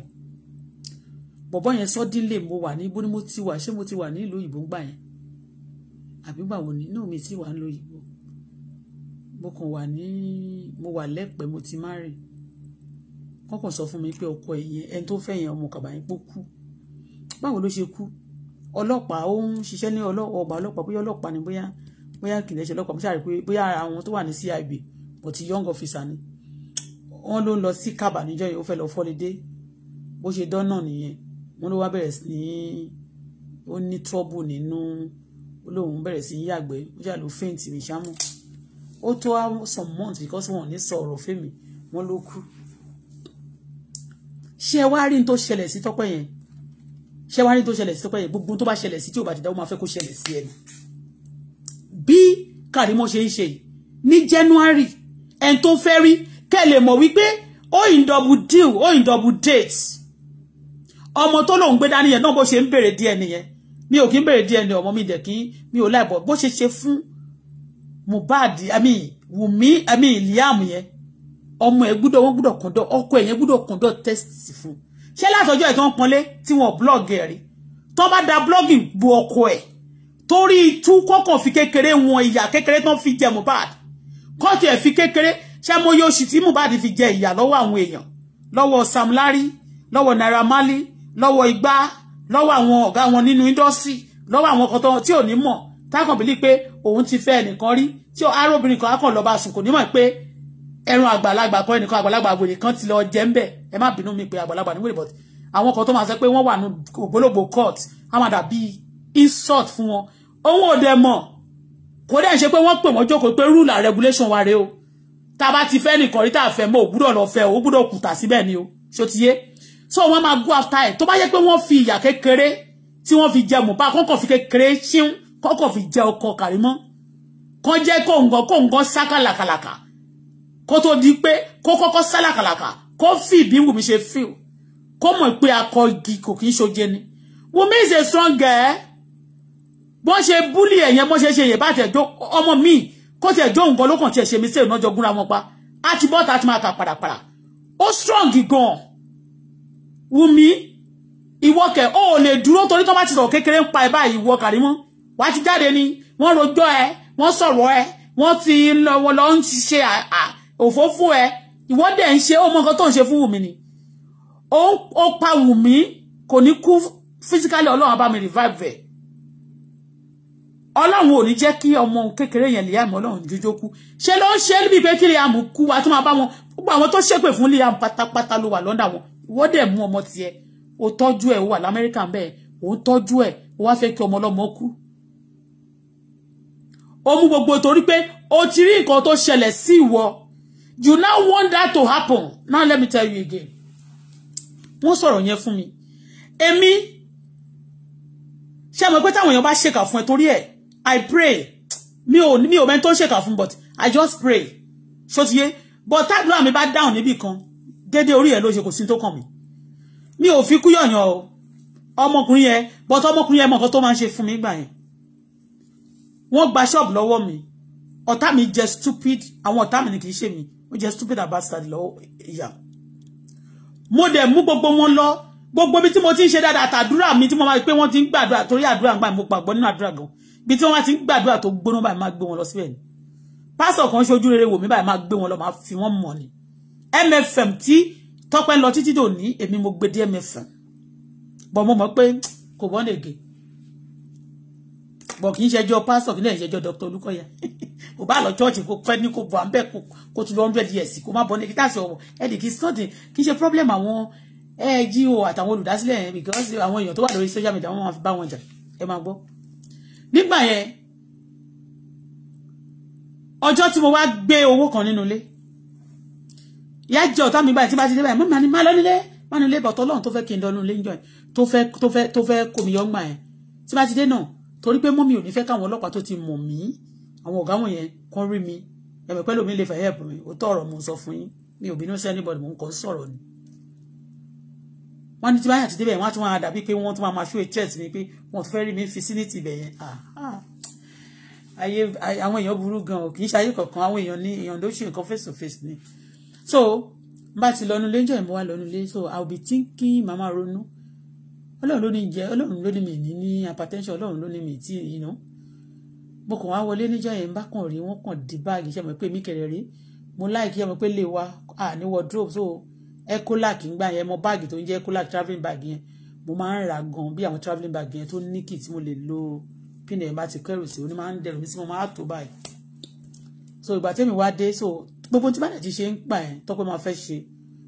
bọ̀bọ́ yẹn sọ dílé mo wà ní bóni mo ti wà ṣé mo ti wà ní ìlú òyìnbó ń gbà yẹn àbí gbà wò ní mi ti wà ń lo òyìnbó mo kàn wà ní mo wà lẹ́pẹ́ mo ti má rìn wọ́n kàn sọ fún mi pé ọkọ ẹ̀yẹn ẹni tó fẹ́ yẹn ọmọ kàbà pé ó kú báwo ló ṣe kú ọlọ́pàá ó ń ṣiṣẹ́ ní ọgbà ọlọ́pàá bóyá ọlọ́pàá ni bóyá bóyá kìlẹ̀ ṣe ọlọ́pàá mo ṣàrí pé bóyá ara àwọn tó wà ní CIB but young officer ni wọ́n ló ń lọ sí Kaba níjọ́ yìí ó fẹ́ lọ fọ́lédé bó ṣe dán náà nìyẹn wọ́n ló wá bẹ̀rẹ̀ sí ní ó ní trọ́bù nínú ó bẹ̀rẹ̀ sí ní yàgbẹ́ ó jà faint mi ṣámú ó tó some months because wọn ò ní sọ ọ̀rọ̀ fẹ́mi wọ́n ló kú ṣé ẹ wá rí n tó ṣẹlẹ̀ sí Tọ́pẹ́ yẹn ṣé wàá rí tó ṣẹlẹ̀ sí Tọ́pẹ́ yẹn gbogbo tó bá ṣẹlẹ̀ sí tí ò bá ti dá máa fẹ́ kó ṣẹlẹ̀ sí ẹni. bí Karimo ṣe ń ṣe ní January ẹni tó fẹ́ rí kẹ́ lè mọ̀ wípé ó double deal ó in double date ọmọ tó lòun gbé dání yẹn náà bó ṣe ń bèrè díẹ̀ nìyẹn mi ò kí ń bèrè díẹ̀ ni ọmọ mi dẹ̀ kí mi ò láìbọ̀ bó ṣe ṣe fún Mohbad i mean Wùmí i mean Liam yẹn ọmọ ẹ gbúdọ̀ wọ́n gbúdọ̀ kàn dọ́ ọkọ ẹ̀ gbúdọ̀ kàn dọ́ test fún un ṣé látọjọ́ ẹ̀ tó ń pọnlé tí wọ́n blọ́ọ̀gì ẹ̀ rí tó bá da blọ́ọ̀gì bu ọkọ ẹ̀ torí tú kọ́kàn fi kékeré wọn ìyà kékeré tó ń fi jẹ Mohbad kọ́ọ̀tù ẹ̀ fi kékeré ṣé mo yóò ṣì tí Mohbad fi jẹ ìyà lọ́wọ́ àwọn èèyàn lọ́wọ́ Sam Larry lọ́wọ́ Naira Marley lọ́wọ́ Igbá lọ́wọ́ àwọn ọ̀gá wọn nínú indọ́sì lọ́wọ́ àwọn kan tí ò ní mọ̀ tákàn bílí pé òun ti fẹ́ ẹnìkan rí tí arábìnrin kan á kàn lọ́ba sùn kò ní mọ̀ pé ẹran àgbàlagbà kan ẹnìkan àgbàlagbà wèrè kan ti lọ jẹ́ ńbẹ̀ ẹ má bínú mi pé àgbàlagbà ní wèrè but àwọn kan tó máa sọ pé wọ́n wà ní ògbólógbò court á máa dàbí insult fún wọn òun ò dẹ̀ mọ̀ kò dẹ̀ ṣe pé wọ́n pè wọ́n jókòó pé rule and regulation wà rèé o tá a bá ti fẹ́ nìkan rí tá a fẹ́ mọ́ ògbúdọ̀ lọ fẹ́ o ògbúdọ̀ kùtà síbẹ̀ ni o ṣó ti yé so wọ́n máa go after ẹ̀ tó bá yẹ pé wọ́n fi ìyà kékeré tí wọ́n fi jẹ mùpá kọ́kọ́ fi kékeré ṣíún kọ́kọ́ fi jẹ ọkọ Karimo kan jẹ́ kóńgọ́ kóńgọ́ sákàlàkàlàkà kó tó di pé kó kọ́kọ́ sálàkàlàkà kó fi bí Wùmí ṣe fíl kó mọ̀ pé akọ igi kò kí ń ṣoje ni Wùmí is a strong girl bó ṣe búlì ẹ̀yẹn bó ṣe ṣe yẹn bá tẹ̀jọ́ ọmọ míì kó tẹ̀jọ́ nǹkan ló kàn tiẹ̀ ṣe mí sí ìnájọ gúnra wọn pa á ti bọ́ta á ti máa kà pàràpàrà ó strong gan Wùmí ìwọ́kẹ̀ ó lè dúró torí tó bá ti sọ̀rọ̀ kékeré ń pa ẹ̀ báyìí ìwọ Kàrímọ́ wà á ti jáde ni wọ́n rojọ́ ẹ wọ́n sọ̀rọ̀ ẹ wọ́n ti lọ́wọ́ lọ́ ń ṣe òfófó ẹ ìwọ dẹ̀ ń ṣe ó mọ nǹkan tó ń ṣe fún wùmí ni ó pa wùmí kò ní kú physically ọlọ́run abá mi revive ẹ̀ ọlọ́run ò ní jẹ́ kí ọmọ kékeré yẹn lè yàmọ́ ọlọ́run jójókú ṣe ló ń ṣe níbi pé kí Liam kú wa tó máa bá wọn gbogbo àwọn tó ṣépè fún Liam pátápátá ló wà lọ́dà wọn ìwọ dẹ̀ mú ọmọ tiẹ̀ ó tọ́jú ẹ̀ ó wà lamẹ́ríkà bẹ́ẹ̀ ó ń tọ́jú ẹ̀ ó wá fẹ́ kí ọmọ ọlọ́mọ kú ó mú gbogbo torí pé ó ti rí nǹkan tó ṣẹlẹ̀ sí ìwọ you now want that to happen now let me tell you again wọ́n sọ̀rọ̀ yẹn fún mi èmi ṣe mo pé táwọn èèyàn ba shake fún e torí ẹ̀ i pray mi ò mi o mẹ́ni tó ń ṣèkà but i just pray ṣótiyé but tágbọ́n mi bá dáhùn níbì kan dédé orí ẹ̀ ló ṣe ko sí tó kàn mí mi o fi kúyọ̀yàn o ọmọkùnrin yẹn but ọmọkùnrin yẹn mọ̀ nǹkan tó máa ń ṣe fún mi gbà yẹn wọ́n gba ṣọ́ọ̀bù lọ́wọ́ mi ọ̀tá mi jẹ́ stupid àwọn ọ̀tá mi ni kì í ṣe mi ó jẹ́ stupid and bastard lọ ìyá mo dẹ̀ mú gbogbo wọn lọ gbogbo ibi tí mo ti ń ṣe dáadáa àtàdúrà mi tí mo máa pé wọ́n ti ń gbàdúrà torí àdúrà gbà mo pàgbọ́ nínú àdúrà gan ibi tí wọ́n bá ti ń gbàdúrà tó gbóná báyìí máa gbé wọn lọ síbẹ̀ ni pásọ̀ kan ṣojú rere wò mí báyìí máa gbé wọn lọ máa fi wọ́n mọ̀ ni mfm tí tọ́pẹ́ lọ títí dòní èmi mo gbé dé mfm bọ̀ mo mọ̀ pé kò bọ́n lè bọ̀ kì í ṣẹjọ́ pásítọ̀ kí lẹ́yìn ṣẹjọ́ Dr. Olúkọ̀yà kò bá lọ chọ́ọ̀chì kò pẹ́ ní kò bọ̀ à ń bẹ̀ kò tún lọ hundred years kò má bọ̀ ní kíkà sí ọ̀wọ̀ ẹ̀dì kì í sọ́ọ̀tì kì í ṣe problem àwọn ngo àtàwọn olùdásílẹ̀ yẹn because àwọn èèyàn tó wà lórí social media wọ́n máa fi bá wọn jà ẹ máa gbọ́. nígbà yẹn ọjọ́ tí mo wá gbé owó kan nínú ilé ìyá jẹ́ ọ̀tá mi báyìí tí bá ti dé báyìí mo máa lọ nílé máa nílé bọ̀tọ́ ọlọ́run tó fẹ́ kí n lọ nílé ń jọ tó fẹ́ kó mi yọ ń gbà yẹn tí bá ti dé náà torí pé mọ́mí ò ní fẹ́ káwọn ọlọ́pàá tó ti mọ̀ mí àwọn ọ̀gá wọn yẹn kán rí mi ẹ̀mí pẹ́ lómi lè fẹ́ help mi ó tọ́ ọ̀rọ̀ mo sọ fún yín mi ò bínú sí anybody mo ń kọ́ sọ̀rọ̀ ni. wọ́n ní tí báyà ti débẹ̀ wọ́n á tún máa dàbí pé wọ́n tún máa show a threat mi pé wọ́n fẹ́ rí mi facility bẹ̀ yẹn ah, ah. ayé àwọn èèyàn burú gan o kì í ṣe ayé kankan àwọn èèyàn ní èèyàn ló ṣe nǹkan face to face ni so bá ti lọ́nu lé ń jọ ìmọ̀ wa lọ́nu lé so I will be thinking màmá ronú ọlọ́run ló ní jẹ ọlọ́run ló ní mi ní ní hypertension ọlọ́run ló ní mi tí yìí nà mo kàn wá wọlé níjọ́ yẹn bá kàn rí wọ́n kàn dé báàgì ṣe mọ̀ pé mi kẹrẹ rí mo láìkí ọmọ pé lè wa à ní wardrobe so ecolac ń gbà yẹn mo báàgì tó ń jẹ́ ecolac travelling bag yẹn mo máa ń ra gan bí àwọn travelling bag yẹn tó ní kì tí mo lè lo pin ẹ̀ bá ti kẹ́rù sí oní máa ń dẹrù mi sí mo máa tó báyìí so ìgbà tẹ́mi wá dé so gbogbo tí bá dẹ̀ ti ṣe ń pa ẹ̀ tọ́pẹ́ máa fẹ́ ṣe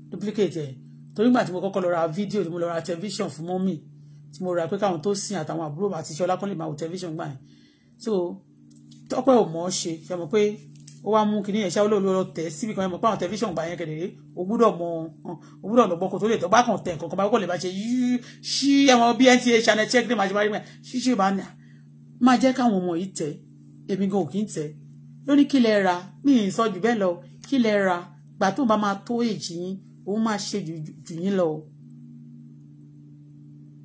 duplicate ẹ̀ torí gbà tí mo kọ́kọ́ lọ ra fídíò tí mo lọ ra tẹlifíṣàn fún mọ́mì tí mo ra pé káwọn tó sìn àtàwọn àbúrò àti iṣẹ́ ọlákọ́lẹ̀ máa wo tẹlifíṣàn gbà yẹn so tọ́pẹ́ ò mọ̀ ọ́ ṣe ṣe mọ̀ pé ó wá mú kinní yẹn ṣá olóòlù lọ tẹ̀ síbi kan mọ̀ pé àwọn tẹlifíṣàn gbà yẹn kedere o gbúdọ̀ mọ o gbúdọ̀ lọ gbọ́kọ̀ tó lè tọ́gbà kan tẹ̀ kankan bá kò lè bá ṣe yíyí ṣí ẹ̀wọ̀n bnta channel check ní màjúmọ́ àríwá ṣíṣe bá ní à máa jẹ́ káwọn ọmọ yìí tẹ̀ èmi gan ò kí ń tẹ̀ gbà tó bá máa tó èjì yín òun máa ṣe jù jù yín lọ o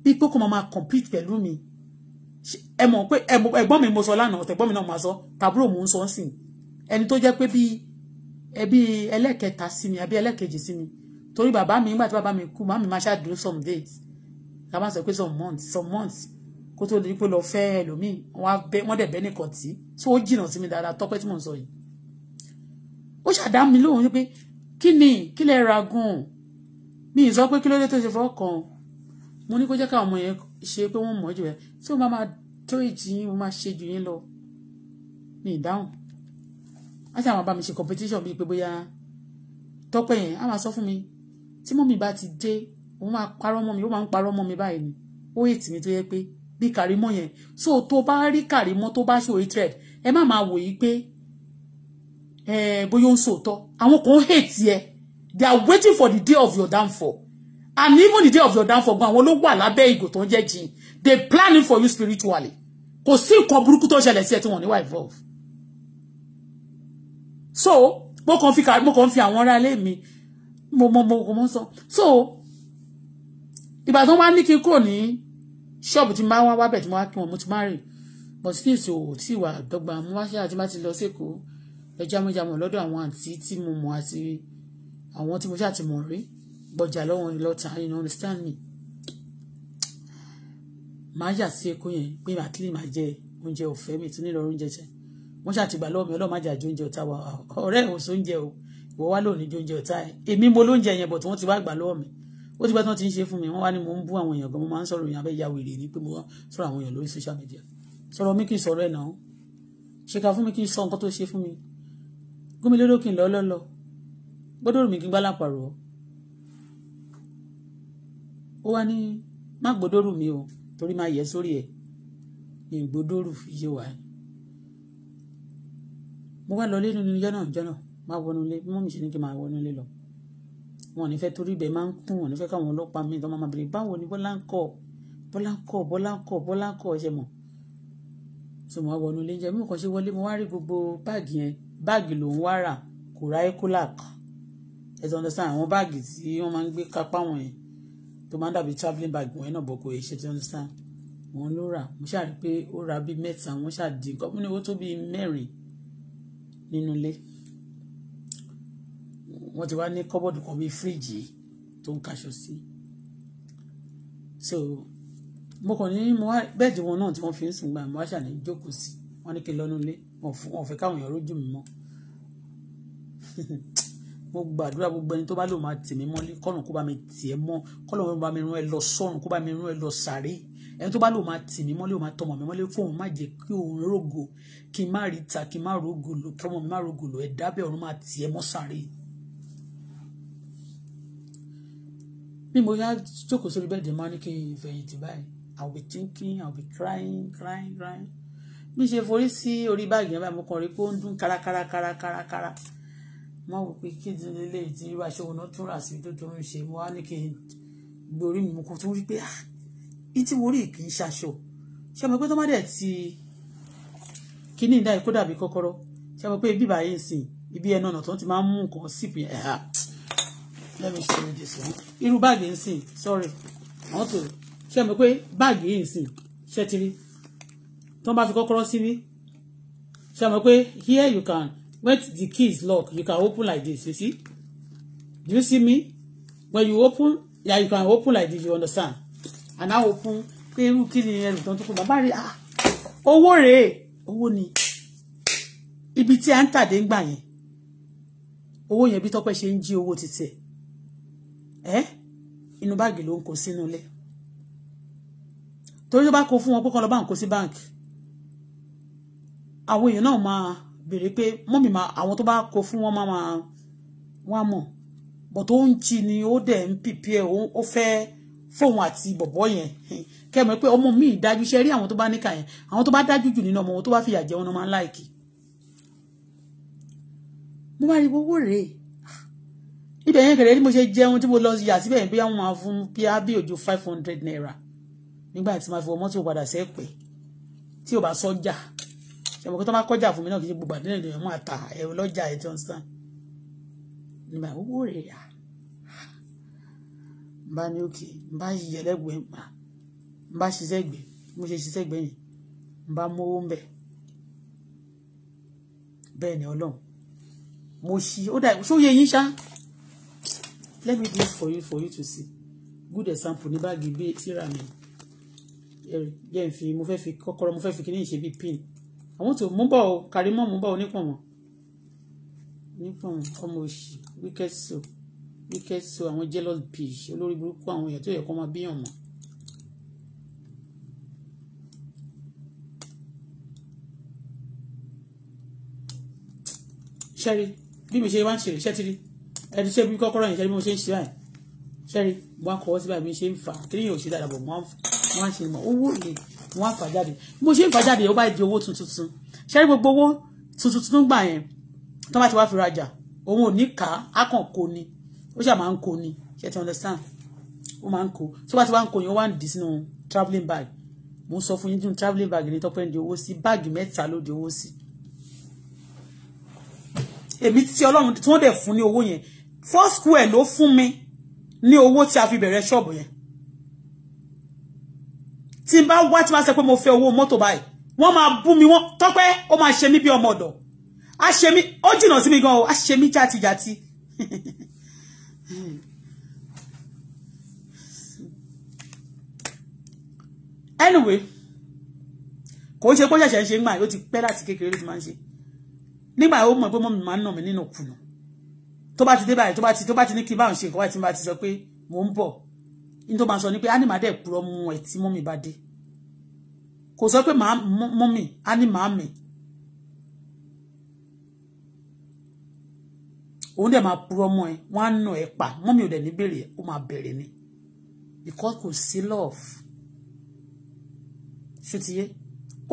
bí pé kó máa máa compete pẹ̀lú mi ẹ mọ̀ pé ẹ̀gbọ́n mi mo sọ lánàá ọ̀tẹ̀gbọ́n mi náà máa sọ tàbúrò mò ń sọ sí ẹni tó jẹ́ pé bíi ẹbí ẹlẹ́kẹta sí mi àbí ẹlẹ́kejì sí mi torí bàbá mi nígbà tí bàbá mi kú màmí máa ṣáàdúró some days ká má sọ pé some months some months kó tó di pé lọ fẹ́ ẹlòmíì wọ́n dẹ̀ bẹ́ẹ̀ nìkan tí so ó jìnnà sí mi dáadáa tọ́pẹ́ tí mò ń sọ yìí ó ṣàdá mi lóhùn pé kí ni kí lẹ ra gan mi ì sọ pé kí ló dé tó ṣe fọkàn mo ní kó jẹ́ káwọn ọmọ yẹn ṣe pé wọ́n mọ̀ jù ẹ́ tí wọ́n bá máa tó ìjì yín wọ́n máa ṣe jù yín lọ mi ì dáhùn á ṣàwọn bá mi ṣe competition bíi pé bóyá tọ́pẹ́ yẹn á máa sọ fún mi tí mọ́mí bá ti dé òun máa parọ́ mọ́ mi ó máa ń parọ́ mọ́ mi báyìí ni ó ètì mi tó yẹ pé bí kàrímọ́ yẹn so tó bá rí kàrímọ́ tó bá ṣòwò hatred ẹ má máa wòye pé Eh, bóyá ó ń sòótọ́ àwọn kan hate ẹ they are waiting for the day of your downfall and even the day of your downfall gan àwọn ló wà lábẹ́ ìgò tó ń jẹ́ jìn they planning for you spiritually kò sí nǹkan burúkú tó ṣẹlẹ̀ sí ẹ tí wọ́n so mo kàn fi mo kàn fi àwọn ará ilé mi mo mo mo kò mọ sọ so if I don't want kí n kúrò ní ṣọ́ọ̀bù tí máa wá wábẹ̀ tí mo wá kí wọn mo ti má but still so ò tí ìwà àdọ́gba mo wá ṣe àti má ti lọ sí èkó lọ jámọ́jámọ́ lọ́dọ̀ àwọn àǹtí tí mo mọ̀ àti àwọn tí mo ṣáà ti mọ̀ rí gbọ́jà lọ́wọ́ ìlọ́ta you know understand me máa yà sí ẹkọ yẹn pé màá kílì máa jẹ oúnjẹ ọ̀fẹ́ mi tún nílò oúnjẹ jẹ wọ́n ṣàtìgbà lọ́wọ́ mi ọlọ́ọ̀ má jà ju oúnjẹ ọ̀tá wa ọ̀rẹ́ ò sóúnjẹ o ìwọ wá lónìí ju oúnjẹ ọ̀tá ẹ̀ èmi mo lóúnjẹ yẹn bọ̀ tí ti wá gbà lọ́wọ́ mi ó ti bá tí wọ́n ti ń ṣe fún mi wọ́n wá ní mo ń bú àwọn èèyàn gan mo máa ń sọ̀rọ̀ èèyàn abẹ́ ya wèrè ni pé mo sọ̀rọ̀ àwọn èèyàn lórí social media sọ̀rọ̀ mi kì í sọ̀rọ̀ ẹ̀ náà ṣe ká fún mi kì í sọ nǹkan tó ṣe fún mi gúnmi lódòkì lọ́lọ́lọ́ gbọ́dọ̀ mi kí n gbá lápàrọ̀ ó wá ní má gbódòrù mi o torí máa yẹ sórí ẹ̀ ní gbódòrù iye wà ní. mo wá lọ lé nínú jọ́nà jọ́nà máa wọnú ilé bí wọ́n mi ṣe ní kí n máa wọnú ilé lọ wọn ò ní fẹ́ torí ibẹ̀ máa ń kún wọn ò ní fẹ́ káwọn ọlọ́pàá mi tán máa bèrè báwo ni bọ́lá ń kọ́ bọ́lá ń kọ́ bọ́lá ń kọ́ bọ́lá ń kọ́ ṣe mọ̀ tó mọ̀ wọnú ilé ń jẹ́ mi ò kàn ṣe wọlé mo wá rí gbogbo báàgì yẹn báàgì ló ń wá rà kò ra ecolac ẹ ti understand àwọn báàgì tí wọ́n máa ń gbé kápá wọn yẹn tó máa ń dàbí travelling bag wọn yẹn náà bọ̀ kò yẹ ṣe ti understand wọn ló rà mo ṣáà rí i pé ó ra bíi mẹ́ta wọ́n ṣáà dín nǹkan mú owó tó bíi mẹ́rin nínú ilé wọ́n ti wá ní kọ́bọ̀dù kan bíi fíríjì tó ń kaṣọ sí so mo kàn ní bẹ́ẹ̀dì wọn náà tí wọ́n fi ń sùn gbà mo wá ṣàní jókòó sí wọ́n ní kí n lọ́nu ilé wọ́n fẹ́ káwọn èèyàn rójú mi mọ́ mo gbàdúrà gbogbo ẹni tó bá lò máa tì mí mọ́lé kọ́nà kó bá mi tì mọ́ kọ́nà kó bá mi rún ẹ lọ sọ́run kó bá mi rún ẹ lọ sàré ẹni tó bá lò máa tì mí mọ́lé ò máa tọmọ mi mọ́lé fóun má jẹ́ kí òun rògò kí n má rí ta kí n má rògò lò kí ọmọ mi má rògò lò ẹ̀ dábẹ́ ọ̀run máa tì mọ́ sàré. bí mo yá jókòó sórí bẹ́ẹ̀ dẹ̀ máa ní kí n fẹ̀yìntì báyìí I will be thinking I will be crying crying crying bí ṣe forí sí orí báàgì yẹn báyìí mo kàn rí pé ó ń dún kárakára kárakára kára mo wò pé kí ni lè ti irú aṣọ òun náà tún rà sí tó tó ń ṣe mo wá ní kí n gborí mi mo kò tún rí pé ah ní tí wọ́n rí kì í ṣaṣọ ṣe mo pé tó má dẹ̀ ti kíní ìdá ikú dàbí kọ́kọ́rọ́ ṣe mo pé bíbá yìí sìn ibi ẹnu ọ̀nà tó ti máa ń mú nǹkan sípì ẹ̀ ha lẹ́nu ṣe méje sọ irú báàgì yìí sìn sorry àwọn tó ṣe mo pé báàgì yìí sìn ṣẹ́ ti rí tó ń bá fi kọ́kọ́rọ́ síbí ṣe mọ̀ pé here you can when the keys lock, you can open like this you see do you see me when you open yeah you can open like this you understand and now open pé irú kí ni ẹrù tó ń tó kó bàbá rẹ̀ ah owó rèé owó ni ibi tí a ń tàdé ń gbà yẹn owó yẹn bí tọ́pẹ́ ṣe ń jí owó títí ẹ̀ inú báàgì ló ń kó sínú ilé torí tó bá kó fún wọn pé kọ́ lọ́ bá ń kó sí báǹkì àwọn èèyàn náà máa béèrè pé mọ́mì máa àwọn tó bá kó fún wọn máa máa wá mọ̀ bọ̀ tó ń jí ni ó dẹ̀ ń pìpì ẹ̀ ó fẹ́ fóun àti bọ̀bọ̀ yẹn kẹ́mọ̀ pé ọmọ mi dájú ṣe rí àwọn tó bá níkà yẹn àwọn tó bá dájú jù nínú ọmọ wọn tó bá fìyà jẹun náà máa ń láìkì mo bá rí owó rèé ibẹ̀ yẹn kẹ̀rẹ́ ni mo ṣe jẹun tí mo lọ yà síbẹ̀ yẹn bóyá wọ́n máa fún bí a bí òjò five hundred naira nígbà tí màá fi ọmọ tí o padà sẹ́ pẹ́ tí o bá sọ́jà ṣe mọ̀ pé tó máa kọjá fún mi náà kì í ṣe gbogbo àdínlẹ̀ lè mú àtà ẹ̀rọ lọ́jà ẹ̀ tí wọ́n san nígbà owó rẹ̀ yà n bá ní òkè n bá yíyẹ lẹ́gbẹ̀ẹ́ mà n bá ṣiṣẹ́ gbẹ̀ mo ṣe ṣiṣẹ́ gbẹ̀ yìí n bá mówó ń bẹ̀ bẹ́ẹ̀ ni ọlọ́run mo ṣí ó dà ṣó yẹ yín ṣá let me do for you for you to see good example ní báàgì bíi tíra mi jẹ́ fi mo fẹ́ fi kọ́kọ́rọ́ mo fẹ́ fi kíní ìṣe bíi pin àwọn tó mú bọ̀ Karimo mú bọ̀ onípọ̀mọ̀ onípọ̀mọ̀ ọmọ òṣì wicked soul wicked soul àwọn jealous bitch olórí burúkú àwọn èèyàn tó yẹ kó máa bíyàn mọ́. ṣẹ́rí bí mi ṣe wá ń ṣe iṣẹ́ ti rí ẹni ṣé bí kọ́kọ́rọ́ yẹn ṣẹ́rí bí mo ṣe ń ṣe báyìí ṣẹ́rí a á kọ́wọ́ sí báyìí mi ṣe ń fà á kí ni yóò ṣe dáadáa bọ̀ mo á ṣe mọ̀ owó yìí mo wá fà jáde bí mo ṣe ń fà jáde ó bá di owó tuntun ṣe rí gbogbo owó tuntun tuntun gbà yẹn tó bá ti wá fi rajà òun ò ní kà á kàn kó ni ó ṣà máa ń kó ni ṣe ti understand ó máa ń kó tó bá ti wá ń kó yẹn ó wá ń dì sínú travelling bag mo sọ fún yín nínú travelling bag ní tọ́pẹ́ ń di owó sí báàgì mẹ́ta ló di owó sí èmi tí ọlọ́run tí wọ́n dẹ̀ fún ní owó yẹn four square ló fún mi ní owó tí a fi bẹ̀rẹ̀ ṣọ́ọ̀bù yẹn tí n bá wá tí n bá sọ pé mo fẹ́ owó mọ́tò báyìí wọ́n máa bú mi wọ́n tọ́pẹ́ ó máa ṣe mí bí ọmọ ọ̀dọ̀ á ṣe mí ó jìnnà mi gan o á ṣe mí játijàti anyway kò ń ṣe kó ṣẹ̀ṣẹ̀ ń ṣe ń gbà ó ti pẹ́ láti kékeré ló ti máa ń ṣe nígbà ó mọ̀ pé mọ́mí máa ń nà mí nínú kùnà tó bá ti dé báyìí tó bá ti tó bá ti ní kí n báwọn ṣe nǹkan báyìí tí ti sọ pé mò ń bọ̀ ní tó máa sọ ni pé ánì máa dẹ̀ purọ́ mu ẹ̀ tí mọ́mì bá dé kò sọ pé mọ́mì ánì máa mì òun dẹ̀ máa purọ́ mọ́ ẹ wọ́n á nà ẹ pa mọ́mì ò dẹ̀ ní bèrè ó máa bẹ̀rẹ̀ ni because kò sí love ṣùtìyẹ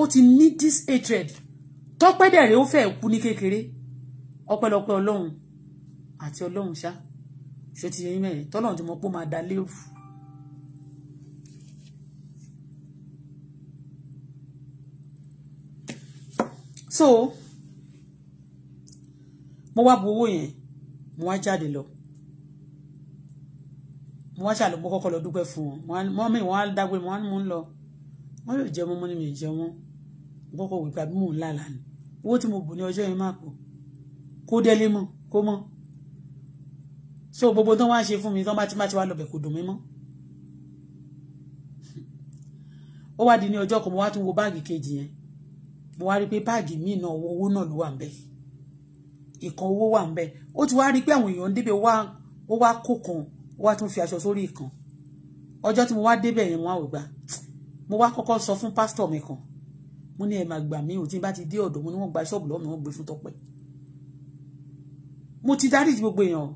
ó ti ní this hatred tọ́pẹ́ dẹ̀ rèé ó fẹ́ kú ní kékeré ọpẹ́lọpẹ́ ọlọ́run àti ọlọ́run ṣá ṣùtìyẹ yín mẹ́rin tọ́lọ́run ti mọ pé ó máa da léwu. so mo wá bu owó yẹn mo wá jáde lọ mo wá ṣàlọ́ mo kọ́kọ́ lọ dúpẹ́ fún wọn wọ́n mi wọ́n á dágbé wọ́n á mú un lọ wọ́n yóò jẹ́ mọ́mọ́ ni mi ò jẹ́ wọ́n gbọ́kọ̀ wípé àbí mò ń là lánàá owó tí mo bù ní ọjọ́ yẹn má pọ̀ kó délé mọ́ kó mọ́ so gbogbo tó wá ń ṣe fún mi tó bá ti bá ti wá lọ́bẹ̀ kò dùn mí mọ́ ó wá di ní ọjọ́ kan mo wá tún wo báàgì kejì yẹn mo wá rí i pé báàgì míì náà owó náà ló wà ń bẹ ìkan owó wà ń bẹ ó ti wá rí i pé àwọn èèyàn débẹ̀ wá ó wá kó kan ó wá tún fi aṣọ sórí ìkan ọjọ́ tí mo wá débẹ̀ yẹn mo wá wò gbà ah, mo wá kọ́kọ́ sọ fún pásítọ̀ mi kan mo ní ẹ máa gbà mí ò tí n bá ti dé ọ̀dọ̀ mo ní wọ́n gba ṣọ́ọ̀bù lọ́wọ́ mi gbé fún Tọ́pẹ́ mo ti dárí ti gbogbo èèyàn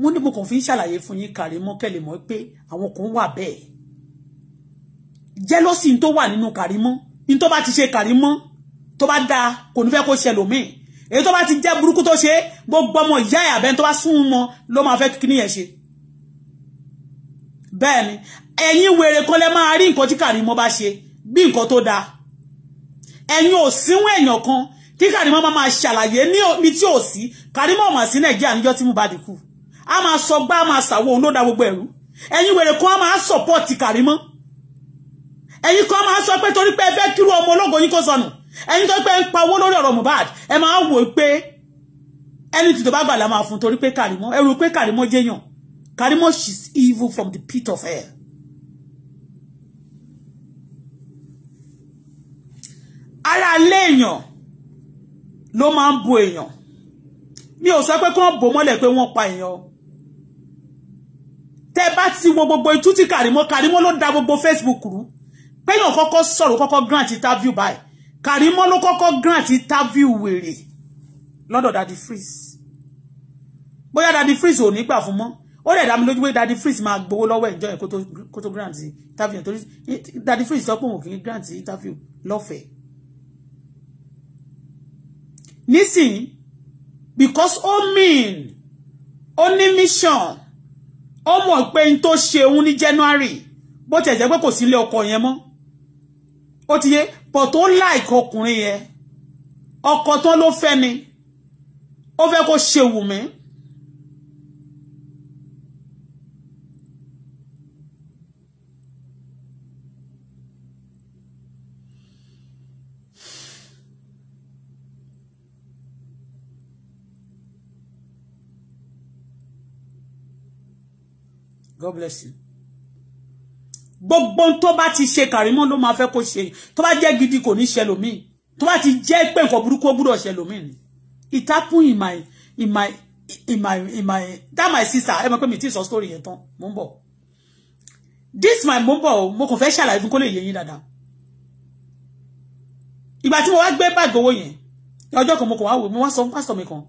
mo ní mo kàn fi ń ṣàlàyé fún yín kàrí mọ́ kẹ́lẹ̀ pé àwọn kan wà bẹ́ẹ̀ jẹ́lọ́sì tó wà nínú kàrí mọ́ ní tó bá ti ṣe kàrí mọ́ tó bá dáa kò ní fẹ́ kó ṣe lòmíì èyí tó bá ti jẹ́ burúkú tó ṣe gbogbo ọmọ ìyá ẹ̀ àbẹ́ni tó bá sún mọ́ ló máa fẹ́ kíní yẹn ṣe bẹ́ẹ̀ ni ẹ̀yin wèrè kan lẹ máa rí nǹkan tí Karimo bá ṣe bí nǹkan tó dáa ẹ̀yin ò síwọ̀n èèyàn kan tí Karimo máa máa ṣàlàyé ní tí ò sí Karimo mà sí Nàìjíríà níjọ́ tí mo bá dìkù a máa sọ gbá a máa sàwọ́ òun ló da gbogbo ẹ̀rú ẹ̀yin wèrè kan a máa sọ̀pọ̀tì Karimo ẹ̀yin kan máa sọ pé torí pé ẹ fẹ́ kírú ọmọ ológo yín kó sọnù ẹni tó pé ń pa owó lórí ọ̀rọ̀ Mohbad ẹ máa wò pé ẹni tí tó bá gbà la máa fún torí pé Kàrímọ́ ẹ rò pé Kàrímọ́ jẹ́yàn Kàrímọ́ she's evil from the pit of hell. ara ilé èèyàn ló máa ń bo èèyàn mi ò sọ pé kí wọ́n bò mọ́lẹ̀ pé wọ́n pa èèyàn tẹ́ bá ti wo gbogbo itú tí Kàrímọ́ Kàrímọ́ ló da gbogbo Facebook rú péyàn kọ́kọ́ sọ̀rọ̀ kọ́kọ́ grant interview báyìí Karimọ ló kọ́kọ́ grant interview wèrè lọ́dọ̀ Daddy Freeze bóyá Daddy Freeze ò ní gbà fún mọ́ ó lè dá mi lójú pé Daddy Freeze máa gbowó lọ́wọ́ ẹ̀jọ́ yẹn kó tó grant interview torí Daddy Freeze sọ pé òun kì í grant interview lọ́fẹ̀ẹ́ nísìnyí because ó mean ó ní mission ó mọ̀ pé n tó ṣe òun ní January bó tiẹ̀ jẹ́ pé kò sí ilé ọkọ yẹn mọ́ ó ti yé but ó like ọkùnrin yẹn ọkọ tán ló fẹ́ ni ó fẹ́ kó ṣe wù mí. God bless you gbogbo tó bá ti ṣe Karimo ló máa fẹ́ kó ṣe tó bá jẹ́ gidi kò ní ṣẹlòmíì tó bá ti jẹ́ pé nǹkan burúkú ó gbúdọ̀ ṣẹlòmíì ni it happen in my in my in my in my that my sister ẹ mọ̀ pé mi ti sọ story yẹn tán mò ń bọ̀ this my mò ń bọ̀ mo kàn fẹ́ ṣàlàyé fún kó lè yé yín dáadáa ìgbà tí mo wá gbé báàgì owó yẹn ọjọ́ kan mo kàn wá wò mo wá sọ fún pásítọ̀ mi kan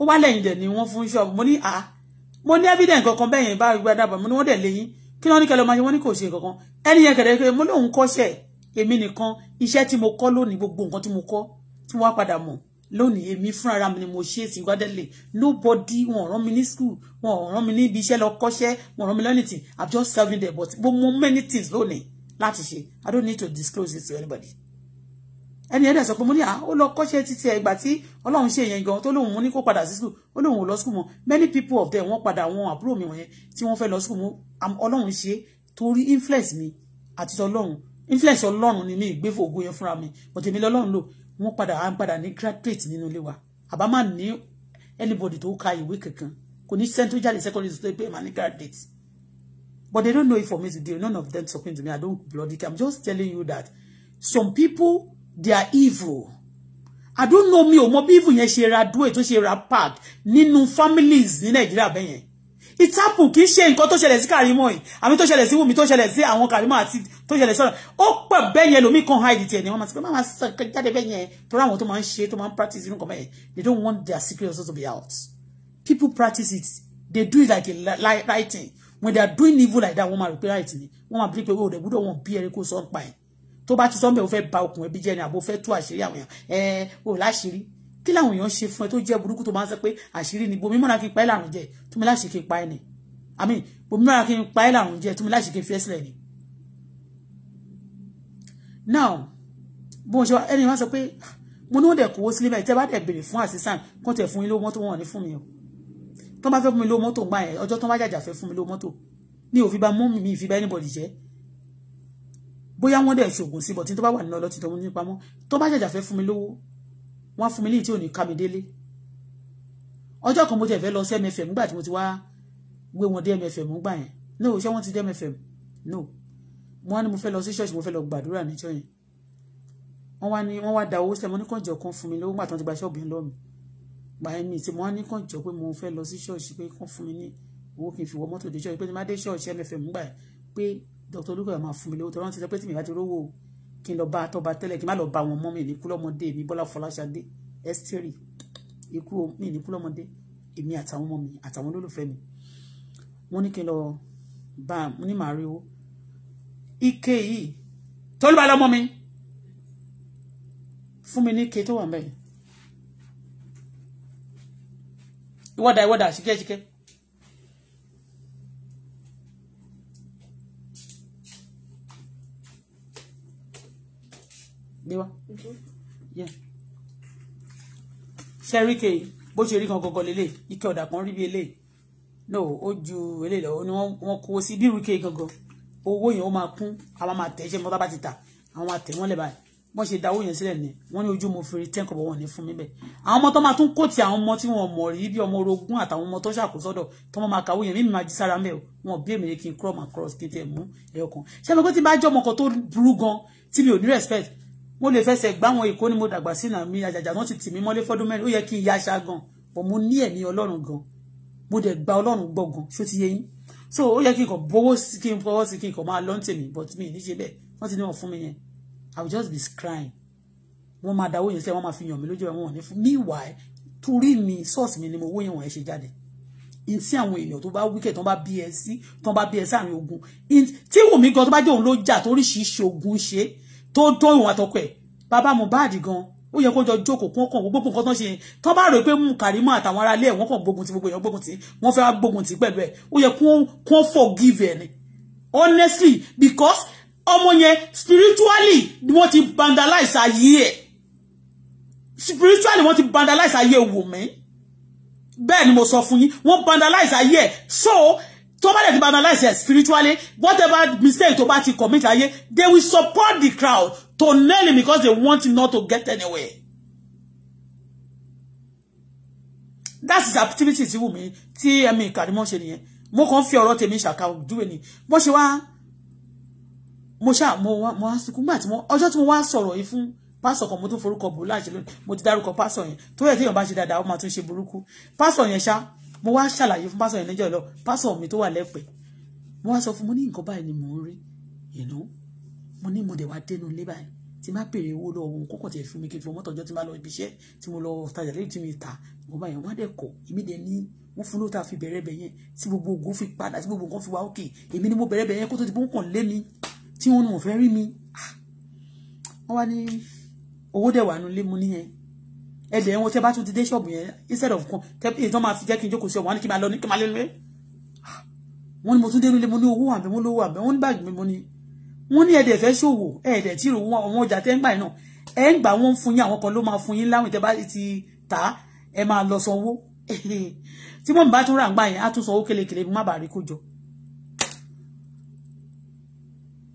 ó wá lẹ́yìn dẹ̀ ni wọ́n fún ṣọ́ọ̀bù mo ní à ah, mo ní evidence kankan bẹ́yẹn bá gbé dábàá mo ní wọ́n dẹ̀ léyìn kí ló ní kẹlẹ́ ọmọ yẹn wọ́n ní kò ṣe kankan ẹni yẹn kẹlẹ́ pé mo lóun kọ́ṣẹ́ èmi nìkan iṣẹ́ tí mo kọ́ lónìí gbogbo nǹkan tí mo kọ́ tí wọ́n á padà mọ̀ lónìí èmi fúnra mi ni mo ṣe sí gbádẹ́lẹ̀ nobody wọn rán mi ní school wọn rán mi níbi iṣẹ́ lọ kọ́ṣẹ́ wọn rán mi lọ anything i'm just serving there, but mo mọ many things lónìí láti ṣe i don't need to disclose it to anybody ẹni ẹ̀dẹ̀ sọ pé mo ní à ah, ó lọ kọ́ṣẹ́ títí ẹgbà tí ọlọ́run ṣe yẹn gan tó lóun mo ní kó padà sí skul ó lóun ò lọ skul mọ́ many people of them wọ́n padà wọn àbúrò mi wọ̀nyẹn tí wọ́n fẹ́ lọ skul mọ́ ọlọ́run ṣe torí influence mi àti ọlọ́run influence ọlọ́run ni mi gbé fògùn yẹn fúnra mi but èmi lọ́lọ́run lò wọ́n padà à ń padà ní graduate nínú ilé wa àbá má ní anybody tó ka ìwé kankan kò ní sẹ́ńtú jáde secondary school pé mà ní graduate but they don't know it for me today none of them talking to me i don't bloody care i'm just telling you that some people they are evil i don't know me ò mọ bí evil yẹn ṣe ra dúwẹ̀ tó ṣe ra pad nínú families ní nàìjíríà bẹ́ẹ̀ yẹn ìtàpù kì í ṣe nǹkan tó ṣẹlẹ̀ sí kàrímọ̀ yìí to tó ṣẹlẹ̀ sí wùmí tó ṣẹlẹ̀ sí àwọn kàrímọ̀ àti tó ṣẹlẹ̀ sọ̀rọ̀ ó pẹ̀ bẹ́ẹ̀ yẹn lómi kan hide tiẹ̀ ni wọ́n máa ti pé máa sàn kan jáde bẹ́ẹ̀ yẹn torí àwọn tó máa ń ṣe tó máa practice inú kan bẹ́ẹ̀ they don't want their secrets to be out people practice it they do it like a right thing when they are doing evil like that wọ́n máa rò pé right ni wọ́n máa bí pé ó dẹ̀ gbúdọ̀ wọn bí ẹ̀rí kó pa ẹ̀ tó bá ti sọ́nbẹ̀ ó fẹ́ ba okùn ẹbí jẹ́ ni àbò fẹ́ tú àṣírí àwọn èèyàn ẹ ò láṣìírí kí làwọn èèyàn ṣe fún ẹ tó jẹ́ burúkú tó máa ń sọ pé àṣírí ni bomi mọ́ra kí n pa ẹ́ làrùn jẹ tó mi láṣìí kí n pa ẹ́ ni àmì bomi mọ́ra kí n pa ẹ́ làrùn jẹ tó mi láṣìí kí n fi ẹ́ sílẹ̀ ni. now bó ṣe ẹni wá sọ pé ah, mo ní wọ́n dẹ̀ kówó sílé mẹ́rin tẹ́ bá dẹ̀ béèrè fún assistant kó tẹ̀ fún yín lówó mọ́tò wọn ní fún mi o tó bá fẹ́ fún mi lówó mọ́tò gbà yẹn ọjọ́ tó bá jàjà fẹ́ bóyá wọ́n dẹ̀ ṣògùn sí bọ̀tí tó bá wà nínú ọlọ́tí tó ń ní pamọ́ tó bá jàjà fẹ́ fún mi lówó wọ́n fún mi ní tí ò ní ká mi délé ọjọ́ kan mo tẹ̀ fẹ́ lọ sí mfm nígbà tí mo ti wá gbé wọn dé mfm gbà yẹn no ṣé wọ́n ti dé mfm no wọ́n ní mo fẹ́ lọ sí ṣọ́ọ̀ṣì mo fẹ́ lọ gbàdúrà níjọ́ yẹn wọ́n wá ní wọ́n wá da owó sẹ́mo oníkànjọ́ kan fún mi lówó gbà tó ti gba ṣọ́ọ̀bù yẹn lọ́ mi gbà yẹn mi tí mo wá níkànjọ́ pé mo fẹ́ lọ sí ṣọ́ọ̀ṣì pé kàn fún mi ní owó kì í fi wọ mọ́tò dé tí má dé ṣọ́ọ̀ṣì mfm Dr. Olúkọ̀yà máa fún mi lówó tó rántí sọ pé tí mi bá ti rówó kí n lọ bá tọba tẹ́lẹ̀ kí n má lọ bá wọn mọ́ mi ní kúlọ́mọdé mi Bọ́lá Fọláṣadé Esteri ikú mi ní kúlọ́mọdé èmi àtàwọn ọmọ mi àtàwọn olólùfẹ́ mi wọ́n ní kí n lọ bá mo ní màá rí owó ike yìí tọ́lúbà lọ́mọ mi fún mi ní ike tó wà ń bẹ̀ ìwọ́dà ìwọ́dà ṣíkẹ́ ṣíkẹ́. gbé wá ṣẹ́ríkè bó ṣe rí kan gọ́gọ́ lélẹ̀ ike ọ̀dà kan rí bí eléyìí no ó ju eléyìí lọ ni wọ́n kó sí bí irúkè gangan owó yẹn ó máa kún àwọn máa tẹ̀ ṣe mọ́tà bá ti tà àwọn máa tẹ̀ wọ́n lẹ̀ báyìí wọ́n ṣe dáwó yẹn sílẹ̀ ni wọ́n ní ojú mo fi rí tẹ́ǹkọ̀ bọ̀ wọ́n ní fún mi bẹ́ẹ̀ àwọn ọmọ tó máa tún kó ti àwọn ọmọ tí wọ́n mọ̀ rí bí ọmọ orogún àtàwọn ọmọ tó ṣàkósọ́dọ̀ tó máa kàwé yẹn mímì máa jí sára mẹ́ o wọn bí èmi kí n cross my cross kí n tẹ̀ mú ẹ̀yọkan ṣé ẹ̀mí kó ti bá jọ́ ọmọ kan tó burú gan tí mi ò ní respect mo lè fẹsẹ̀ gbá wọn èkó ni mo dàgbà sí mi àjàjà wọn ti tì mí mọ́lé fọ́dún mẹ́rin ó yẹ kí n ya gan but mo ní ẹ̀mí ọlọ́run gan mo dẹ̀ gba ọlọ́run gbọ́ gan ṣó ti yé yín so ó yẹ kí n kàn bówó sí kí n fọwọ́ sí kí n kàn máa lọ́n tèmi but mi níṣe bẹ́ẹ̀ wọ́n ti ní wọn fún mi yẹn i will just be crying wọ́n máa dáwó yẹn sílẹ̀ wọ́n máa fi yàn mí lójú ẹ̀ ní fún meanwhile torí mi source mi ni mo wó yẹn wọ̀nyẹn ṣe jáde in tí àwọn èèyàn tó bá wíkẹ̀ tó bá bí ẹ sí tó bá bí ẹ sí àárín ogun tí wùmí gan tó bá jẹ́ òun ló jà toríṣiríṣi ogun ṣe tó tó ìwọ̀n àtọkọ ẹ̀ bàbá Mohbad gan ó yẹ kó jọ jókòó kó kàn gbogbo nǹkan tó ń ṣe tó bá rò pé mú Karimo àtàwọn aráalé ẹ̀ wọ́n kàn gbógun ti gbogbo èèyàn gbógun ti wọ́n fẹ́ wá gbógun ti pẹ̀lú ẹ̀ ó yẹ kó forgive ẹ̀ ni honestly because ọmọ yẹn spiritually ni wọ́n ti vandalize ayé ẹ̀ spiritually wọ́n ti vandalize ayé wò mí bẹ́ẹ̀ ni mo sọ fún yín wọ́n vandalize ayé ẹ̀ so To bá lè ti banalize ẹ spiritually whatever mistake tó bá ti commit ayé they will support the crowd to nail him because they want him not to get anywhere. That's is activity ti wù mí tí ẹ̀mí ìkàdímọ̀ ṣe nìyẹn mo kàn fi ọ̀rọ̀ tèmi ṣàkàdúwẹ̀ ni bó ṣe wá mo ṣá mo wa, mo wá sunkún gbà mo ọjọ́ tí mo wa sọ̀rọ̀ yìí fún pásọ̀ kan mo tún forúkọ bò láṣẹ lónìí mo ti dárúkọ pásọ̀ yẹn tó yẹ téèyàn bá ṣe dáadáa ó máa tún ṣe burúkú pásọ̀ yẹn ṣá mo wá ṣàlàyé fún pásọ yẹn lẹ́jọ́ lọ pásọ mi tó wà lẹ́pẹ́ mo wá sọ fún mo ní nǹkan báyìí ni mò ń rí ìnú mo ní mo dẹ̀ wá dénú ilé báyìí tí má béèrè owó lọ ohun kókò tẹ̀ fún mi kí n fi mọ́tò ọjọ́ tí má lọ ibi iṣẹ́ tí mo lọ tajà lẹ́yìn tí mi ta ìwọ́n báyìí wọ́n dẹ̀ kọ̀ èmi dẹ̀ ní wọ́n fún lóta fi bẹ̀rẹ̀ bẹ̀ yẹn tí gbogbo ògùn fi padà tí gbogbo nǹkan fi wá òkè èmi ni mo bẹ̀rẹ̀ bẹ̀ yẹn kó tó ti bó ń kàn lé mi tí wọ́n ní wọ́n fẹ́ rí mi ah! wọ́n wá ní owó dẹ̀ wà nulẹ̀ mu níyẹn ẹ̀dẹ̀ wọn tẹ́ bá tún ti dé ṣọ́ọ̀bù yẹn instead of kan tẹ́ èyí tán máa fi jẹ́ kí n jókòó sí ọ̀wọ́n ní kí n máa lọ ní kí n máa lé lé wọ́n ní mo tún dé nílé mo ní owó àbẹ́ mo lówó àbẹ́ wọ́n ní báàgì mi mo ní wọ́n ní ẹ̀dẹ̀ fẹ́ ṣòwò ẹ̀dẹ̀ tí ìrò àwọn ọjà tẹ́ ń gbà náà ẹ̀ ń gbà wọ́n fún yín àwọn kan ló máa fún yín láwìn tẹ́ bá ti tà á ẹ máa lọ sanwó tí wọ́n bá tún rà ń gbà yẹn á tún sanwó kélekèlé má bàa rí kó jọ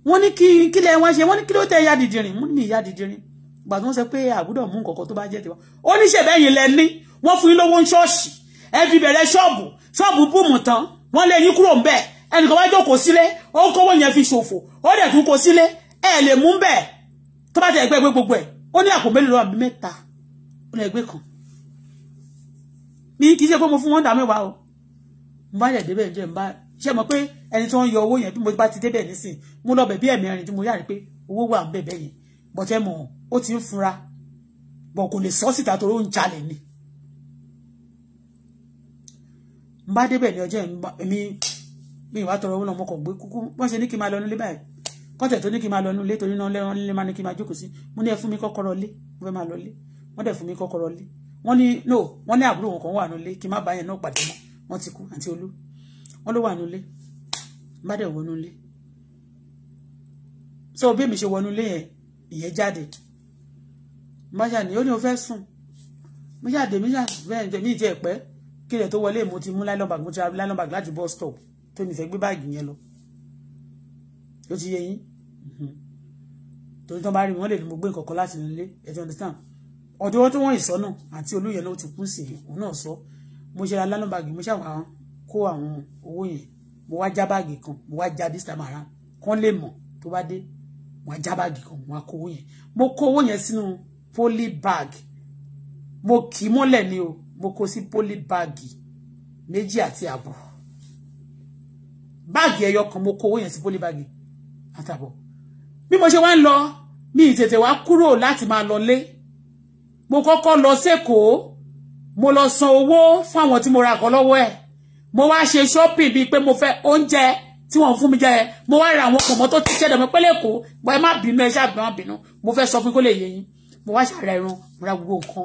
wọ́n ní kí kílẹ̀ wọ́n ṣe wọ́n ní kí ló tẹ́ ya dìdìrín wọ́n ní ìyá dìdìrín gbà tí wọ́n sọ pé àbúdọ̀ mú nǹkan kan tó bá jẹ́ tiwa ó ní ṣèbẹ́yìn lẹ́ni wọ́n fún yín lówó ń ṣọ́ọ̀ṣì ẹ fi bẹ̀rẹ̀ ṣọ́ọ̀bù ṣọ́ọ̀bù búùmù tán wọ́n lé yín kúrò ń bẹ̀ ẹnìkan wá jókòó sílé ó ń kówó yẹn fi ṣòfò ó dẹ̀ tún kó sílé ẹ lè mú bẹ̀ tó bá ti ẹgbẹ́ gbé gbogbo ẹ̀ ó ní àpò mélòó àbí mẹ́ta ó lè gbé kan mi kì í ṣe pé mo fún wọn dà mẹ́wàá o mo bá yẹ̀ débẹ̀ jẹ́ mo bá ṣe mọ̀ pé ẹni tí wọ́n yọ owó yẹn bí mo bá ti débẹ̀ nísìn mo lọ bẹ̀ bí ẹ̀mẹ́rin tí mo yára pé owó wà ń bẹ̀ bẹ́yẹn bọ́tẹ́ mọ̀ ó ti ń fura bọ̀ kò lè sọ síta torí ó ń jalè ni n bá débẹ̀ ní ọjọ́ èmi mi ìwà tọrọ owó náà mo kàn gbé kúkú wọ́n ṣe ní kí n máa lọ nílé báyìí kọ́tẹ̀ tó ní kí n máa lọ nílé torí náà lẹ́rán nílé máa ní kí n máa jókòó sí mo ní ẹ fún mi kọ́kọ́rọ́ lé mo fẹ́ máa lọ lé wọ́n dẹ̀ fún mi kọ́kọ́rọ́ lé wọ́n ní no wọ́n ní àbúrò wọn kan wà nílé kí n má bá yẹn náà pàdé mọ́ wọ́n ti kú àti olú wọ́n ló wà nílé n bá dẹ̀ wọnú ilé so bí èmi ṣe wọnú ilé yẹn ìyẹn jáde máṣà ni ó ní o fẹ́ sùn máṣà dé máṣà bẹ́ẹ̀ ní ìjẹ́ ẹ̀pẹ́ kí ilẹ̀ tó wọlé mo ti mú nylon bag mo ti ra nylon láti bus stop tó ní fẹ́ gbé báàgì yẹn lọ ó ti yé yín mhm. torí tán bá rí wọn lè ní mo gbé nǹkan kan láti nílé ẹ understand ọ̀dọ̀ wọn tó wọ́n ìsọ náà àti olóyè náà ti kún sí òun náà sọ mo ṣe ra nylon bag mo ṣàwọn kó àwọn owó yẹn mo wá já báàgì kan mo wá já this time kán lè mọ̀ tó bá dé mo wá já báàgì kan mo wá kó owó yẹn mo kó owó yẹn sínú poly bag mo kì í ni o mo kó sí poly báàgì méjì àti àbọ̀ báàgì ẹyọ kan mo kó owó yẹn sí poly báàgì àtàbọ̀ bí mo ṣe wá ń mi tete wa kuro láti máa lọ lé mo koko lọ sẹ́kọ̀ọ́ mo lọ san owó fáwọn tí mo ra kọ́ lọ́wọ́ ẹ̀ mo wá ṣe shopping bíi pé mo fẹ́ oúnjẹ tí wọ́n fún mi jẹ mo wá ra àwọn pọ̀mọ́ tó ti ṣẹ̀dọ̀ mi pẹ́lẹ́kọ̀ọ́ gbọ́ ẹ má bínú ẹ ṣáà má bínú mo fẹ́ sọ fún kó lè yẹ mo wá ṣàrà irun mo ra gbogbo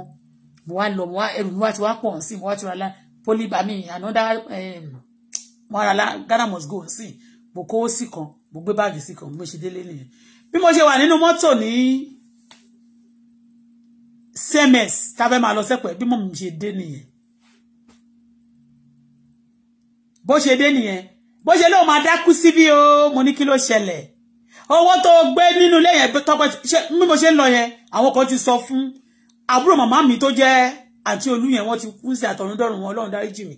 nǹkan mo wá lọ mo wá ẹrù mi wá ti wá pọ̀ sí mo wá ti ra la polybag mi mo wá ra Ghana must go sí mo kó sí kan mo gbé báàgì sí kan mo ṣe délé nìyẹn bí mo ṣe wà nínú mọ́tò ní cms tábẹ́ máa lọ sẹ́pẹ̀ bí mo ṣe dé nìyẹn bó ṣe dé nìyẹn bó ṣe lóun máa dákú síbí o mo ní kí ló ṣẹlẹ̀ owó tó gbé nínú ilé yẹn tọpẹ ṣe bí mo ṣe ń lọ yẹn àwọn kan ti sọ fún àbúrò màmá mi tó jẹ́ àti olú yẹn wọ́n ti kú sí àtọ̀rúndọ̀rùn wọn Ọlọ́run dáríjì mi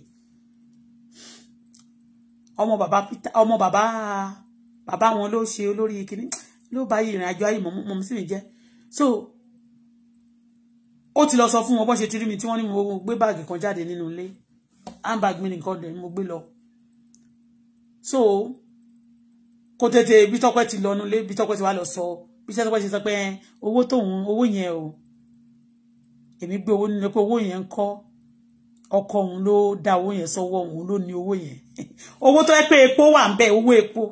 ọmọ bàbá ọmọ bàbá bàbá wọn ló ṣe olórí kìíní ló bá ìrìn àjò ayé mọ̀mọ́ sí mi jẹ́ so ó ti lọ sọ fún wọn bọ́n ṣe ti rí mi tí wọ́n ní mo gbé báàgì kan jáde nínú ilé handbag mi nìkan dẹ̀ mo gbé lọ so kó tètè bí tọ́pẹ́ ti lọ nulẹ̀ bí tọ́pẹ́ ti wá lọ sọ bí tọ́pẹ́ ti sọ pé owó tóun owó yẹn o èmi gbé owó nílẹ̀ pé owó yẹn ń kọ́ ọkọ òun ló dá owó yẹn sọ́wọ́ òun ló ní owó yẹn owó tó yẹ pé epo wà ń bẹ owó epo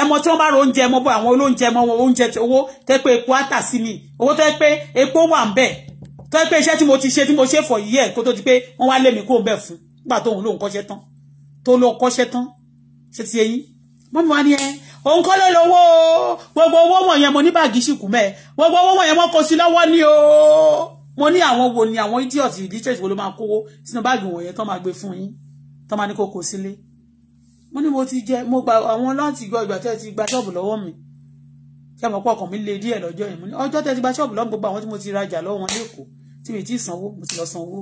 ẹmọ tí wọ́n bá ro oúnjẹ ẹmọ bọ àwọn olóúnjẹ ẹmọ wọn oúnjẹ owó tó yẹ pé epo á tà sí ni owó tó yẹ pé epo wà ń bẹ tó yẹ pé iṣẹ́ tí mo ti ṣe tí mo ṣe fọ yìí ẹ kó tó di pé wọ́n wá lé mi kó ń bẹ fún nígbà tóun lóun kọ́ṣẹ́ tán tó lọ kọ́ṣẹ́ tán ṣe ti eyín mọ́mí wa ni ẹ òun kọ́ ló lówó o gbogbo owó wọ̀nyẹn mo ní báàgì ṣìkú mẹ́ẹ̀ gbogbo owó wọ̀nyẹn wọ́n kó sí lọ́wọ́ ni o mo ní àwọn wo ni àwọn idiot illiterate wo ló máa kówó sínú báàgì wọ̀nyẹn tó máa gbé fún yín tó máa ní kó kó sílé mo ní mo ti jẹ mo gba àwọn láti gbọ́ ìgbà tẹ́ ti gba ṣọ́ọ̀bù lọ́wọ́ mi tí a mọ̀ pọ̀ ọkàn mi le díẹ̀ lọ́jọ́ yẹn mo ní ọjọ́ tẹ́ ti gba ṣọ́ọ̀bù lọ́wọ́ gbogbo àwọn tí mo ti rajà lọ́wọ́ wọn lẹ́kọ̀ọ́ tí mi ti sanwó mo ti lọ sanwó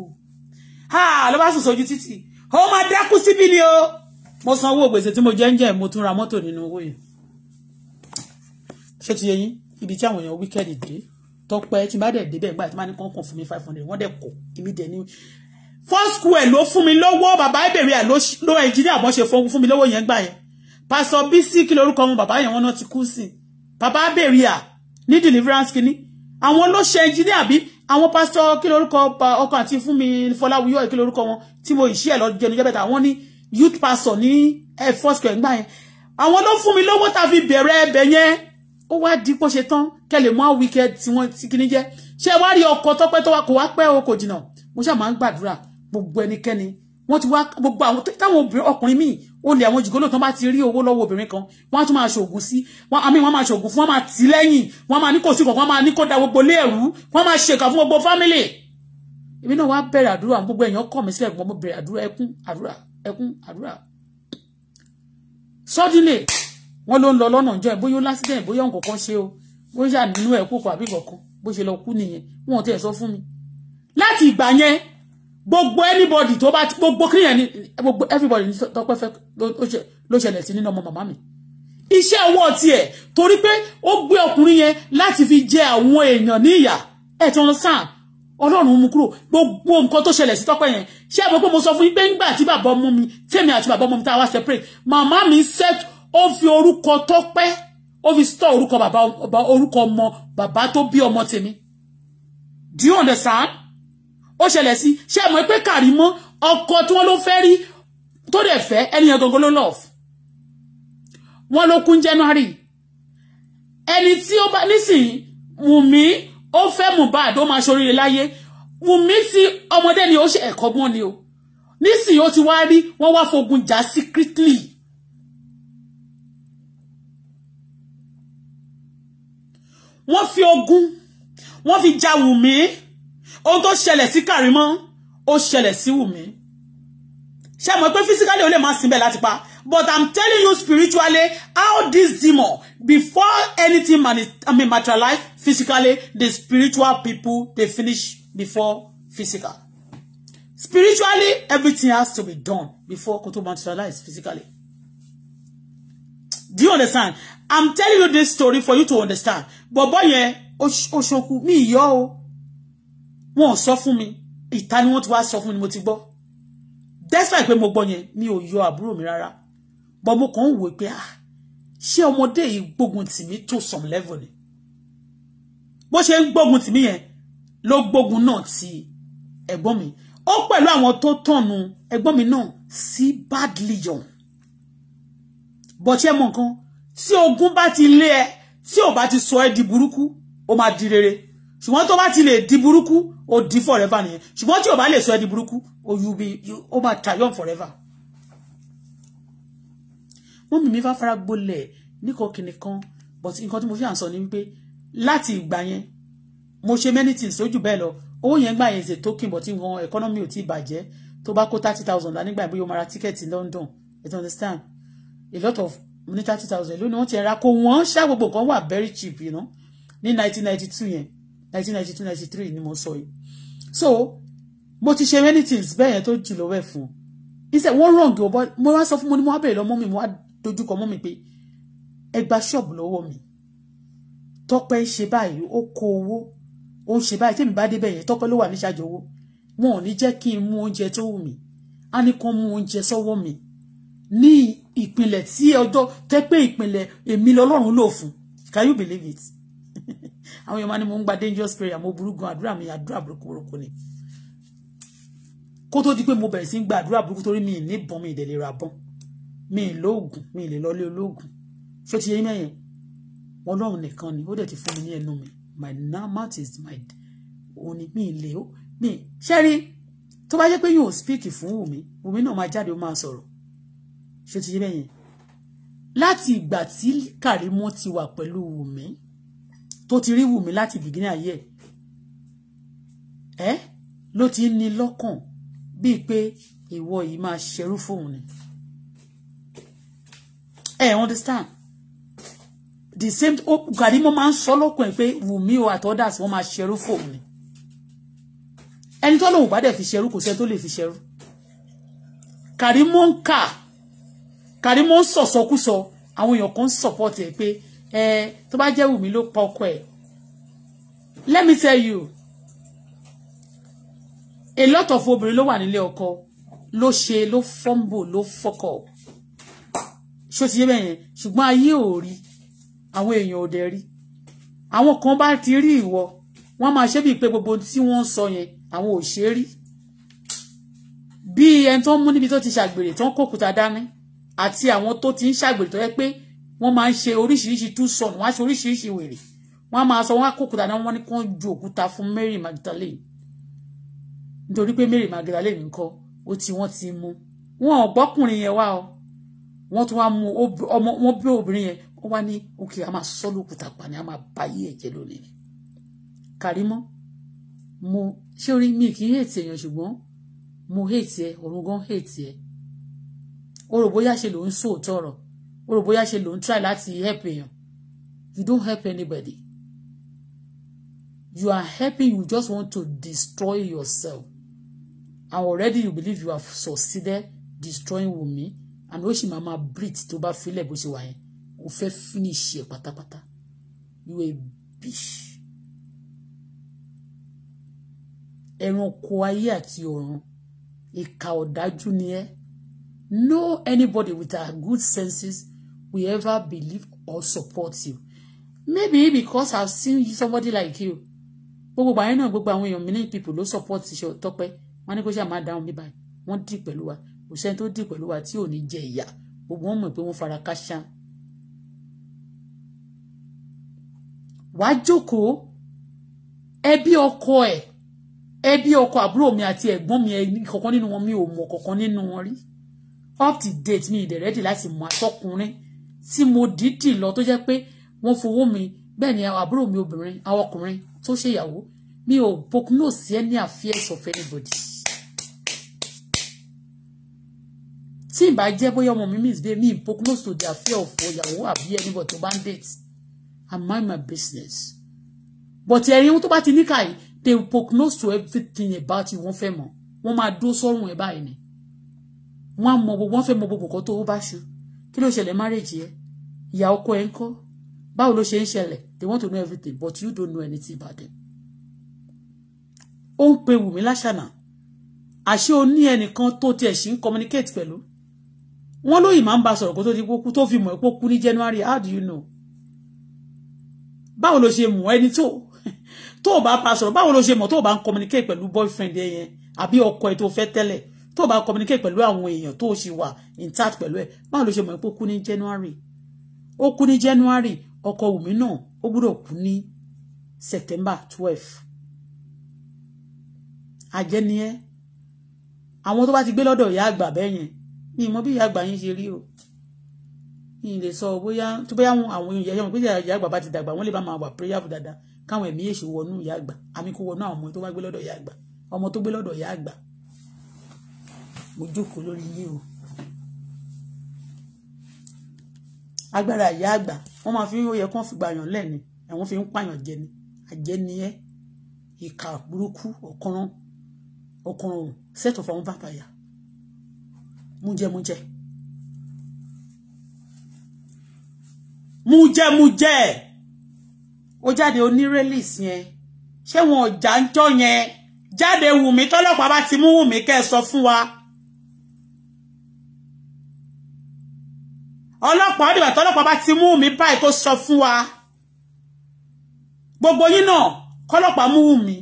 ha ló bá sùn sójú títì ó máa dákú síbi ni o mo sanwó gbèsè tí mo jẹ́ ń jẹ́ mo tún ra mọ́tò nínú owó yẹn ṣé ti yẹ yín ibi tí àwọn èèyàn wíkẹ́ẹ̀dì dé tọpẹ́ tí bá dẹ̀ débẹ̀ gbà tí bá ní kàn fún mi five hundred wọ́n dẹ̀ kọ̀ èmi dẹ̀ ní four square ló fún mi lówó bàbá ìbèrè à ló ẹnjíníà bọ́n ṣe fún mi lówó yẹn gbà yẹn pastor bisi kí lorúkọ wọn bàbá yẹn wọn náà ti kú sí bàbá ìbèrè à ní deliverance kìíní àwọn ló ṣe ẹnjíníà bí àwọn pásọ kí lorúkọ ọkọ àti fún mi fọláwíyọ kí lorúkọ wọn tí mo ìṣí youth pastor ní ẹ first square gbà yẹn àwọn ló fún mi lówó tá a fi bẹ̀rẹ̀ ẹbẹ̀ yẹn ó wá di pé ṣe tán kẹlẹ̀ mọ́ wíkẹ́ tí wọ́n ti kíní jẹ́ ṣé wá rí ọkọ̀ tọ́pẹ́ tó wá kó wá pẹ́ o kò jìnnà mo ṣáà máa ń gbàdúrà gbogbo ẹnikẹ́ni wọ́n ti wá gbogbo àwọn táwọn obìnrin ọkùnrin míì olè àwọn jìgólò tán bá ti rí owó lọ́wọ́ obìnrin kan wọ́n á tún máa ṣògùn sí wọ́n àmì wọ́n máa ṣògùn fún wọ́n máa tì lẹ́yìn wọ́n máa ní kò sí kankan wọ́n máa ní kó da gbogbo lé ẹ̀rú wọ́n máa ṣèkà fún gbogbo fámìlì èmi náà wá bẹ̀rẹ̀ àdúrà gbogbo èèyàn kọ̀ mí sílẹ̀ gbogbo bẹ̀rẹ̀ àdúrà ẹkún àdúrà ẹkún àdúrà suddenly wọ́n ló ń lọ lọ́nà ìjọ ẹ̀ bóyá ó lásìdẹ̀ bóyá nǹkan kan ṣe o bóyá ṣà nínú ẹ̀ kókò àbí kankan bó ṣe lọ kú nìyẹn wọn ò tiẹ̀ sọ fún mi láti ìgbà yẹn gbogbo anybody tó bá gbogbo kí yẹn ni gbogbo everybody ní tọpẹ́ fẹ́ ló ṣẹlẹ̀ sí nínú ọmọ màmá mi iṣẹ́ ọwọ́ tiẹ̀ torí pé ó gbé ọkùnrin yẹn láti fi jẹ àwọn èèyàn níyà ẹ̀ tó ń sàn ọlọ́run mú kúrò gbogbo nǹkan tó ṣẹlẹ̀ sí tọ́pẹ́ yẹn ṣé àbọ̀ pé mo sọ fún yín pé ńgbà tí bàbá ọmọ mi tèmi àti bàbá ọmọ mi tá a wá separate màmá mi set ó fi orúkọ tọ́pẹ́ ó fi stọ orúkọ bàbá orúkọ ọmọ bàbá tó bí ọmọ tèmi do you understand ó ṣẹlẹ̀ sí ṣé àmọ́ pé Kàrímọ́ ọkọ tí wọ́n ló fẹ́ rí tó dẹ̀ fẹ́ ẹnìyàn gangan ló love wọ́n ló kún January ẹni tí ó bá nísìnyí Wùmí ó fẹ́ Mohbad ó máa ṣoríire láyé Wùmí ti ọmọdé ni ó ṣe ẹ̀kọ́ gbọ́n ni o nísìnyí ó ti wá rí wọ́n wá fogun jà secretly. wọ́n fi ogun wọ́n fi ja Wùmí ohun tó ṣẹlẹ̀ sí Kàrímọ́ ó ṣẹlẹ̀ sí Wùmí ṣé mọ̀ pé físíkálì ó lè máa sinbẹ̀ láti pa But I'm telling you spiritually how this demon, before anything I mean, materialize physically, the spiritual people, they finish before physical. Spiritually, everything has to be done before kó tó physically. Do you understand? I'm telling you this story for you to understand. But yẹn, Oshoku, mi yọ o. Wọ́n sọ fún mi. Ìta ni wọ́n ti wá sọ That's mi ni mo ti gbọ́. Despite pé mo gbọ́ yẹn, mi ò yọ àbúrò mi but mo kàn ń wò pé ah ṣé ọmọdé yìí gbógun tì mí to some level ni bó ṣe ń gbógun tì mí yẹn ló gbógun náà ti ẹ̀gbọ́n mi ó pẹ̀lú àwọn tó tọ̀nù ẹ̀gbọ́n mi náà sí bad legion bọ̀ṣẹ́ mọ̀ nǹkan tí ogun bá ti lé ẹ tí ò bá ti sọ ẹ di burúkú ó máa di rere ṣùgbọ́n tó bá ti lè di burúkú ó di forever nìyẹn ṣùgbọ́n tí ò bá lè sọ ẹ di burúkú ó máa tayọ̀ forever mọ́mì mi fà fara gbolẹ̀ níkan kìnìkan but nǹkan tí mo ṣe à ń sọ ni wípé láti ìgbà yẹn mo ṣe many things lójú bẹ́ẹ̀ lọ owó yẹn gbà yẹn ṣe token but nǹkan economy ò tí ì bàjẹ́ tó bá kó thirty thousand nígbà yẹn bóyá o máa ra ticket in London you don't understand a lot of ní thirty thousand lónìí wọ́n ti ra kó wọ́n ṣá gbogbo nǹkan wà very cheap you know ní nineteen ninety two yẹn nineteen ninety two ninety three ni mo sọ yìí so mo ti ṣe many things bẹ́ẹ̀ yẹn tó jù lọ́wọ́ ẹ̀ fún un instead wọ́n ràn gò bọ́ mo wá sọ fún mo ní mo wá bèrè lọ́mọ mi mo wá dojúkọ mọ́ mi pé ẹ gba ṣọ́ọ̀bù lọ́wọ́ mi tọ́pẹ́ ń ṣe báyìí ó kó owó ó ń ṣe báyìí tèmi bá débẹ̀ yẹn tọ́pẹ́ ló wà ní ṣáájú owó wọn ò ní jẹ́ kí n mú oúnjẹ tó wù mí á ní kán mú oúnjẹ sọ́wọ́ mi ní ìpìlẹ̀ tí ọjọ́ tẹ́ pé ìpìlẹ̀ èmi lọ́lọ́run lò fún can you believe it àwọn èèyàn máa ní mo ń gba dangerous prayer mo burú gan àdúrà mi àdúrà burúkú burúkú ni kó tó di pé mo bẹ̀rẹ̀ sí ń gba àdúrà burúkú torí mi ìníbọn mi ìdẹ̀lera bọ́n mi ì lóògùn mi ì lè lọlé olóògùn ṣé ti yé mẹ́yẹn wọn lọ́run nìkan ni ó dẹ̀ ti fún mi ní ẹnu mi my mouth is my òun mi ì lè ó mi ṣe rí tó bá jẹ́ pé yóò speak fún wùmí wùmí náà máa jáde ó máa sọ̀rọ̀ ṣé ti yé mẹ́yẹn láti ìgbà tí Kàrímọ́ ti wà pẹ̀lú wùmí tó ti rí wùmí láti bìgínì ayé ẹ̀ ẹ́ ló ti ń ní lọ́kàn bíi pé ìwọ yìí máa ṣerú fóun ni ẹ eh, understand the same ó Karimo máa ń sọ lọ́kùn ẹ̀ pé Wùmí o àti others wọ́n máa ṣerú fóun ni ẹni tó lòun bá dẹ̀ fi ṣerú kò sẹ́ni tó lè fi ṣerú Karimo ń kà Karimo ń sọ̀sọ́kúsọ àwọn èèyàn kan ń support ẹ̀ pé ẹ tó bá jẹ́ Wùmí ló pa ọkọ ẹ̀ let me tell you a lot of obìnrin ló wà nílé ọkọ ló ṣe ló fumble ló fuck ṣó ti yé bẹ́ẹ̀ yẹn ṣùgbọ́n ayé ò rí àwọn èèyàn ò dẹ̀ rí àwọn kan bá ti rí ìwọ wọ́n máa ṣe bíi pé gbogbo tí wọ́n ń sọ yẹn àwọn ò ṣe rí bí ẹni tó ń mú níbi tó ti ṣàgbèrè tó ń kókúta dání àti àwọn tó ti ń ṣàgbèrè tó yẹ pé wọ́n máa ń ṣe oríṣiríṣi two son wọ́n á ṣe oríṣiríṣi wèrè wọ́n á máa sọ wọ́n á kókúta náà wọ́n ní kó ju òkúta fún Mary Magdalene nítorí pé Mary Magdalene nǹkan ó ti wọ́n ti mú wọn ò gbọ́kùnrin yẹn wá o wọ́n tún wá mú ọmọ wọn bí obìnrin yẹn wọ́n wá ní òkè a máa sọ́ lókùtà pa a máa ba ayé ẹ̀jẹ̀ lónìí ni Karimo mo ṣé orí mi kì í hate èèyàn ṣùgbọ́n mo hate ẹ ọ̀run gan hate ẹ o rò bóyá ṣe ló ń sóòótọ́ ọ̀rọ̀ o rò bóyá ṣe ló try láti help èèyàn you don't help anybody you are helping you just want to destroy yourself and already you believe you have succeeded destroying Wunmi and ó sì máa máa to ba bá filẹ̀ bó ṣe wà yẹn o fẹ́ finish ẹ̀ pátápátá you a bitch. ẹranko ayé àti ọ̀run ìka ọ̀dájú ni ẹ́ no anybody with our good senses will ever believe or support you maybe because I've seen somebody like you gbogbo àyìn náà gbogbo àwọn èèyàn many people ló support Tọ́pẹ́ wọn ní kó ṣe àmà dáhùn níbàyìí wọ́n dì pẹ̀lú wa kò sẹ́ni tó dì pẹ̀lú wa tí ò ní jẹ ìyà gbogbo wọn mọ̀ pé wọ́n fara káṣá. wàá jókòó ẹbí ọkọ ẹ ẹbí ọkọ àbúrò mi àti ẹ̀gbọ́n mi kankan nínú wọn mi ò mọ̀ kankan nínú wọn rí up to date mi ìdẹ̀ rẹ́dì láti mọ àtọkùnrin tí mo dídì lọ tó jẹ́ pé wọ́n fowó mi bẹ́ẹ̀ ni àbúrò mi obìnrin àwọn ọkùnrin tó ṣèyàwó mi ò pokuno sí any affairs of anybody. tí ìbá jẹ́ bóyá ọmọ mi means bẹ́ẹ̀ mi ìbò close to their fear of ìyàwó àbí anybody tó bá ń date I mind my business but ẹ̀rín wọn tó bá ti ní káyì they will close to everything about you wọ́n fẹ́ mọ̀ wọ́n máa dó sọ́rùn ẹ̀ báyìí ni wọ́n á mọ gbogbo wọ́n fẹ́ mọ gbogbo kan tó bá ṣu kí ló ṣẹlẹ̀ marriage yẹ ìyá ọkọ ẹ̀ ń kọ́ báwo ló ṣe ń ṣẹlẹ̀ they want to know everything but you don't know anything about them. ó ń pe wùmí láṣànà àṣé o ní ẹnìkan tó tiẹ̀ ṣì ń communicate pẹ̀lú wọ́n lóyìn máa ń bá sọ̀rọ̀ kó tó di pókú tó fi mọ̀ ẹ́ pókú ní January how do you know báwo ló ṣe mọ̀ ẹni tó tó o bá bá sọ̀rọ̀ báwo ló ṣe mọ̀ tó o bá ń communicate pẹ̀lú boyfriend ẹ yẹn àbí ọkọ ẹ tó fẹ́ tẹ́lẹ̀ tó o bá communicate pẹ̀lú àwọn èèyàn tó o ṣì wà intact pẹ̀lú ẹ báwo ló ṣe mọ̀ ẹ́ pókú ní January ó kú ní January ọkọ Wùmí náà ó gbúdọ̀ kú ní September twelve àjẹniyẹ àwọn tó bá ti gbé lọ́dọ̀ ìyá àgbà bẹ́yẹn mi mọ bí ìyá àgbà yín ṣe rí o mi lè sọ bóyá tó bóyá àwọn ìyá ìyá pé ìyá àgbà bá ti dàgbà wọ́n lè bá máa wà prayerful dáadáa káwọn ẹ̀mí èṣù wọnú ìyá àgbà àmì kó wọnú àwọn ọmọ tó bá gbé lọ́dọ̀ ìyá àgbà ọmọ tó gbé lọ́dọ̀ ìyá àgbà mo jókòó lórí ilé o agbára ìyá àgbà wọ́n máa fi ń yẹ kó fi gbàyàn lẹ́ni àwọn fi ń pààyàn jẹni àjẹniyẹ ìkà burúkú ọ̀kanran ọ̀kanran set of àwọn vampire mújẹmújẹ mújẹmújẹ ó jáde onírélìsì yẹn ṣé wọn ò já ń jọ yẹn jáde wùmí tọ́lọ́pàá bá ti mú wùmí kẹ́ ẹ sọ fún wa. ọlọ́pàá ọdìbà tọ́lọ́pàá bá ti mú mi báyìí kó sọ fún wa gbogbo yín náà kọ́lọ́pàá mú mi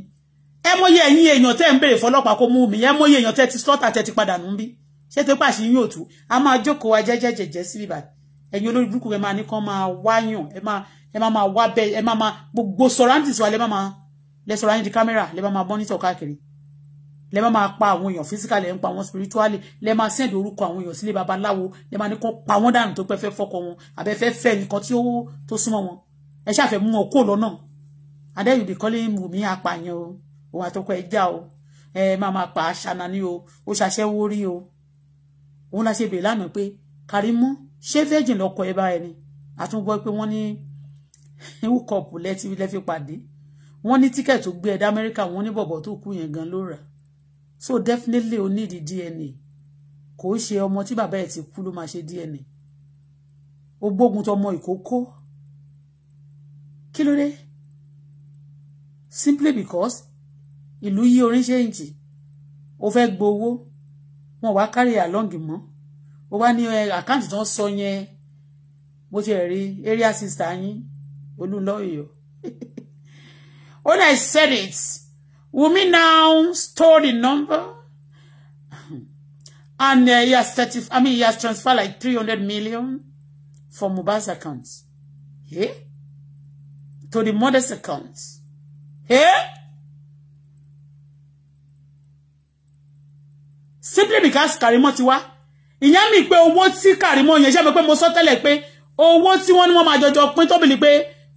ẹ mọyé ẹ̀yin èèyàn tẹ́ ń béèrè fọlọ́pàá kó mú mi ẹ mọyé èèyàn tẹ́ ti slọ́tà tẹ́ ti padà nù bí ṣé tó pàṣẹ yín òtún a máa jókòó wa jẹ́jẹ́ jẹ́jẹ́ síbí báyìí ẹ̀yin olórí burúkú ẹ máa ní kán máa wáyàn ẹ máa ẹ máa máa wá bẹ́ẹ̀ ẹ máa máa gbogbo surroundings wa lẹ́ máa máa lẹ́ surrounding the camera lẹ́ máa máa monitor káàkiri lẹ́ máa máa pa àwọn èèyàn physically ẹ̀ ń pa àwọn spiritually lẹ́ máa send orúkọ àwọn èèyàn sílé babaláwo lẹ́ máa ní kán pa wọ́n dànù tó pẹ́ fẹ́ fọkọ wọn àbẹ́ fẹ́ fẹ́ nìkan tí ó tó súnmọ́ wọn ẹ ṣàfẹ́ mú wọn kó lọ́nà adẹ́yìn bí kọ́lé mú mi apààyàn o òun àtọkọ ẹ já o ẹ máa máa pa aṣana ní o ó ṣaṣẹ́wó rí o òun la ṣe bèèrè lánàá pé Kàrímú ṣé virgin lọkọ ẹ bá ẹni àtúngbọ́ pé wọ́n ní húkọ̀pù lẹ́tí lẹ́fi pàdé wọ́n ní tíkẹ̀tì tó gbé ẹ̀dá Amẹ́ríkà wọ́n ní bọ̀bọ̀ tó kú yẹn gan ló rà so definitely o need DNA kò ó ṣe ọmọ tí bàbá ẹ̀ ti kú ló máa ṣe DNA ó gbógun tọmọ ìkókó kí ló dé simply because ìlú yí orin ṣéǹjì ó fẹ́ gbowó wọn wá carry along mọ́ ó wá ní àkáǹtì tó ń sọ yẹn mo ti rí area sister yín olùlọ́yọ̀ when I said it Wunmi now stole the number and uh, he has 30, I mean he has transferred like three hundred million from mobile account eh? to the mother's account. Eh? simply because Karimo ti wá ìyẹn mi pé owó tí Karimo yẹn ṣe pé mo sọ tẹ́lẹ̀ pé owó tí wọ́n ní wọ́n máa jọjọ pín tóbi ni pé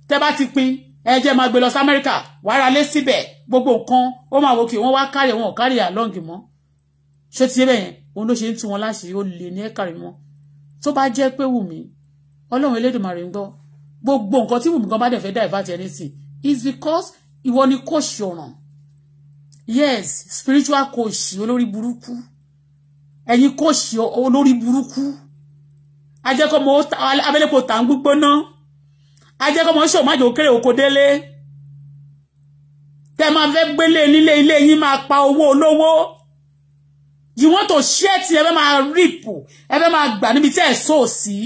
tẹ́ bá ti pín ẹ jẹ́ máa gbé lọ sí Amẹ́ríkà wàrà lé síbẹ̀ gbogbo nǹkan ó máa wò kí wọ́n wá kárí wọn ò kárí àlọ́ǹgì mọ́ ṣé ti yé bẹ́yẹn òun ló ṣe ń tú wọn láṣìírí ó lè ní Karimo tó bá jẹ́ pé Wùmí Ọlọ́run Elédùmarè ń gbọ́ gbogbo nǹkan tí Wùmí gan bá dẹ̀ fẹ́ divert ẹni is because ìwọ ni kò yes spiritual coach olórí burúkú ẹ̀yin kò ṣe olórí burúkú ajẹ́kọ̀mọ́ abẹ́lẹ́pọ̀ tà ń gbígbóná ajẹ́kọ̀mọ́ ṣòmájò kéré òkò délé tẹ́ máa fẹ́ gbélé nílé ilé yín máa pa owó olówó you want to share ti ẹ fẹ́ máa rìpù ẹ fẹ́ máa gbà níbi tí ẹ̀ sọ sí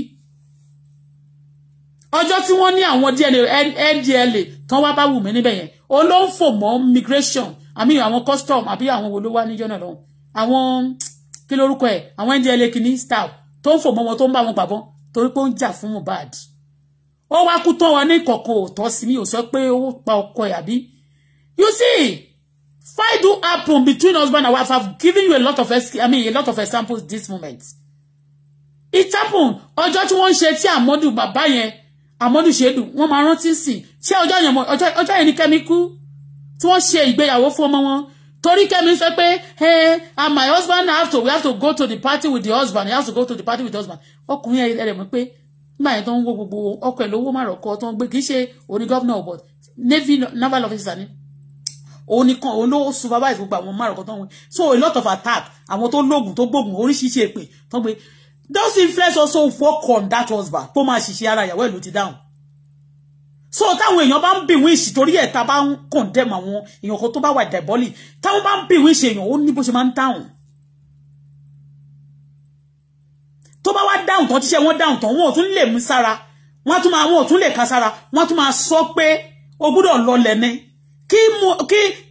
ọjọ́ tí wọ́n ní àwọn ndla tán wá bá wù mí níbẹ̀ yẹn olóńfò mọ́ migration àmì àwọn custom àbí àwọn olówó níjọ́ náà lọ́wọ́ àwọn kí lórúkọ ẹ̀ àwọn ndla kìíní star tó ń fò mọ́ wọn tó ń bá wọn gbàgbọ́ torí pé ó ń jà fún Mohbad ó wá kú tọ́ wọn ní kọ̀kọ̀ òtọ́ sí mi ò sọ pé ó pa ọkọ ẹ̀ àbí you see fight do happen between husband and wife I've given you a lot of I mean a lot of examples this moment it happen ọjọ́ tí wọ́n ń ṣe tí àmọ́dù bàbá yẹn àmọ́dù ṣèdù wọ́n máa rántí sí ṣé ọjọ́ yẹn ni kẹ́mi kú tí wọ́n ṣe ìgbéyàwó fún ọmọ wọn torí kẹ́mi sọ pé and uh, my husband have to we have to go to the party with the husband he has to go to the party with the husband ọkùnrin ẹ rẹ̀ mọ́ pé nígbà yẹn tó ń wo gbogbo ọkọ̀ ẹ̀ lówó márọ̀kọ tó ń gbé kì í ṣe òní gómìnà ọ̀bọ̀ navy naval officer ni òun nìkan òun ló supervise gbogbo àwọn márùn kan tó ń wé so a lot of attack àwọn tó lóògùn tó gbóògùn oríṣiríṣi èpè tó ń gbé those influence also work on that husband tó máa ṣiṣẹ́ ara ìyàwó ẹ̀ ló ti dáhùn so táwọn èèyàn bá ń bì wíṣì torí ẹ̀ ta bá ń condemn àwọn èèyàn kan tó bá wà dẹ̀bọ́lì táwọn bá ń bì wíṣì èèyàn ó ní bó ṣe máa ń dáhùn tó bá wá dáhùn tán tíṣẹ́ wọn dáhùn tán wọn ò tún lè mú sára wọn tún máa wọn ò tún lè ká sára wọn tún máa sọ pé o gbúdọ̀ lọlẹ̀ ni kí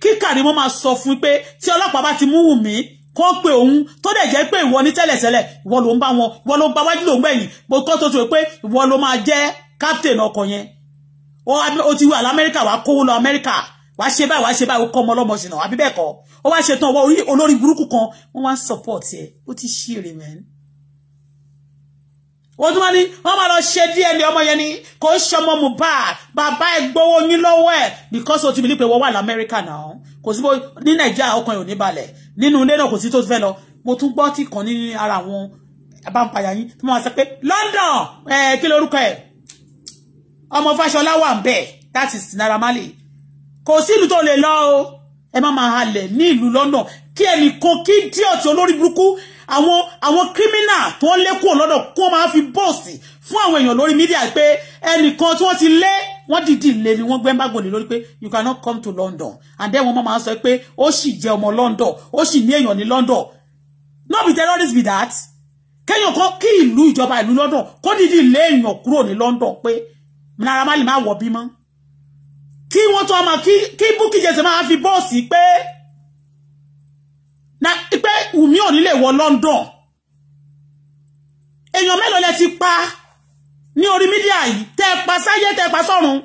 kí kàrí mo máa sọ fún pé tí ọlọ́pàá bá ti mú wù mí kọ́ pé òun tó dẹ̀ jẹ́ pé ìwọ ní tẹ́lẹ̀tẹ́lẹ̀ ìwọ ló ń bá wọn ìwọ ló ń bá wájú lòún gbẹ̀yìn bó kọ́ tó tó pé ìwọ ló máa jẹ́ captain ọkọ̀ yẹn ó ti wà America! wàá kówó lọ America! wàá ṣe báyìí wàá ṣe báyìí ó kọ́ ọmọ ọlọ́mọ ṣìnà àbí bẹ́ẹ̀ kọ́ ó wá ṣe tán ọwọ́ olórí burúkú kan wọ́n wá ń support ẹ̀ ó ti ṣí èrè mẹ́rin wọ́n tún wá ní wọ́n máa lọ ṣe díẹ̀ ní ọmọ yẹn ni kò ń ṣọmọ Mohbad bàbá ẹ̀ gbowó yín lọ́wọ́ ẹ̀ because o ti bìlí pé wọ́n America! lamẹ́ríkà náà kò síbò ní nàìjíríà ọkàn ẹ̀ ò ní balẹ̀ nínú ilé náà kò sí tó fẹ́ lọ mo tún gbọ́ tí kan ní ara àwọn abáǹpayà yín tí wọ́n máa sọ pé London ẹ̀ kí lórúkọ ẹ̀ ọmọ Fáṣọlá wà ń bẹ̀ that is Naira Marley kò sí ìlú tó lè lọ o ẹ má máa halẹ̀ ní ìlú lọ́nà kí ẹnìkan kí díọ̀tì olórí burúkú àwọn àwọn kírímínà tó ń lé kúrò lọ́dọ̀ kó máa fi bọ́ọ̀sì fún àwọn èèyàn lórí mídíà pé ẹnìkan tí wọ́n ti lé wọ́n dìdì lé ni wọ́n gbẹ́ngbàgbò lé lórí pé you cannot come to London and then wọ́n máa sọ pé ó sì jẹ́ ọmọ London ó sì ní èèyàn ní London no be terrorist be that kéèyàn kan kí ìlú ìjọba ìlú London kó dìdì lé èèyàn kúrò ní London pé Naira Marley máa wọ̀ bí mọ́ kí wọ́n tó ọmọ kí kí Bukky Jesse máa fi bọ́ọ̀sì pé na pé Wùmí ò ní lè wọ London èèyàn mélòó lẹ ti pa ní orí mídíà yìí tẹ́ pa sáyé tẹ́ pa sọ́run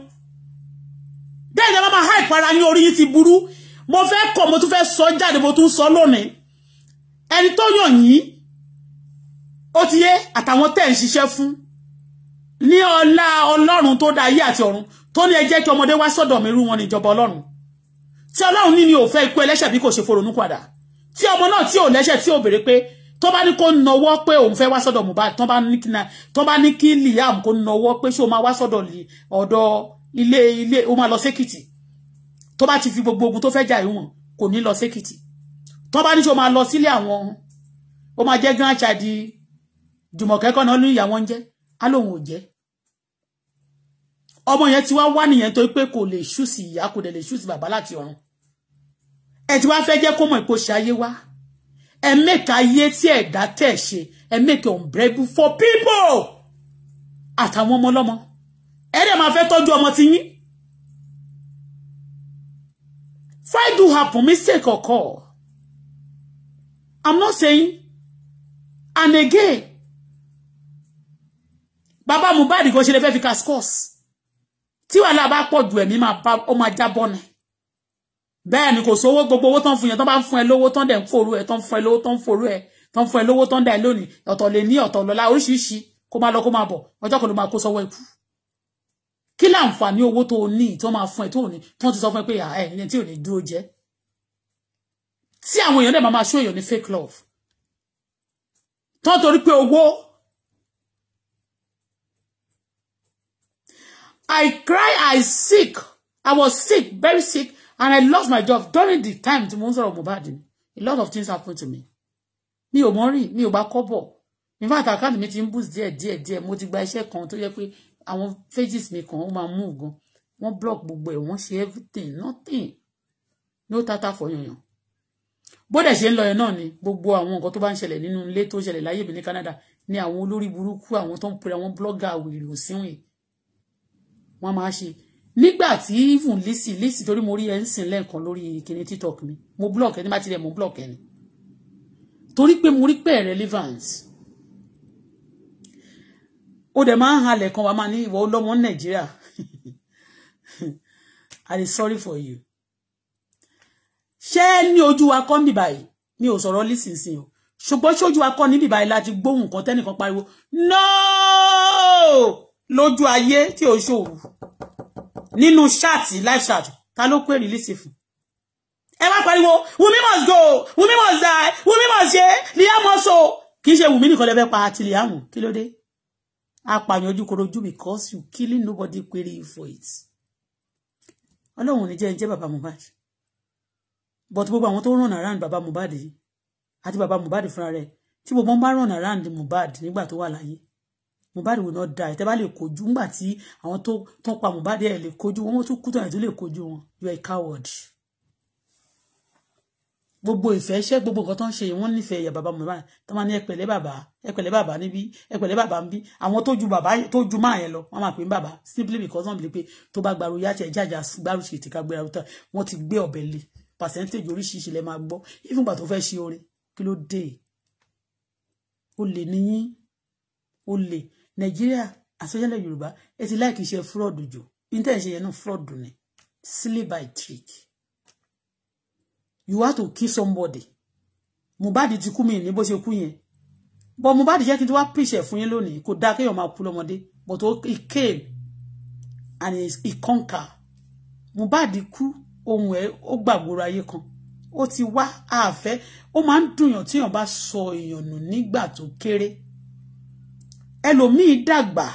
dẹ́yìn lọ́mọ hype ara ní orí yìí ti burú mo fẹ́ kọ̀ mo tún fẹ́ sọ jáde mo tún sọ lónìí ẹni tó yàn yín ó ti yé àtàwọn tẹ́ ń ṣiṣẹ́ fún ní ọlá ọlọ́run tó dá ayé àti ọ̀run tó ní ẹ kí ọmọdé wá sọ́dọ̀ mi rú wọn ní ọlọ́run tí ọlọ́run ní ni ò fẹ́ ikú ẹlẹ́ṣẹ̀ bí kò ṣe foronú padà tí ọmọ náà tí ò lẹ́ṣẹ̀ tí ò béèrè pé tó bá ní kó nọwọ́ pé òun fẹ́ wá sọ́dọ̀ Mohbad tó bá ní kína tó bá ní kí Liam kó nọwọ́ pé ṣé o máa wá sọ́dọ̀ ọ̀dọ̀ ilé ilé o máa lọ sékìtì tó bá ti fi gbogbo ogun tó fẹ́ jà ìwọ̀n kò ní lọ sékìtì tó bá ní ṣe o máa lọ sílé àwọn o máa jẹ́ gán àṣà di jùmọ̀kẹ́kọ̀ọ́ náà ní ìyàwó ń á lóun ò jẹ́ ọmọ yẹn ti wá wá nìyẹn torí pé kò lè ṣú sí ìyá kò dẹ̀ lè ṣú sí bàbá láti ọ̀run ẹ ti wá fẹ́ jẹ́ kó mọ̀ ìpò ṣe ayé wá ẹ mẹ́ka ayé tí ẹ̀dá tẹ̀ ṣe ẹ mẹ́ka unbreakable for people àtàwọn ọmọ ọlọ́mọ ẹ dẹ̀ máa fẹ́ tọ́jú ọmọ ti yín fight do happen mistake occur I'm not saying and again bàbá Mohbad kò ṣe lè fẹ́ fi cascos tí wàhálà bá pọ̀ ju ẹ̀mí máa bá ó máa jábọ́ ni bẹ́ẹ̀ ni kò sówó gbogbo owó tán fún yẹn tán bá ń fún ẹ lówó tán dẹ̀ ń forú ẹ tán fún ẹ lówó tán forú ẹ tán fún ẹ lówó tán dẹ̀ lónìí ọ̀tọ̀ lè ní ọ̀tọ̀ lọ́la oríṣiríṣi kó máa lọ kó máa bọ̀ ọjọ́ kan ló máa kó sọ́wọ́ ikú kí láǹfààní owó tó o ní tó máa fún ẹ tó o ní tó ti sọ fún ẹ pé ẹ ẹni tí ò ní dúró jẹ tí àwọn èèyàn dẹ̀ máa máa ṣó èèyàn ní fake love tán torí pé owó I cry, I sick. I was sick, very sick, and I lost my job during the time tí mo ń sọ̀rọ̀ A lot of things happened to me. Me o mori, me o ò bá In fact, I can't meet him. boost there, díẹ̀ díẹ̀. Mo ti gba iṣẹ́ kan tó yẹ pé àwọn pages mi move gan. Wọ́n block gbogbo ẹ̀, wọ́n see everything, nothing. No tata for yanyan. Bó But ṣe ń lọ yẹn náà ni gbogbo I nǹkan go to ń ṣẹlẹ̀ nínú ilé tó ṣẹlẹ̀ láyé mi in Canada ni àwọn olórí burúkú àwọn tó ń pèrè àwọn blogger wèrè òsínwìn wọ́n máa ṣe nígbà tí even lisi lisi torí mo rí ẹ ń sìn lẹ́ẹ̀kan lórí ìkíni tiktok mi mo block ẹni bá ti rẹ̀ mo block ẹni torí pé mo rí pé relevance ó dẹ̀ máa ń halẹ̀ kan wàá máa ní ìwọ ọlọ́mọ nàìjíríà i dey sorry for you ṣé ní ojú wa kọ́ níbí báyìí mi ò sọ̀rọ̀ lísìnsìn o ṣùgbọ́n ṣojú wa kọ́ níbí báyìí láti gbóhùn kan tẹ́nìkan pariwo no lójú ayé tí ò ṣòwò nínú ṣáàtì live chat ta ló pè rìlísì fún ẹ má pariwo Wunmi must go Wunmi must die Wunmi must ṣe Liam so. kì í ṣe Wunmi nìkan lè fẹ́ pa àti Liam kí ló dé apààyàn ojú korojú because you killing nobody query you for it ọlọ́run ò ní jẹ́ ẹ jẹ́ bàbá Mohbad but gbogbo àwọn tó ràn around bàbá Mohbad yìí àti bàbá Mohbad fúnra rẹ̀ tí gbogbo wọn bá ràn around Mohbad nígbà tó wà láyé Mohbad will not die tẹ́ bá lè kojú ńgbà tí àwọn tó tán pa Mohbad ẹ̀ lè kojú wọn wọ́n tún kú tán ẹ̀ tó lè kojú wọn you are a coward gbogbo ìfẹ́ iṣẹ́ gbogbo nǹkan tó ń ṣe wọ́n nífẹ̀ẹ́ ìyá bàbá Mohbad tó máa ní ẹ̀pẹ̀lẹ́ bàbá ẹ̀pẹ̀lẹ́ bàbá níbí ẹ̀pẹ̀lẹ́ bàbá níbí àwọn tó ju bàbá tó ju máa yẹn lọ wọ́n máa pè ń bàbá simply because wọ́n bìí pé tó bá gbaru yáṣẹ́ jájà gbaru ṣe ìtìká gbéra tán wọ́n ti gbé ọ̀bẹ lé percentage oríṣiríṣi lẹ máa gbọ́ even gbà tó fẹ́ ṣe orin kí ló dé o lè níyín o lè nàìjíríà àsọjálẹ̀ yorùbá ẹ ti láì kì í ṣe fraud jù níta ìṣe yẹn náà fraud ni silly by trick you have to kill somebody Mohbad ti kú mi ní bó ṣe kú yẹn but Mohbad jẹ́ kí n ti wá pìṣẹ̀ fún yín lónìí kò dáa kéèyàn máa kú lọ́mọdé but he came and he conquer Mohbad kú ohun ẹ̀ ó gbàgbóró ayé kan ó ti wá àfẹ́ ó máa ń dùnyàn tíyàn bá sọ èèyàn nù nígbà tó kéré ẹlòmíì dàgbà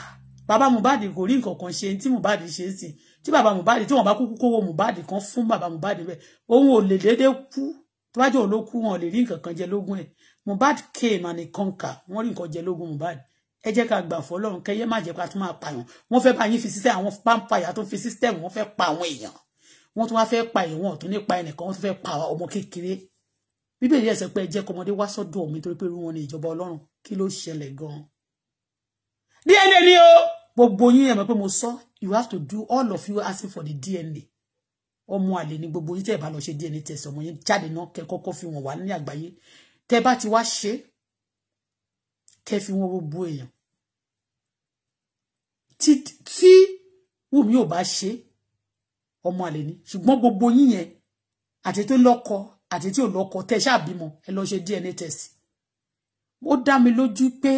bàbá Mohbad kò rí nǹkan kan ṣe tí Mohbad ṣe é sìn tí bàbá Mohbad tí wọn bá kúkú kówó Mohbad kan fún bàbá Mohbad bẹ́ẹ̀ òun ò lè déédéé kú tó bá jẹ́ òun ló kú wọn ò lè rí nǹkan kan jẹ lógún ẹ̀ Mohbad came and conquer wọ́n rí nǹkan jẹ lógún Mohbad ẹ jẹ́ ká gbà fọlọ́run kẹyẹ má jẹ́ ká tún máa pààyàn wọ́n fẹ́ bá yín fi sísẹ́ àwọn pàmpáyà tó fi sísẹ́ wọ́n fẹ́ pa àwọn èèyàn wọ́n tún wá fẹ́ pa èèwọ̀n tó nípa ẹnìkan wọ́n tún fẹ́ pa ọmọ kékeré bíbélì ẹ̀ sọ pé ẹ jẹ́ kọmọdé wá sọ́dọ̀ mi torí pé irú wọn ni ìjọba ọlọ́run kí ló ṣẹlẹ̀ gan DNA ni o gbogbo yín ẹ mọ̀ pé mo sọ you have to do all of you asking for the DNA ọmọ àlè ni gbogbo yín tẹ́ ẹ bá lọ DNA test ọmọ yín jáde náà kẹ́ kọ́kọ́ fi wọn wà ni àgbáyé tẹ́ bá ti wá ṣe kẹ́ fi wọn gbogbo èèyàn tí tí wùmí ò bá ṣe ọmọ àlè ni ṣùgbọ́n gbogbo yín yẹn àti tó lọ́kọ àti tí ò lọ́kọ tẹ́ ṣáà bímọ ẹ lọ ṣe DNA test ó dá mi lójú pé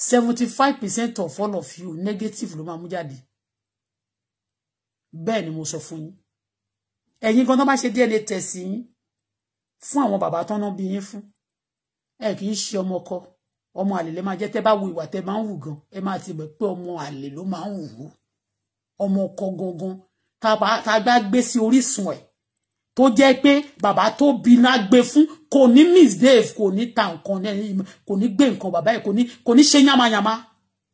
seventy five percent of all of you negative ló máa mú jáde bẹ́ẹ̀ ni mo sọ fún yín ẹ̀yin gan tó bá ṣe DNA test yín fún àwọn bàbá tó ná bí yín fún ẹ kì í ṣe ọmọ ọkọ ọmọ àlè lè máa jẹ́ tẹ́ bá wo ìwà tẹ́ máa gan ẹ máa ti mọ̀ pé ọmọ àlè ló máa ń wù ọmọ ọkọ gangan tá a bá gbé sí orísun tó jẹ́ pé bàbá tó bínú gbé fún kò ní misbehave kò ní ta nǹkan kò ní gbé nǹkan bàbá yẹn kò ní kò ní ṣe yánmayànmá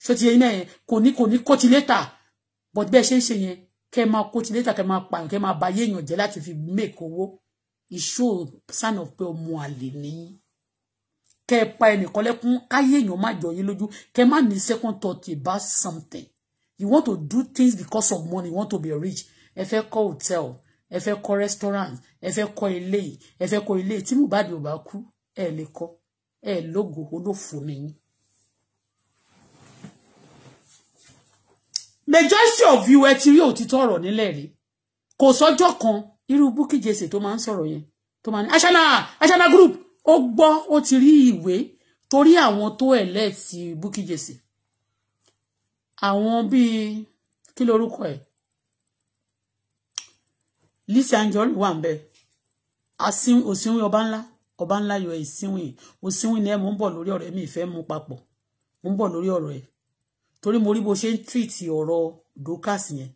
ṣó ti yẹn yẹn kò ní kò ní kó létà but bẹ́ẹ̀ ṣe ń ṣe yẹn kẹ́ máa kó ti létà kẹ́ máa pààyàn kẹ́ máa ba yéèyàn jẹ́ láti fi make owó ìṣó sign of pé ọmọ àlè nìyí kẹ́ ẹ pa ẹnìkan lẹ́kún káyé má jọ yín lójú kẹ́ má ní second thought about something you want to do things because of money you want to be rich ẹ fẹ́ kọ́ hotel ẹ fẹ́ kọ́ restaurant ẹ fẹ́ kọ́ ilé ẹ fẹ́ kọ́ ilé tí Mohbad ò bá kú ẹ lè kọ́ ẹ lógo olófò nìyí. majority of you ẹ ti rí òtítọ́ ọ̀rọ̀ nílẹ̀ rí kò sọ́jọ́ kan irú Bukky tó máa ń sọ̀rọ̀ yẹn tó máa ní Asana Asana group ó gbọ́ ó ti rí ìwé torí àwọn tó ẹ̀ lẹ́ẹ̀tì Bukky àwọn bíi kí lorúkọ ẹ̀ Lizzy Anjorin wà ń bẹ asin òsínwín ọba ńlá ọba ńlá yọ ìsínwín òsínwín ni ẹ mò ń bọ̀ lórí ọ̀rọ̀ ẹ mi ìfẹ́ mu papọ̀ mò ń bọ̀ lórí ọ̀rọ̀ ẹ torí mo rí bó ṣe ń tírìtì ọ̀rọ̀ dókàsì yẹn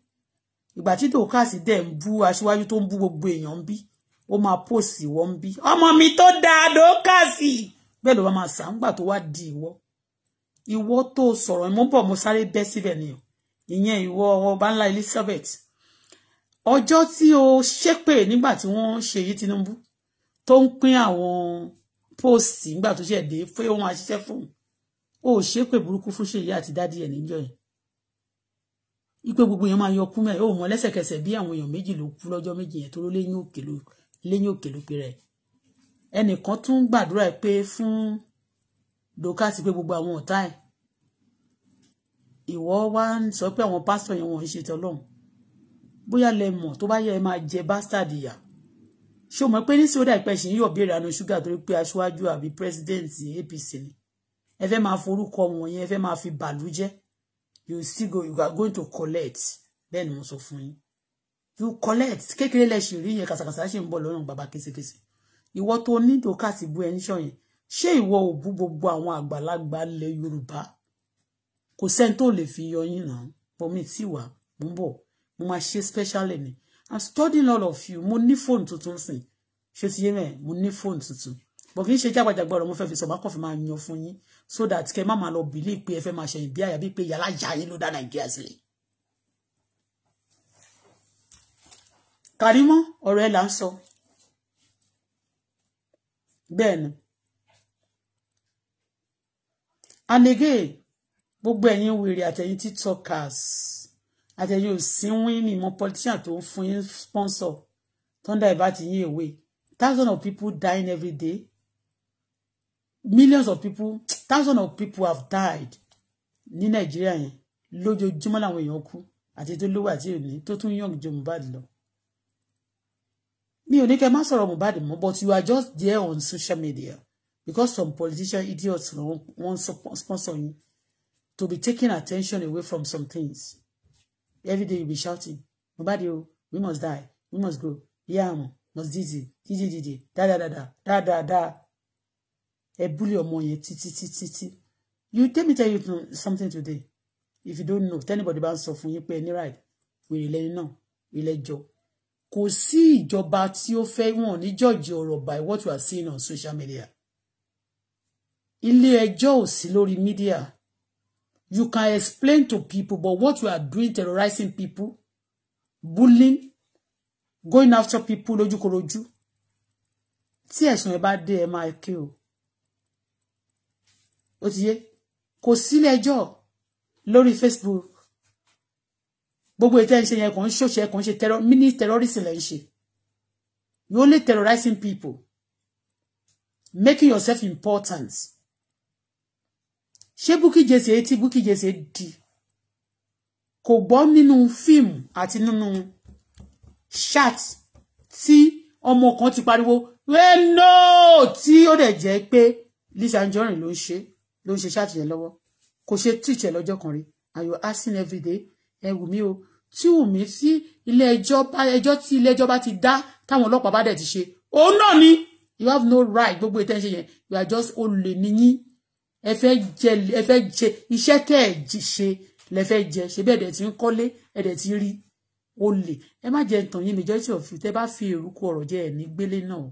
ìgbà tí dókàsì dẹ̀ ń bú aṣíwájú tó ń bú gbogbo èèyàn ń bí ó máa pòsì wọ́n ń bí ọmọ mi tó dáa dókàsì bẹ́ẹ̀ ló bá máa sà gbà tó wá di ìwọ ìwọ tó sọ̀rọ̀ mo ń bọ̀ mo sáré bẹ́ síbẹ̀ nìyẹn ìwọ ọba ńlá Elizabeth ọjọ́ tí o ṣépè nígbà tí wọ́n ṣe yí Tinubu tó ń pín àwọn póòsì nígbà tó ṣẹ̀ dé pé òun àṣiṣẹ́ fóun o ò ṣépè burúkú fún ṣèyí àti dádì ẹ̀ níjọ yẹn ipe gbogbo yẹn máa yọ kú mẹ́ẹ̀ ó mọ lẹ́sẹ̀kẹsẹ̀ bí àwọn èèyàn méjì ló kú lọ́jọ́ méjì yẹn tó léyìn òkè ló léyìn òkè ló pe rẹ̀ ẹnìkan tún gbàdúrà pé fún dókàsí pé gbogbo àwọn ọ̀tá ẹ̀ ìwọ wá ń sọ pé àwọn pásítọ̀ yẹn wọ́n ń ṣe tọ́lọ́hún bóyá lẹ mọ̀ tó bá yẹ ẹ máa jẹ bastard ìyà ṣé o mọ̀ pé níṣẹ́ ó dà ìpẹ́ ṣì ń yọ̀ béèrè àánú ṣúgà torí pé aṣáájú àbí president APC ni ẹ fẹ́ máa forúkọ wọn ẹ fẹ́ máa fi bàlú jẹ́ you still go you are going to collect bẹ́ẹ̀ ni mo sọ fún yín you collect kékeré lẹ ṣì rí yẹn kàṣàkàṣà ṣì ń bọ̀ lọ́rùn bàbá késekése ìwọ tó nílò káàtì bú ẹni ṣọ yẹn ṣé ìwọ ò bú gbogbo àwọn àgbàlagbà ilẹ̀ Yorùbá kò sẹ́ni tó lè fi yọ yín náà bọ́mí tí wà ń bọ̀ mo máa ṣe special ni i'm studying all of you mo ní fóònù tuntun sìn ṣé ti yé mẹ́ẹ̀ mo ní fóònù tuntun bọ̀ kì í ṣe jágbàjàgbà ọ̀rọ̀ mo fẹ́ fi sọ máa kàn fi máa yan fún yín so that kẹ́ má máa lọ bìlí pé ẹ fẹ́ máa ṣẹ̀yìn bí àyà bí pé yàrá yà yín ló dá nàìjíríà sílẹ̀. Kàrímọ́ ọ̀rọ̀ ẹ là ń sọ bẹ́ẹ̀ ni and again gbogbo ẹ̀yin wèrè àtẹ̀yin TikTokers àtẹ̀yìn òsínwín ni mo politician tó ń fún yín sponsor thunder ibà ti yín èwe thousands of people dying every day millions of people thousands of people have died ní nàìjíríà yẹn lójoojúmọ́ làwọn èèyàn kú àti tó lówó àti òní tó tún yàn jù Mohbad lọ mi ò ní kẹ́ má sọ̀rọ̀ Mohbad mọ́ but you are just there on social media because some politician idiots wọ́n sponsor yín to be taking attention away from some things every day you be shouting nobody. we must die we must go yíyàmù must da da da da da. dáadáa dáadáa ẹ búlì ọmọ yẹn títí títí tí you tell me tell you something today if you don't know tell anybody about sọ fún yín pé ẹni right wèrè lẹ́ni náà ìlẹ́jọ kò sí ìjọba tí ó fẹ́ wọn ní jọ́ọ̀jì ọ̀rọ̀ by what you are seeing on social media ilé ẹjọ́ ò sí lórí media You can explain to people, but what you are doing, terrorizing people, bullying, going after people lójúkorojú, tí ẹ̀sùn ẹ̀ bá dé ẹ̀ máa ké o. Ó ti yé kò sílé lórí Facebook gbogbo ètò ẹ̀ ń ṣe yẹn kò ń ṣòṣe kò ń ṣe mini terrorism lẹ́ ń ṣe you only terrorizing people making yourself important ṣé Bukky Jesse etí Bukky Jesse di kò gbọ́ nínú fíìmù àti nínú chat tí ọmọ kan ti pariwo wẹ́nò tí ó dẹ̀ jẹ́ pé Lizzy Anjorin ló ń ṣe ló ń ṣe chat yẹn lọ́wọ́ kò ṣe tíìtì ẹ̀ lọ́jọ́ kan rí àyò asin everyday ẹ wù mí o tí wù mí sí ilé ẹjọ́ ẹjọ́ tí ilé ẹjọ́ bá ti dá táwọn ọlọ́pàá bá dẹ̀ ti ṣe òun náà ni you have no right gbogbo ìtẹ́ńṣe yẹn you are just olè nìyí ẹ fẹ́ jẹ ẹ fẹ́ jẹ iṣẹ́ tẹ́ ẹ̀ jí ṣe lẹ fẹ́ jẹ ṣe bẹ́ẹ̀ dẹ̀ ti ń kọ́lé ẹ̀ dẹ̀ ti rí olè ẹ má jẹ ntàn yín majority of you tẹ́ bá fi èrúkú ọ̀rọ̀ jẹ ẹ̀ ní gbélé náà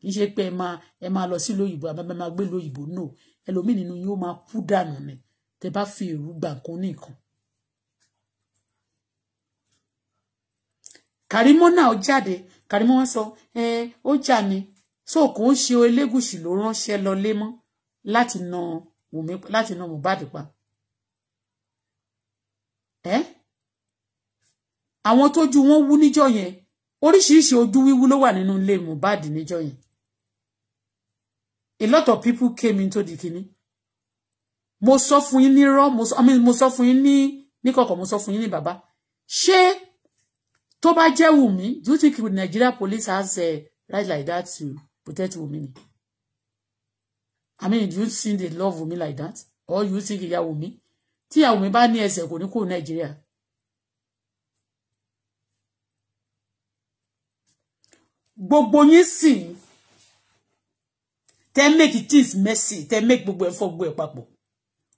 kì í ṣe pé ẹ máa ẹ máa lọ sí lóyìnbó àbábá máa gbé lóyìnbó náà ẹlòmíì nínú yín ó máa kú dànù ni tẹ́ bá fi èrú gbà nǹkan nìkan. Karimo náà jáde Karimo wọn sọ ẹ ó jà ni so kò ṣe elégùsì ló ránṣẹ́ lọlé mọ́ láti na. Wùmí láti inú Mohbad pa ẹ àwọn tójú wọn wú níjọ́ yẹn oríṣiríṣi ojú wíwú ló wà nínú ilé Mohbad níjọ́ yẹn a lot of people came into the kini mo sọ fún yín ní rọ mo sọ fún yín ní níkọ̀kọ̀ mo sọ fún yín ní bàbá ṣé tó bá jẹ́ Wùmí do you think Nigeria police has a eh, right like that to protect Wùmí ni. I mean do you think they love Wunmi like that or you think ìyá Wunmi tí ìyá Wunmi bá ní ẹsẹ̀ kò ní kúrò Nàìjíríà. gbogbo yín sì tẹ make things messy tẹ make gbogbo ẹ fọ gbogbo ẹ papọ̀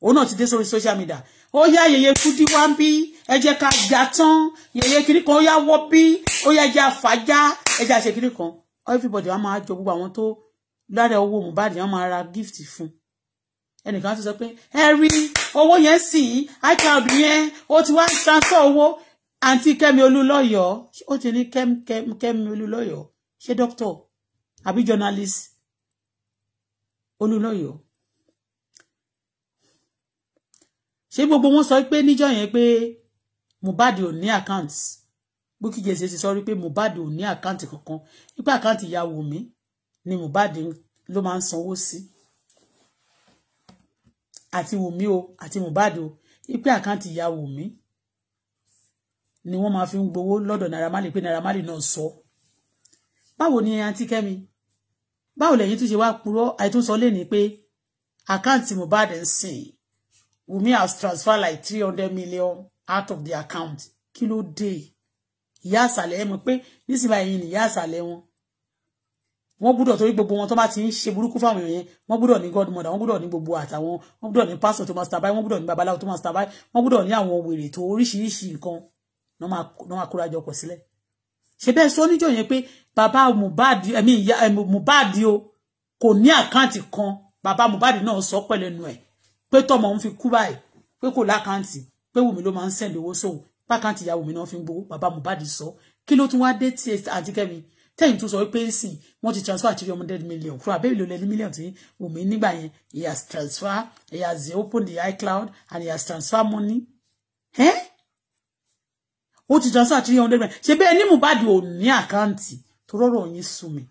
òun náà ti dé sórí social media ó yá yèyé kúdí wá ń bí ẹ jẹ́ ká ga tán yèyé kiri kan ó yá wọ bí ó yá ẹjẹ àfàjá ẹjẹ àṣekiri kan everybody wá máa jọ gbogbo àwọn tó lára owó Mohbad wọ́n máa ra gift fún ẹnìkan tó sọ pé ẹ rí owó yẹn sì icloud yẹn ó ti wá transfer owó àǹtí Kẹ́mi Olúlọ́yọ̀ ó ti ní Kẹ́mi Olúlọ́yọ̀ ṣé doctor àbí journalist Olúlọ́yọ̀ ṣé gbogbo wọn sọ pé níjọ́ yẹn pé Mohbad ò ní account Bukky Jesse ti sọ rí pé Mohbad ò ní account kankan nípa àkáǹtì ìyá Wùmí ni Mohbad ń ló máa ń sanwó sí àti Wùmí o àti Mohbad o ipe àkáǹtì ìyá Wùmí ni wọ́n máa fi ń gbowó lọ́dọ̀ Naira Marley pé Naira Marley náà sọ báwo ni àǹtí Kẹ́mi báwo lẹ́yìn tún ṣe wá purọ́ àìtúnsọ lẹ́ni pé àkáǹtì Mohbad ń sìn Wùmí has transfer like three hundred million out of the account kí ló dé ìyá àsàlẹ̀ ẹ mọ̀ pé nísìnyí báyìí ni ìyá àsàlẹ̀ wọn wọ́n gbúdọ̀ torí gbogbo wọn tó bá ti ń ṣe burúkú fáwọn èèyàn wọ́n gbúdọ̀ ní godmother wọ́n gbúdọ̀ ní gbogbo àtàwọn wọ́n gbúdọ̀ ní pastor tó máa sita báyìí wọ́n gbúdọ̀ ní babaláwo tó máa sita báyìí wọ́n gbúdọ̀ ní àwọn wèrè tó oríṣiríṣi nǹkan náà máa kóra jọpọ̀ sílẹ̀ ṣe bẹ́ẹ̀ sọ níjọ́ yẹn pé bàbá Mohbad ẹ̀mí ìyá eh, Mohbad o kò ní àkáǹtì kan bàbá Mohbad náà sọ pẹ̀lú ẹnu ẹ̀ pé tọmọ ń fi kú báyìí pé kò lákáǹtì pé Wùmí ló máa ń tẹ́yìn tún sọ wípé nsìn wọ́n ti transfer àti one hundred million kúrò àbẹ́ ìlò lẹ́ni million tí Wùmí nígbà yẹn he has transfer he has opened the iCloud and he has transfer money eh? ó ti transfer àti one hundred million ṣe bẹ́ẹ̀ ní Mohbad ò ní àkáǹtì tó rọrọ̀ yín sú mi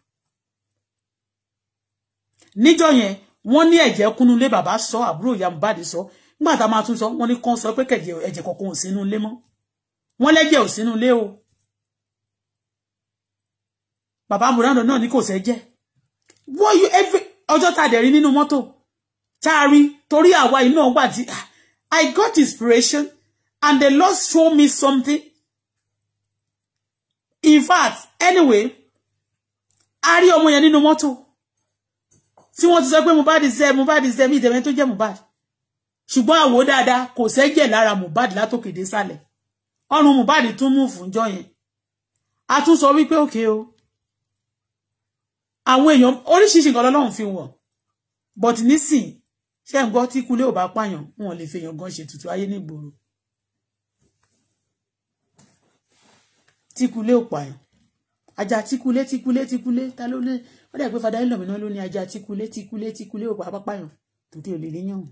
níjọ́ yẹn wọ́n ní ẹ̀jẹ̀ kúnnú lé bàbá sọ àbúrò ìyá Mohbad sọ nígbà tá a máa tún sọ wọ́n ní kán sọ pé ẹ̀jẹ̀ kọ̀ọ̀kan ò sínú ilé mọ́ wọ́n lẹ́jẹ̀ ò sínú ilé o. Baba Murando náà ní kò sẹ́ jẹ́ wọ́n yú ọjọ́ tá a dẹ̀ rí nínú mọ́tò tá a rí torí àwa inú ọgbà tí ah, I got inspiration and the Lord show me something in fact anyway a rí ọmọ yẹn nínú mọ́tò tí wọ́n ti sọ pé Mohbad zẹ́ Mohbad zẹ́ mi ìdẹ̀mẹ́ tó jẹ́ Mohbad ṣùgbọ́n àwò dáadáa kò sẹ́jẹ̀ lára Mohbad látòkè désàlẹ̀ ọrùn Mohbad tún mú fún jọ yẹn a tún sọ wípé òkè o. oh àwọn èèyàn oríṣiríṣi nǹkan lọ́lọ́run fi wọ̀ but nísìn ṣé ń gbọ́ tí kulé ò bá pààyàn wọn lè fi èèyàn gan ṣe tutù ayé nígboro tí ò pààyàn ajá tíkulé tíkulé tíkulé ta ló lé ó dẹ̀ pé fada ìlọ̀mìnà ló ní ajá tíkulé tíkulé tíkulé ò pàápàá pààyàn tòde ò lè léyàn.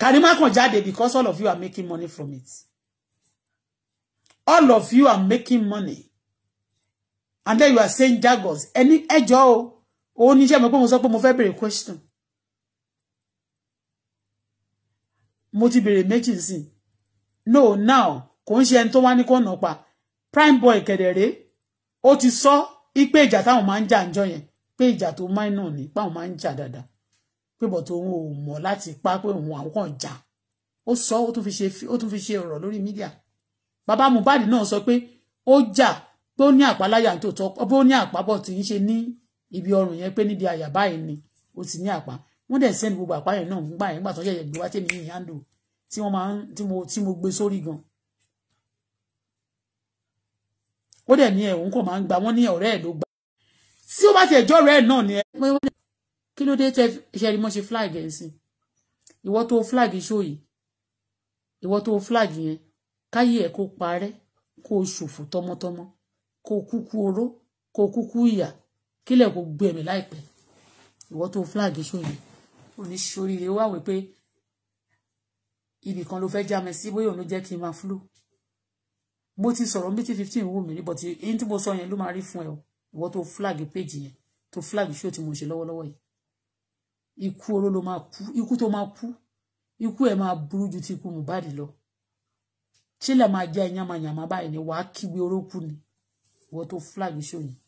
Karima kan jáde because all of you are making money from it all of you are making money and then you are saying jargons any ẹjọ́ o ni níṣẹ́ mi pé mo sọ pé mo fẹ́ béèrè question mo ti béèrè méjì sí no now kò ń ṣe ẹni tó wá ní kò pa prime boy kẹ̀dẹ̀rẹ́ ó ti sọ pé ìjà táwọn máa ń jà ńjọ́ yẹn pé ìjà tó máa ń nà ní páwọn máa ń jà dáadáa pé bọ̀ tó ń mọ̀ láti pa pé òun àwọn O jà ó sọ ó tún fi ṣe ọ̀rọ̀ lórí mídíà bàbá Mohbad náà sọ pé ó jà pé ó ní àpáláyà tó tọ́ pé ní àpábọ̀ tí ń ṣe ní ibi ọrùn yẹn pé níbi àyà báyìí ni ó ti ní àpá wọ́n dẹ̀ sẹ́ni gbogbo àpá yẹn náà ń gbà yẹn gbà tó yẹ̀yẹ̀ gbé wá tèmi yìí handle tí wọ́n máa ń tí mo tí mo gbé sórí gan. ó dẹ̀ ní ẹ̀hún kò máa ń gba wọ́n ní ọ̀rẹ́ ẹ̀ ló gbà. tí ó bá ti ẹ̀jọ́ rẹ̀ náà ni ẹ. kí ló dé tẹ ṣe ẹni mo ṣe flag ẹ̀ sí ìwọ tó flag show yìí ìwọ tó flag yẹn káyé ẹ̀ kó parẹ́ kó ṣòfò tọmọtọmọ kó kúkú oró kó kúkú ìyà kílẹ̀ kó gbé ẹ̀mí láìpẹ́ ìwọ tó flag sóyè oníṣoríire wà wípé ibìkan ló fẹ́ já mi sí bóyá òun ló jẹ́ kí n máa flu mo ti sọ̀rọ̀ bí ti fifteen wù mí rí but eyín tí mo sọ yẹn ló máa rí fún ẹ o ìwọ tó flag page yẹn tó flag show tí mo ṣe lọ́wọ́lọ́wọ́ yìí ikú oró ló máa kú ikú tó máa kú ikú ẹ̀ máa burú ju ti ikú Mohbad lọ tílẹ̀ máa jẹ́ yamayama báyìí ni wàá kígbe orókù ni wọ́n tó flag show yìí.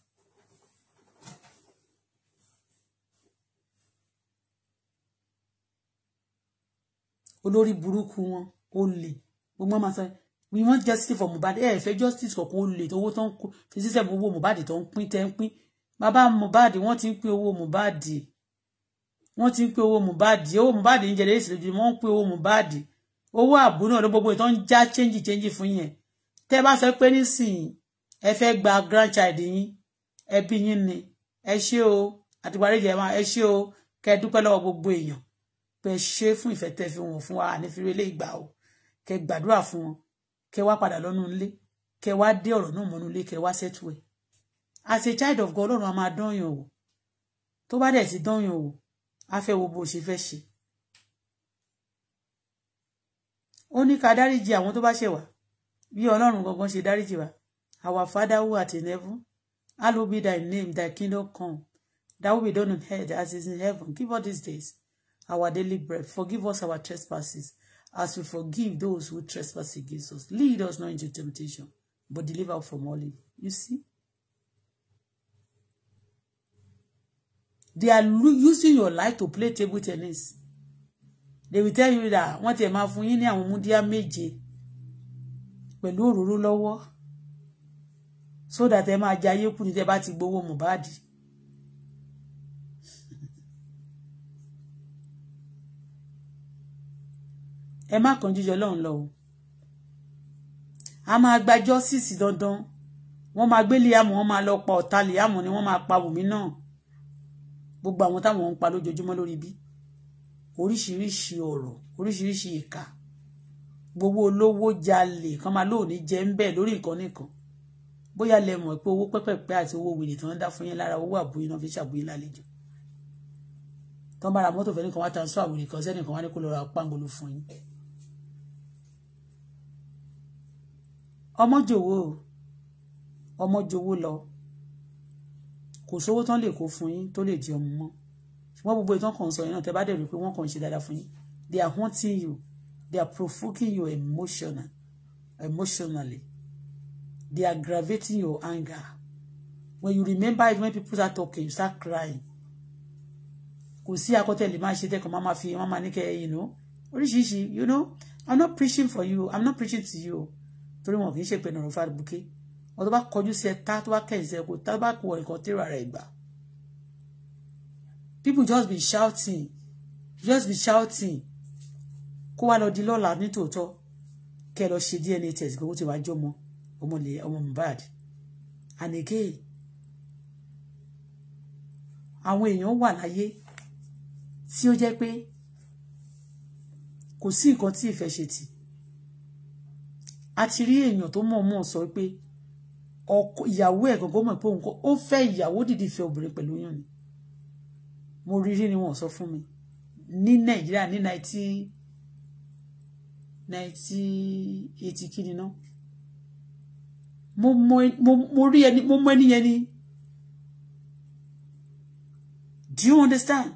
olórí burúkú wọn ó lè gbogbo máa sọ we want justice for Mohbad ẹ fẹ́ justice kọ̀ọ̀kan ó lè tówó tó ń kó fi sísẹ gbogbo Mohbad tó ń pín tẹ ń pín bàbá Mohbad wọ́n ti ń pín owó Mohbad wọ́n ti ń pín owó Mohbad owó Mohbad ń jẹrẹ èsì lójú wọ́n ń pín owó Mohbad owó àbú náà ló gbogbo ìtàn ń já change change fún yẹn tẹ́ bá sọ pé nísìnyí ẹ fẹ́ gba grandchild yín ẹbí yín ni ẹ ṣé o àtìgbàlejò ẹ máa ẹ ṣé o kẹ́ ẹ dúpẹ́ lọ́wọ́ gbogbo èèyàn pé ẹ ṣe fún ìfẹ́ tẹ́ fi wọn fún wa ànífìrí ilé ìgbà o kẹ́ gbàdúrà fún wọn kẹ́ wá padà lọ́nu ilé kẹ́ wá dé ọ̀rọ̀ náà mọ́nú ilé kẹ́ wá settle ẹ̀ as a child of God Ọlọ́run a máa dán yàn wò tó bá dẹ̀ ti dán yàn wò a fẹ́ wo bó ṣe fẹ́ ṣe ó ní ká dáríjì àwọn tó bá ṣẹ̀ wá bí ọlọ́run gangan ṣe dáríjì wá our father who art in heaven hallowed be thy name thy kingdom come thy will be done on earth as it is in heaven give us these days our daily bread forgive us our trespasses as we forgive those who trespass against us lead us not into temptation but deliver us from all evil you see they are using your life to play table tennis they will tell you that wọ́n tiẹ̀ máa fún yín ní àwọn múdíá méje pẹ̀lú òróró lọ́wọ́ so that ẹ máa jayé kù ní tẹ́ bá ti gbowó Mohbad ẹ má kàn jíjọ lọ́hùn lọ o a máa gba justice dandan wọ́n máa gbé Liam wọ́n máa lọ pa ọ̀tá Liam ni wọ́n máa pa Wùmí náà gbogbo àwọn táwọn ń pa lójoojúmọ́ lórí bíi oríṣiríṣi ọ̀rọ̀ oríṣiríṣi ìka gbogbo olówó jalè kan máa lóòní jẹ ń bẹ lórí nǹkan nìkan bóyá lẹ mọ̀ pé owó pẹ́pẹ́pẹ́ àti owó wèrè tí wọ́n dá fún yín lára owó àbúyín náà fi ṣàbúyín lálejò tọ́ bára mọ́tò fẹ́ nìkan wá transfer àwòrán kan sẹ́nìkan wá ní kó lọ ra pangolo fún yín. ọmọ jòwó ọmọ jòwó lọ kò sówó tán lè kó fún yín tó lè di ọmọ mọ́ ṣùgbọ́n gbogbo ìtàn kan sọ yẹn náà tẹ́ bá dẹ̀ rí i pé wọ́n kàn ń ṣe dáadáa fún yín they are haunting you they are provoking you emotional, emotionally they are aggravating your anger when you remember it when people start talking you start crying kò sí akọ́tẹ̀ lè máa ṣe tẹ́kọ̀ọ́ máa fi wọ́n máa ní kẹ́ you know oríṣiríṣi you know i'm not preaching for you i'm not preaching to you torí wọn kì í ṣe pé nàrọ̀ fàdùkẹ́ ọ̀tọ́ bá kọjú sí ẹ tá tó bá kẹ́yìn sí ẹ kó tá bá kó ẹ̀kọ́ tẹ́rọ ara ẹ̀ gbà people just be shouting just be shouting kó wá lọ di lọ́la nítòótọ́ kẹ́ lọ ṣe DNA test kó ti wá jọmọ ọmọ lè ọmọ Mohbad and again àwọn èèyàn wà láyé tí ó jẹ́ pé kò sí nǹkan tí ìfẹ́ ṣe tì a ti rí èèyàn tó mọ̀ọ́mọ̀ sọ pé ìyàwó ẹ̀ gangan mọ̀ pé òun kò ó fẹ́ ìyàwó dìde ìfẹ́ obìnrin pẹ̀lú yàn ni mo rí rí ni wọ́n sọ fún mi ní nàìjíríà ní nineteen nineteen eighty kí ni ná mo mo rí ẹni mo mọ ẹni yẹn ni do you understand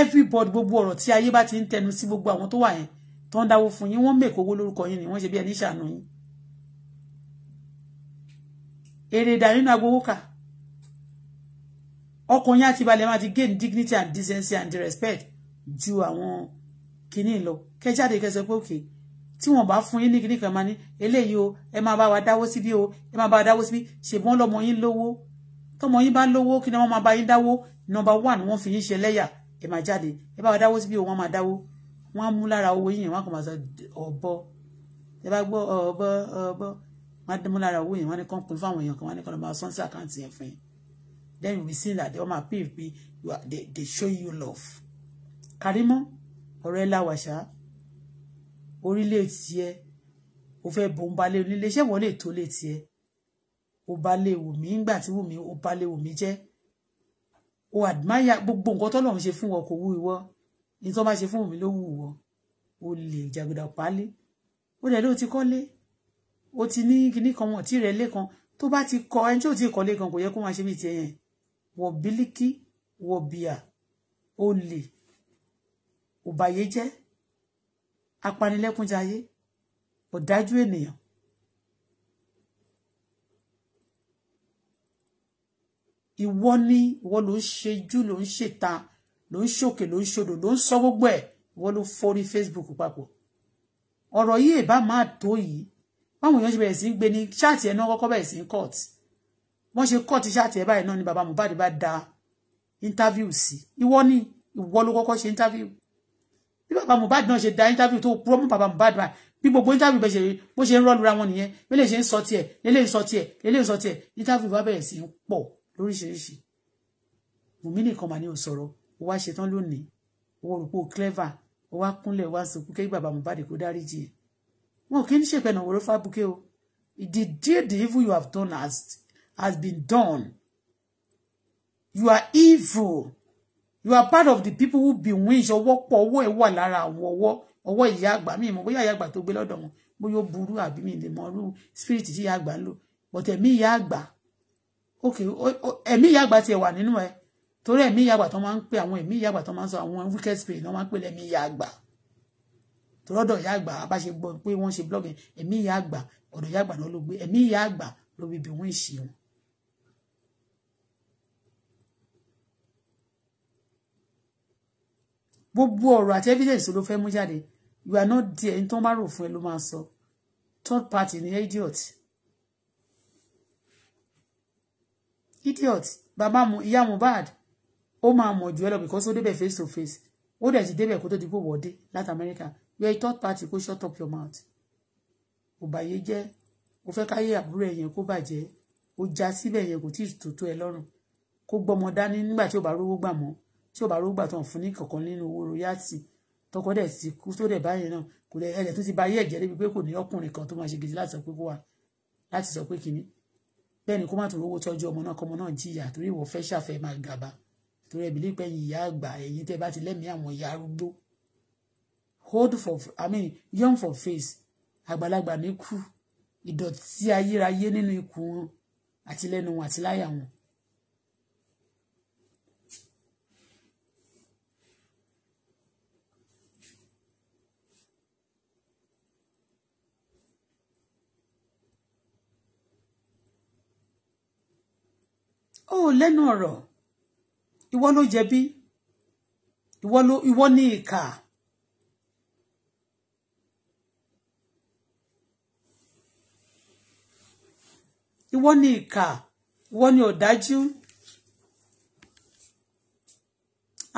everybody gbogbo ọ̀rọ̀ tí ayé bá ti ń tẹnu sí gbogbo àwọn tó wà yẹn tó ń dáwó fún yín wọ́n mèkó owó lórúkọ yín ni wọ́n ṣe bí ẹni ṣàánú yín èrè ìdá nínú agbowó kà ọkàn yín àti balẹ̀ máa ti gain dignity and decency and respect ju àwọn kìíní lọ kẹjáde kẹsẹ pé òkè tí wọn bá fún yín ní kìíní kan máa ní eléyìí o ẹ máa bá wa dáwó síbí o ẹ máa bá wa dáwó síbí ṣèbọn lọmọ yín lówó tọmọ yín bá lówó kí ni wọn máa bá yín dáwó nọ́mbà one wọn fi yín ṣe lẹ́yà ẹ máa jáde ẹ bá wa dáwó síbí o wọn máa dáwó wọn á mú lára owó yín yẹn wọn á kàn máa sọ ọbọ ẹ bá gbọ́ ọbọ ọbọ wọn á mú lára owó yẹn wọn á ní kàn pín fáwọn èèyàn kan wọn á ní kàn máa sọ́ńsì àkáǹtì yẹn fún yín Then we see that the Oma PFP, you are, they, they show you love. Karimo, ọ̀rẹ́ washa, ṣá, orílẹ̀ tiẹ̀, o fẹ́ bò ń balẹ̀ onílé, ṣé wọ́n lè tó lè tiẹ̀? O balẹ̀ Wùmí, ńgbà tí Wùmí, o balẹ̀ Wùmí jẹ́. O admire gbogbo nǹkan tọ́lọ́run ṣe fún wọn kò wú ìwọ. ni tó bá ṣe fún Wùmí ló wù wọ. O lè jàgùdà pálí. O dẹ̀ ló ti kọ́lé. O ti ní kinní kan wọ̀n tí rẹ̀ lé kan. Tó bá ti kọ ẹni tí ò ti kọ́lé kan kò yẹ kó máa ṣe bí tiẹ̀ yẹn wọ̀bílíkì wọ̀bìà olè òbàyéjẹ́ apanilẹ́kúnjayé ọ̀dájú ènìyàn ìwọ ni ìwọ ló ń ṣejú ló ń ṣèta ló ń ṣòkè ló ń ṣodò ló ń sọ gbogbo ẹ̀ ìwọ ló forí Facebook papọ̀ ọ̀rọ̀ yìí ìbá máa tó yìí báwọn èèyàn ṣe bẹ̀rẹ̀ sí í gbé ní ṣáàtì ẹ̀ náà kọ́kọ́ sí í kọ́ọ̀tì wọ́n ṣe kọ́ tíṣà tiẹ̀ báyìí náà ni bàbá Mohbad bá da interview sí ìwọ ni ìwọ ló kọ́kọ́ ṣe interview bí bàbá Mohbad náà ṣe da interview tó promo bàbá Mohbad bá bí gbogbo interview bẹ̀ ṣe rí bó ṣe ń rọ́lura wọn nìyẹn lélẹ̀ ṣe ń sọ tiẹ̀ lélẹ̀ ń sọ tiẹ̀ lélẹ̀ ń sọ tiẹ̀ interview bá bẹ̀rẹ̀ sí ń pọ̀ lóríṣiríṣi Wùmí nìkan mà ní ò sọ̀rọ̀ ó wá ṣetán lónìí ó rò pé ó clever ó wá kúnlẹ̀ wá sọ pé bàbá Mohbad kó dáríjì ẹ̀ wọn kì í ṣèpẹ̀nà wòró fábùkẹ́ o the day the evil you have done asked has been done. You are evil. You are part of the people who been win ọwọ́ pọ̀ owó ẹ̀ wà lára àwọn ọwọ́ ọwọ́ ìyá àgbà mi mọ̀ bóyá ìyá àgbà tó gbé lọ́dọ̀ wọn bóyá ó burú àbí mi lè mọ spirit is ìyá àgbà but ẹ̀mí ìyá àgbà okay ẹ̀mí ìyá àgbà tiẹ̀ one nínú ẹ̀ torí ẹ̀mí ìyá àgbà tó máa ń pè àwọn ẹ̀mí ìyá àgbà tó máa ń sọ wicked spirit tó máa ń pè lẹ́mí ìyá àgbà torí ọ̀dọ̀ ìyá àgbà bá ṣe gbọ́ pé wọ́n ṣe blogging ẹ̀mí ìyá àgbà ọ̀dọ̀ ìyá àgbà náà ló gbé ẹ̀mí ìyá àgbà ló gbogbo ọ̀rọ̀ àti evidence ló fẹ́ mú jáde you are not there ní tó bá rò fún ẹ ló máa sọ third party ni idiot idiot bàbá mu ìyá Mohbad ó máa mọ̀ jù ẹ lọ because ó débẹ̀ face to face ó dẹ̀ ti débẹ̀ kó tó di pò wọ́dé láti America you are a third party kó shut up your mouth òbáyé jẹ́ ó fẹ́ káyé àbúrò ẹ̀yẹn kó bàjẹ́ ó já síbẹ̀ yẹn kò tí ì tòótọ́ ẹ lọ́rùn kó gbọ́mọ dání nígbà tí ò bá rówó gbà mọ́ tí ò bá rógbà tó ń fún ní kọ̀ọ̀kan nínú owó royalty tọkọ dẹ̀ ti kú tó dẹ̀ báyìí náà kò lè ẹ̀jẹ̀ tó ti ba ayé ẹ̀jẹ̀ débi pé kò ní ọkùnrin kan tó máa ṣe gidi láti sọ pé kó wà láti sọ pé kìíní bẹ́ẹ̀ ni kó má tó rówó tọ́jú ọmọ náà kọ́mọ náà jìyà torí ìwọ fẹ́ ṣàfẹ́ máa gàba torí ẹ̀bí lípẹ́ yìí ìyá àgbà ẹ̀yìn tẹ́ bá ti lẹ́mìí àwọn ìyá arúgbó hold for i mean young for face àgbàlagbà ní kú ìdọ̀tí ayérayé nínú ikùn wọn àti lẹ́nu wọn àti wọn ó lẹ́nu ọ̀rọ̀ ìwọ ló jẹ̀bi ìwọ ló ìwọ ní ìkà ìwọ ní ìkà ìwọ ní ọ̀dájú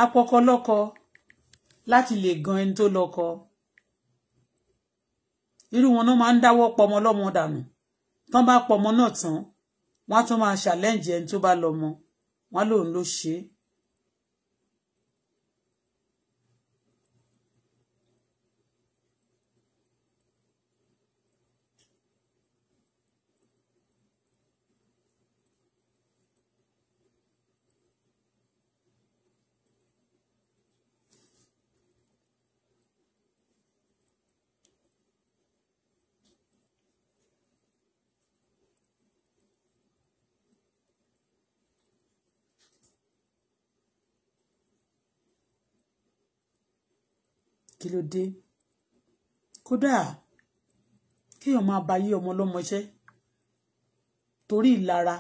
apọkọlọ́kọ láti lè gan ẹni tó lọ́kọ irú wọn náà máa ń dáwọ́ pọmọ lọ́mọ dànù tán bá pọmọ náà tán wọ́n á tún máa ṣàlẹ́ǹjì ẹni tó bá lọ mọ wọ́n lòun ló ṣe é kí ló dé kódà kéèyàn máa ba yé ọmọ ọlọ́mọ iṣẹ́ torí ìlara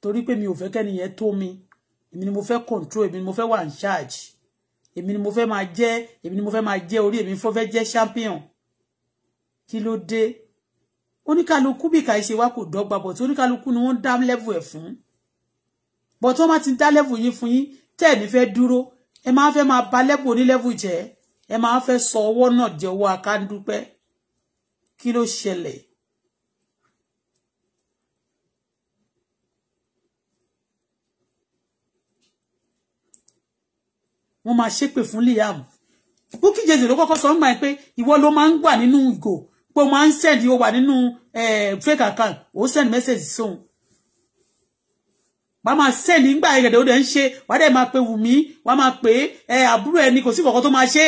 torí pé mi ò fẹ́ kẹ́niyẹn tó mi èmi ni mo fẹ́ control èmi ni mo fẹ́ wà in charge èmi ni mo fẹ́ máa jẹ́ èmi ni mo fẹ́ máa jẹ́ orí èmi fọ́ fẹ́ jẹ́ champion kí ló dé oníkálukú bí kàí ṣe wá kò dọ́gba bọ̀ tí oníkálukú ni wọ́n dá level ẹ̀ fún bọ̀ tí bá ti dá level yín fún yín tẹ́ ẹ̀ ní fẹ́ dúró ẹ máa fẹ́ máa ba lẹ́bù onílẹ́bù jẹ́ ẹ máa fẹ́ sọ ọwọ́ náà jẹ́ owó akádúpẹ́ kí ló ṣẹlẹ̀. wọ́n máa ṣépè fún Liam Bukky Jease ló kọ́kọ́ sọ ń gbà pé ìwọ ló máa ń wà nínú ìgò pé o máa ń send o wà nínú eh, fake account o send message sóun wàá máa sẹ́ni nígbà yẹn gẹ̀dẹ̀ ó dẹ̀ ń ṣe wàá dẹ̀ máa pe wùmí wàá máa pe ẹ àbúrò ẹni kò sí kọ̀ọ̀kan tó máa ṣe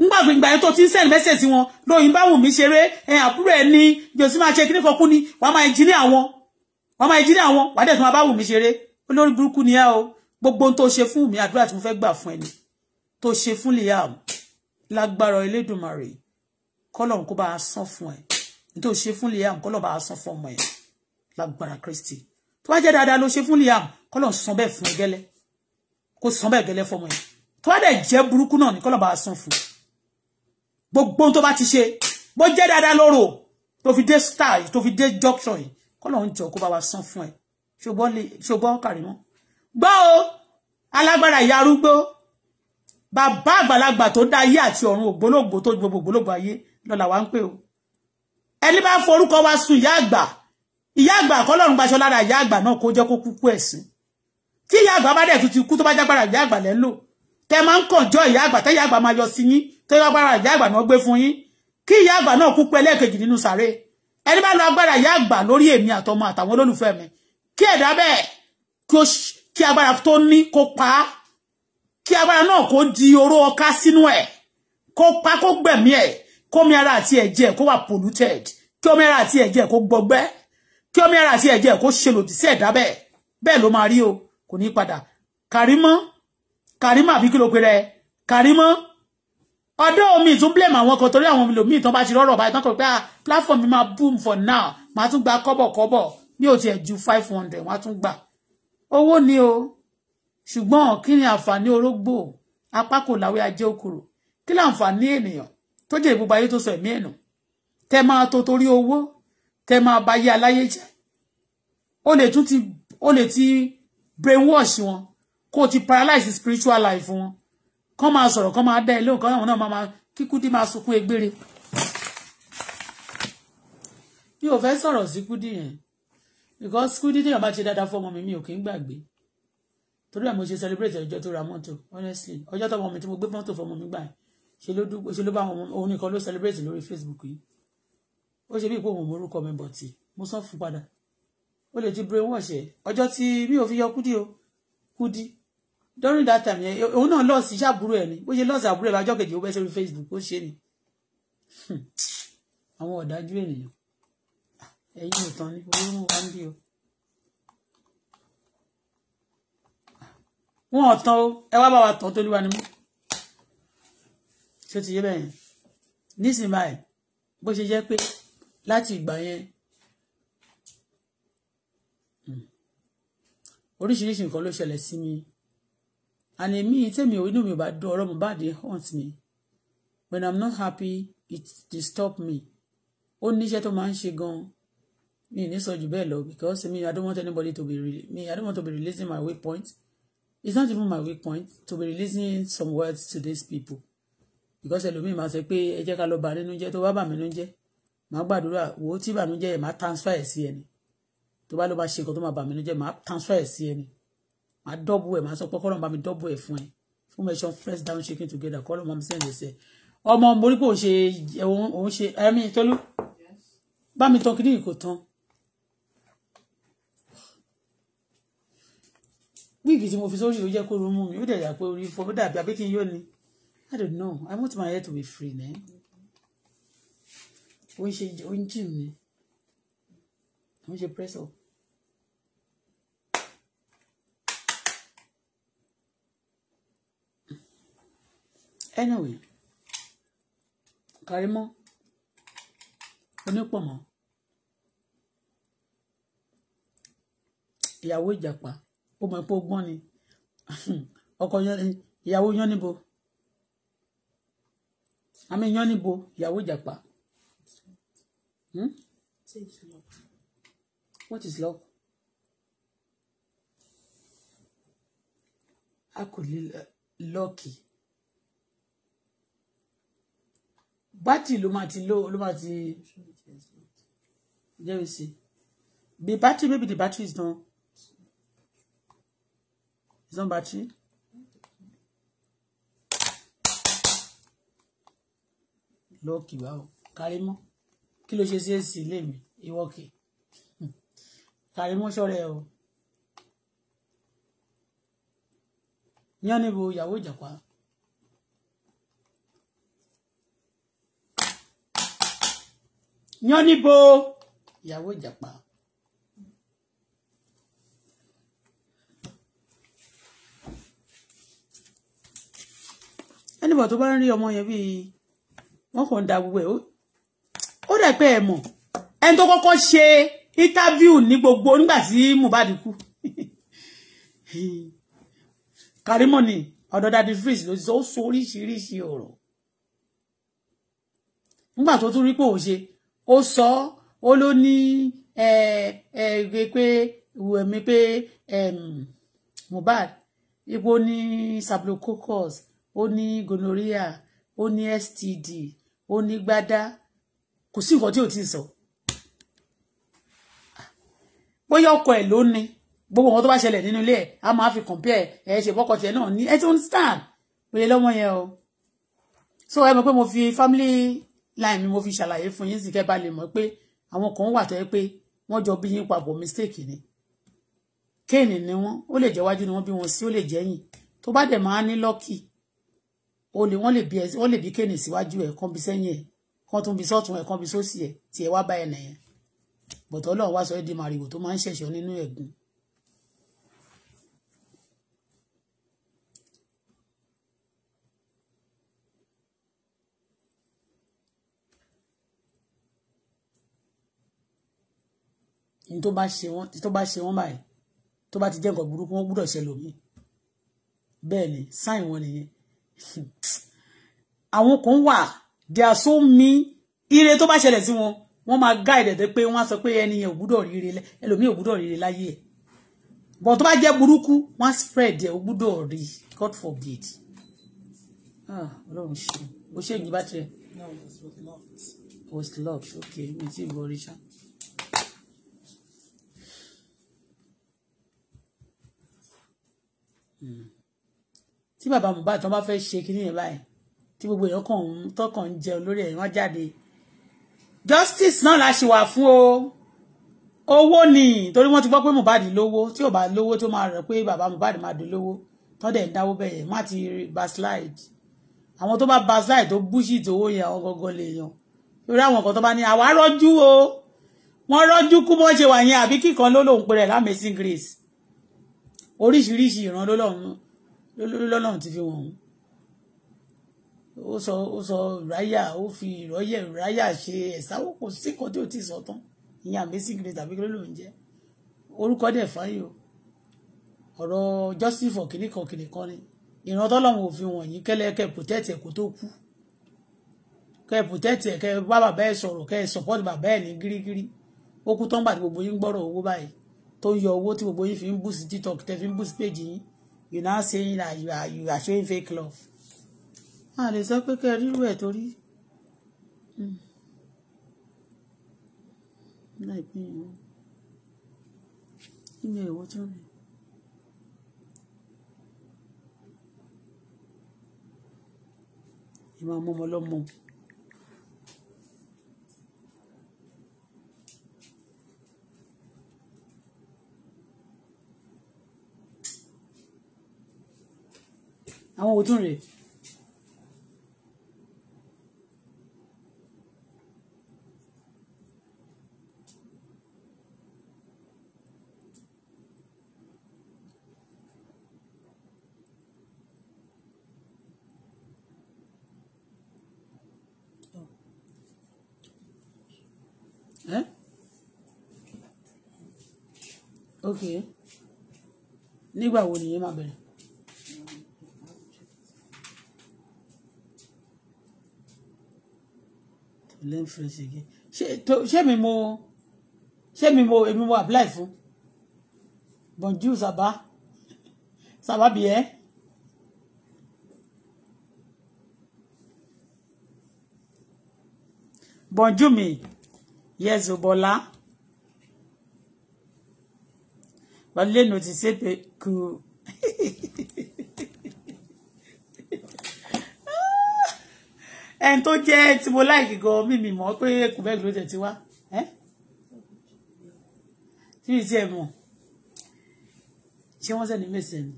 nígbà gbìngbà yẹn tó ti ń sẹ́ni mẹ́sẹ̀sì wọn lóyún bá wùmí ṣeré ẹ àbúrò ẹni jòsí máa ṣe kíní kan kú ni wàá máa jí ní àwọn wàá máa jí ní àwọn wàá dẹ̀ tó máa bá wùmí ṣeré olórí burúkú ni ẹ o gbogbo ohun tó ṣe fún wùmí àdúrà tí mo fẹ́ gbà fún ẹni tó ṣe fún liam lágbára Elédùmarè kọ́lọ̀ kó bá a san fún ẹ nítorí ṣe fún liam kọ́lọ̀ bá san fún ọmọ ẹ lágbára Kristi tó bá jẹ́ dáadáa ló ṣe fún Liam kọ́lọ̀ san bẹ́ẹ̀ fún ẹgẹ́lẹ́ kó san bẹ́ẹ̀ gẹ́lẹ́ fọmọ yẹn tó bá dẹ̀ jẹ́ burúkú náà ní kọ́lọ̀ bá san fún gbogbo tó bá ti ṣe bó jẹ́ dáadáa lóró tó fi dé star tó fi dé junction yìí kọ́lọ̀ ń jọ kó bá wa san fún ẹ ṣùgbọ́n kàrí mọ́ gbọ́ o alágbára ìyá arúgbó bàbá àgbàlagbà tó dá ayé àti ọ̀run ògbólógbò tó gbogbo ògbólógbò ayé lọ́la wa ń o ẹni bá forúkọ wa sùn ìyá àgbà ìyá àgbà kọ́lọ́run gbaṣọ lára ìyá àgbà náà kó jẹ́ kó kúkú ẹ̀sìn tí ìyá àgbà bá dẹ̀ tún ti kú tó bá jágbára ìyá àgbà lẹ́ lò tẹ máa ń kànjọ ìyá àgbà tẹ́yà àgbà máa yọ sí yín tó yọ agbára ìyá àgbà náà gbé fún yín kí ìyá àgbà náà kú pẹ́ lẹ́ẹ̀kejì nínú sàré ẹni bá lọ agbára ìyá àgbà lórí èmi àtọmọ àtàwọn olólùfẹ́ mi kí ẹ̀dá bẹ́ẹ̀ kí agbára tó ní kó pa á kí agbára náà kó di oró ọká sínú ẹ̀ kó pa kó gbẹ̀mí ẹ̀ kó mi ara àti ẹ̀jẹ̀ kó wà polluted kí omi ara àti ẹ̀jẹ̀ kó gbọgbẹ́ kí omi ara àti ẹ̀jẹ̀ kó ṣe lòdì sí ẹ̀dá bẹ́ẹ̀ bẹ́ẹ̀ ló máa rí o kò ní padà kàrímọ́ kàrímọ́ àbí kí ló pe rẹ kàrímọ́ ọdọ omi tún blame àwọn kan torí àwọn omi tán bá ti rọrọ báyìí tán kọ pé ah, platform mi máa boom for now màá tún gba kọ́bọ̀kọ́bọ̀ bí o tiẹ̀ ju five hundred wọ́n á tún gbà owó ni o ṣùgbọ́n kí ni àǹfààní orógbò apá kò láwé ajé okòrò kí ni àǹfààní ènìyàn tó jẹ́ ìbúba ayé tó sọ ẹ̀mí ẹ̀nà tẹ máa tó torí owó tẹ́ máa bá yé aláyé jẹ́ ó lè tún ti ó lè ti brainwash wọn kó ti paralyze spiritual life wọn kán máa sọ̀rọ̀ kán máa dá ẹ lóhùn kán àwọn náà máa kíkúdí máa sunkún egbére mi ò fẹ́ sọ̀rọ̀ sí kúdí yẹn because kúdí téèyàn bá ṣe dáadáa fún ọmọ mi mi ò kì í gbàgbé torí ẹ̀ mo ṣe celebrate ọjọ́ tó ra mọ́tò honestly ọjọ́ tó ọmọ mi tí mo gbé mọ́tò fún ọmọ mi gbà ṣe ló bá òun nìkan ló celebrate lórí Facebook yìí ó ṣe bí ìpòmò morúkọ mi bọ̀ tí mo sọ fún padà ó lè ti brainwash ẹ ọjọ́ tí mi ò fi yọ kúdí o kúdí during that time yẹn òun náà lọ́ọ̀sì iṣẹ́ àbúrò ẹ̀ ni bó ṣe lọ́ọ̀sì àbúrò ẹ̀ bá jọ́ kejì ó bẹ́ sórí Facebook ó ṣe ni hmm. àwọn ọ̀dájú ènìyàn ẹ̀yin ò tán ní orí mú wa ń bí o. wọn ò tán o ẹ wá bá wa tán tó lúwa ni mú ṣé ti yé bẹ́ẹ̀ yẹn nísìnyí báyìí bó ṣe jẹ́ pé láti ìgbà yẹn hmm. oríṣiríṣi nǹkan ló ṣẹlẹ̀ sí mi and èmi tèmi inú mi ò bá dùn ọ̀rọ̀ mo bá dé haunt me when i'm not happy it disturb me ó níṣẹ́ tó máa ń ṣe gan-an mi ní sọ jù bẹ́ẹ̀ lọ because me i don't want anybody to be me i don't want to be releasing my weak point it's not even my weak point to be releasing some words to these people because ẹlòmíì máa sọ pé ẹ jẹ́ ká lọ bà nínú jẹ́ tó bá bà mí nínú jẹ́ màá gbàdúrà wo tí ìbànújẹ́ yẹn màá transfer ẹ̀ sí ẹni tó bá ló bá ṣe nǹkan tó máa bà mí nínú jẹ́ màá transfer ẹ̀ sí ẹni màá dọ́bù ẹ̀ màá sọ pé kọ́lọ́n bá mi dọ́bù ẹ̀ fún ẹ fún mi ṣan press down shaking together kọ́lọ́n bá mi sẹ́yìn ẹsẹ̀ ọmọ mo rí pé òun ṣe òun ṣe ẹ̀mí tolú bá mi tan kíní kò tán wíìgì tí mo fi sórí ló jẹ́ kó rú mú mi ó dẹ̀ yà pé orí fọ́ ó dàbí abẹ́kí yóò ní I don't know I want my hair to be free now ó ń ṣe ó ń jìm ni ó ń ṣe press up. anyway Karimo onípọ̀mọ́ ìyàwó ìjàpá ó mọ̀ pé ó gbọ́n ni ọkọ ìyàwó yán níbo àmì yán níbo ìyàwó ìjàpá Hmm? What is love? What is love? A kò lè eh, lọ́ọ̀kì. Bátì ló máa ti ló ló máa The battery maybe the battery is not is not battery. Lucky. Wow. Kárí mọ́ kí ló ṣe sí èsì ilé mi ìwọ́kè kàrí hmm. mọ́ṣọ́rẹ́ o yán níbo ìyàwó ìjàpá. yán níbo ìyàwó ìjàpá. ẹnìbọ̀ tó bá ń rí ọmọ yẹn bíi wọ́n kàn ń da gbogbo ẹ̀ dẹ̀ pé ẹ mọ̀ ẹni tó kọ́kọ́ ṣe interview ní gbogbo nígbà tí Mohbad kú Karimo ni ọ̀dọ̀ Daddy Freeze ló sọ oríṣiríṣi ọ̀rọ̀ nígbà tó tún rí pé òun ṣe ó sọ ó ló ní ẹ ẹ gbé pé wẹ̀mí pé Mohbad ipò ní sablococcus ó ní gonorrhea ó ní STD ó ní gbádá kò sí nǹkan tí ò ti sọ bóyá ọkọ ẹ̀ ló ní gbogbo wọn tó bá ṣẹlẹ̀ nínú ilé ẹ̀ a máa fi compare ẹ̀ ṣe bọ́kọ tiẹ̀ náà ní ẹ ti pé lọ́mọ yẹn o so ẹ mọ̀ pé mo fi family line mi mo fi ṣàlàyé fún yín sì kẹ́ bá lè mọ̀ pé àwọn kan wà tó yẹ pé wọ́n jọ bí yín papọ̀ mistake ni kéènì ni wọ́n ó lè jẹ́ wájú ni wọ́n bí wọn sí ó lè jẹ́ yìn tó bá dẹ̀ máa ní lọ́kì ó lè wọ́n lè bí kéènì síwájú ẹ̀ kan bí sẹ́yìn ẹ̀ kan tún bí sọ́tún ẹ̀ kan bí sósì ẹ̀ tí ẹ wá bá ẹ nìyẹn bọ̀tọ̀ ọlọ́run wá sọ ẹ́ di màrìwò tó máa ń ṣẹ̀ṣọ́ nínú ẹ̀gún. ní tó bá ṣe wọ́n tó bá ṣe wọ́n báyìí tó bá ti jẹ́ nǹkan burúkú wọ́n gbúdọ̀ ṣe lòmí bẹ́ẹ̀ ni sáìn wọn nìyẹn àwọn kan wà they are so mean ire tó bá ṣẹlẹ̀ sí wọn wọ́n máa guide ẹ̀dẹ́ pé wọ́n so sọ pé ẹni yẹn ò gbúdọ̀ ríire ẹlòmíì ò but tó bá jẹ́ buruku. wọ́n spread ẹ̀ ò gbúdọ̀ rí God forbid Ah, ọlọ́run ṣe o ṣe ìgbìbá tirẹ̀ was locked okay mi ti bọ̀ rí ṣáà. Hmm. tí bàbá Mohbad tán bá fẹ́ ṣe kí nìyẹn báyìí tí gbogbo èèyàn kàn ń tọkàn ń jẹun lórí ẹ̀yìn wọn jáde justice náà la ṣe wà fún o owó ni torí wọ́n ti gbọ́ pé Mohbad lówó tí ò bá lówó tó máa rẹ̀ pé bàbá Mohbad máa dolówó tọ́ dẹ̀ ń dáwó bẹ̀yẹ̀ má ti backslide àwọn tó bá backslide tó bullshit owó yẹn àwọn gọgọ lè yan lórí àwọn kan tó bá ní àwa rọ́jú o wọ́n rọ́jú kú bó ṣe wà yẹn àbí kíkan ló lòun pèrè lámẹ́sìn grace oríṣiríṣi ìran lọ́lọ́run ti fi wọ̀n ó sọ ó sọ ìráyà ó fi ìrọ́yẹ̀ ìráyà ṣe ẹ̀sáwó kò sí kan tí ò tí ì sọ tán ìyẹn amazing grace tàbí kíló ló ń jẹ́ orúkọ dẹ̀ fáyò ọ̀rọ̀ justice for kìnìkan kìnìkan ni ìran tọ́lọ́run òfin wọ̀nyí kẹ́lẹ́ kẹ́ protect ẹ̀ kó tó kú kẹ́ protect ẹ̀ kẹ́ bá bàbá ẹ̀ sọ̀rọ̀ kẹ́ support bàbá ẹ̀ ní gírígírí ó kú tán gbàdí gbogbo yín gbọ́rọ̀ owó báyìí tó ń yọ owó tí gbogbo yín fi ń boost tiktok tẹ́ fi ń boost page yín you now saying that you are you are showing fake love a lè sọ pé kẹ́ rírú ẹ̀ torí láìpẹ́ ìwọ nínú ìwọ tó rìn. ìmọ̀ ọmọ ọlọ́mọ. àwọn òtún rèé. ok nígbà wo nìyẹn máa bẹ̀rẹ̀. learn french again ṣé tó ṣé mi mo ṣé mi mo èmi mo apply fún bonjour saba saba bi ẹ. bonjour mi yes o Olè no ti sepe ku. Ẹni tó jẹ́ tí mo láìkì gan mímì mọ́ pé kò bẹ́ẹ̀ ló tẹ̀ ti wá. Tí mi ti ẹ̀ mọ̀, ṣé wọ́n sẹ́ni mẹ́sẹ̀ ni?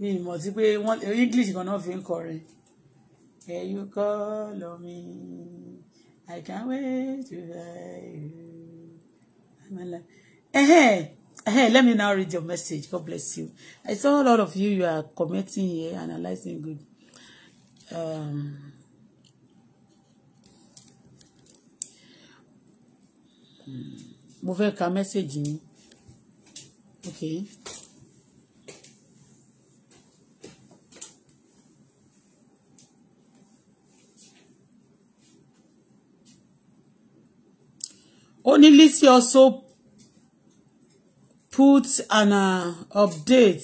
Mi mọ̀ sí pé English kan náà fi ń kọrin. Can you call on me? I can't wait to you. I'm alive. Hey, hey, let me now read your message. God bless you. I saw a lot of you, you are commenting here, analyzing good. Um, mo fẹ́ ka mẹ́sẹ̀gì Okay. Only she also put an uh, update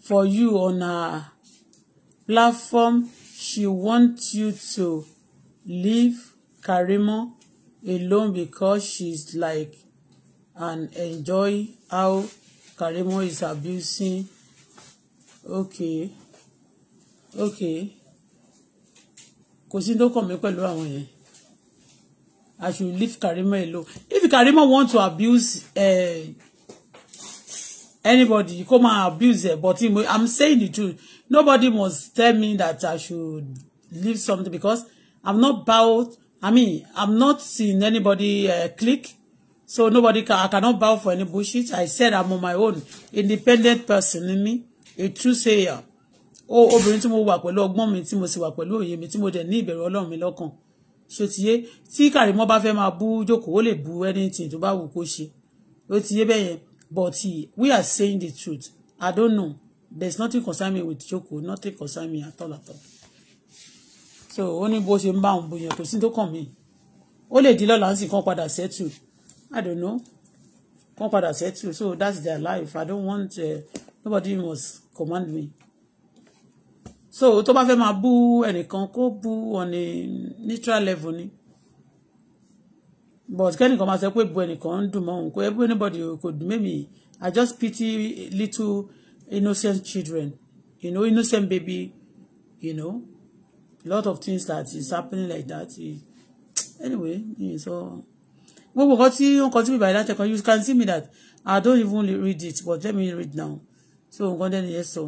for you on her platform. She wants you to leave Karimo alone because she's like and enjoy how Karimo is abusing. Okay. Okay. Kò sí tó kàn mí pẹ̀lú àwọn yẹn. I should leave Karimo alone. If Karimo want to abuse uh, anybody, come and abuse her. But I'm saying the truth. Nobody must tell me that I should leave something because I'm not bow. I mean, I'm not seeing anybody uh, click. So nobody can, I cannot bow for any bullshit. I said I'm on my own. Independent person in me. A true sayer. Oh, obìnrin tí mo wà pẹ̀lú ọgbọ́n mi tí mo sì wà pẹ̀lú òye mi tí mo dẹ̀ ní ìbẹ̀rù Ọlọ́run mi lọ́kàn ṣòtíyé tí kàrímọ́ bá fẹ́ máa bú jókòó ó lè bú anything tó bá wù kó ṣe ó ti yé bẹ́yẹn but we are saying the truth i don't know there's nothing concern me with Joko, nothing concern me at all at all so ó ní bó ṣe ń bá òun bu yẹn kò sí tó kàn mí ó lè di lọ́la ń sì kàn padà settle i don't know kàn padà settle so that's their life i don't want uh, nobody must command me so tó bá fẹ́ máa bú ẹnìkan kó bú on a neutral level ni but kẹ́nìkan máa sọ pé bu ẹnìkan ń dùn mọ́ òun kó ẹbú anybody kò dùn mẹ́mi I just pity little innocent children you know innocent baby you know a lot of things that is happening like that anyway so gbogbo nǹkan tí nǹkan tí mi bàyìí láti ẹ̀kan you can see me that I don't even read it but let me read now so nǹkan dẹ́ni yẹn sọ. So.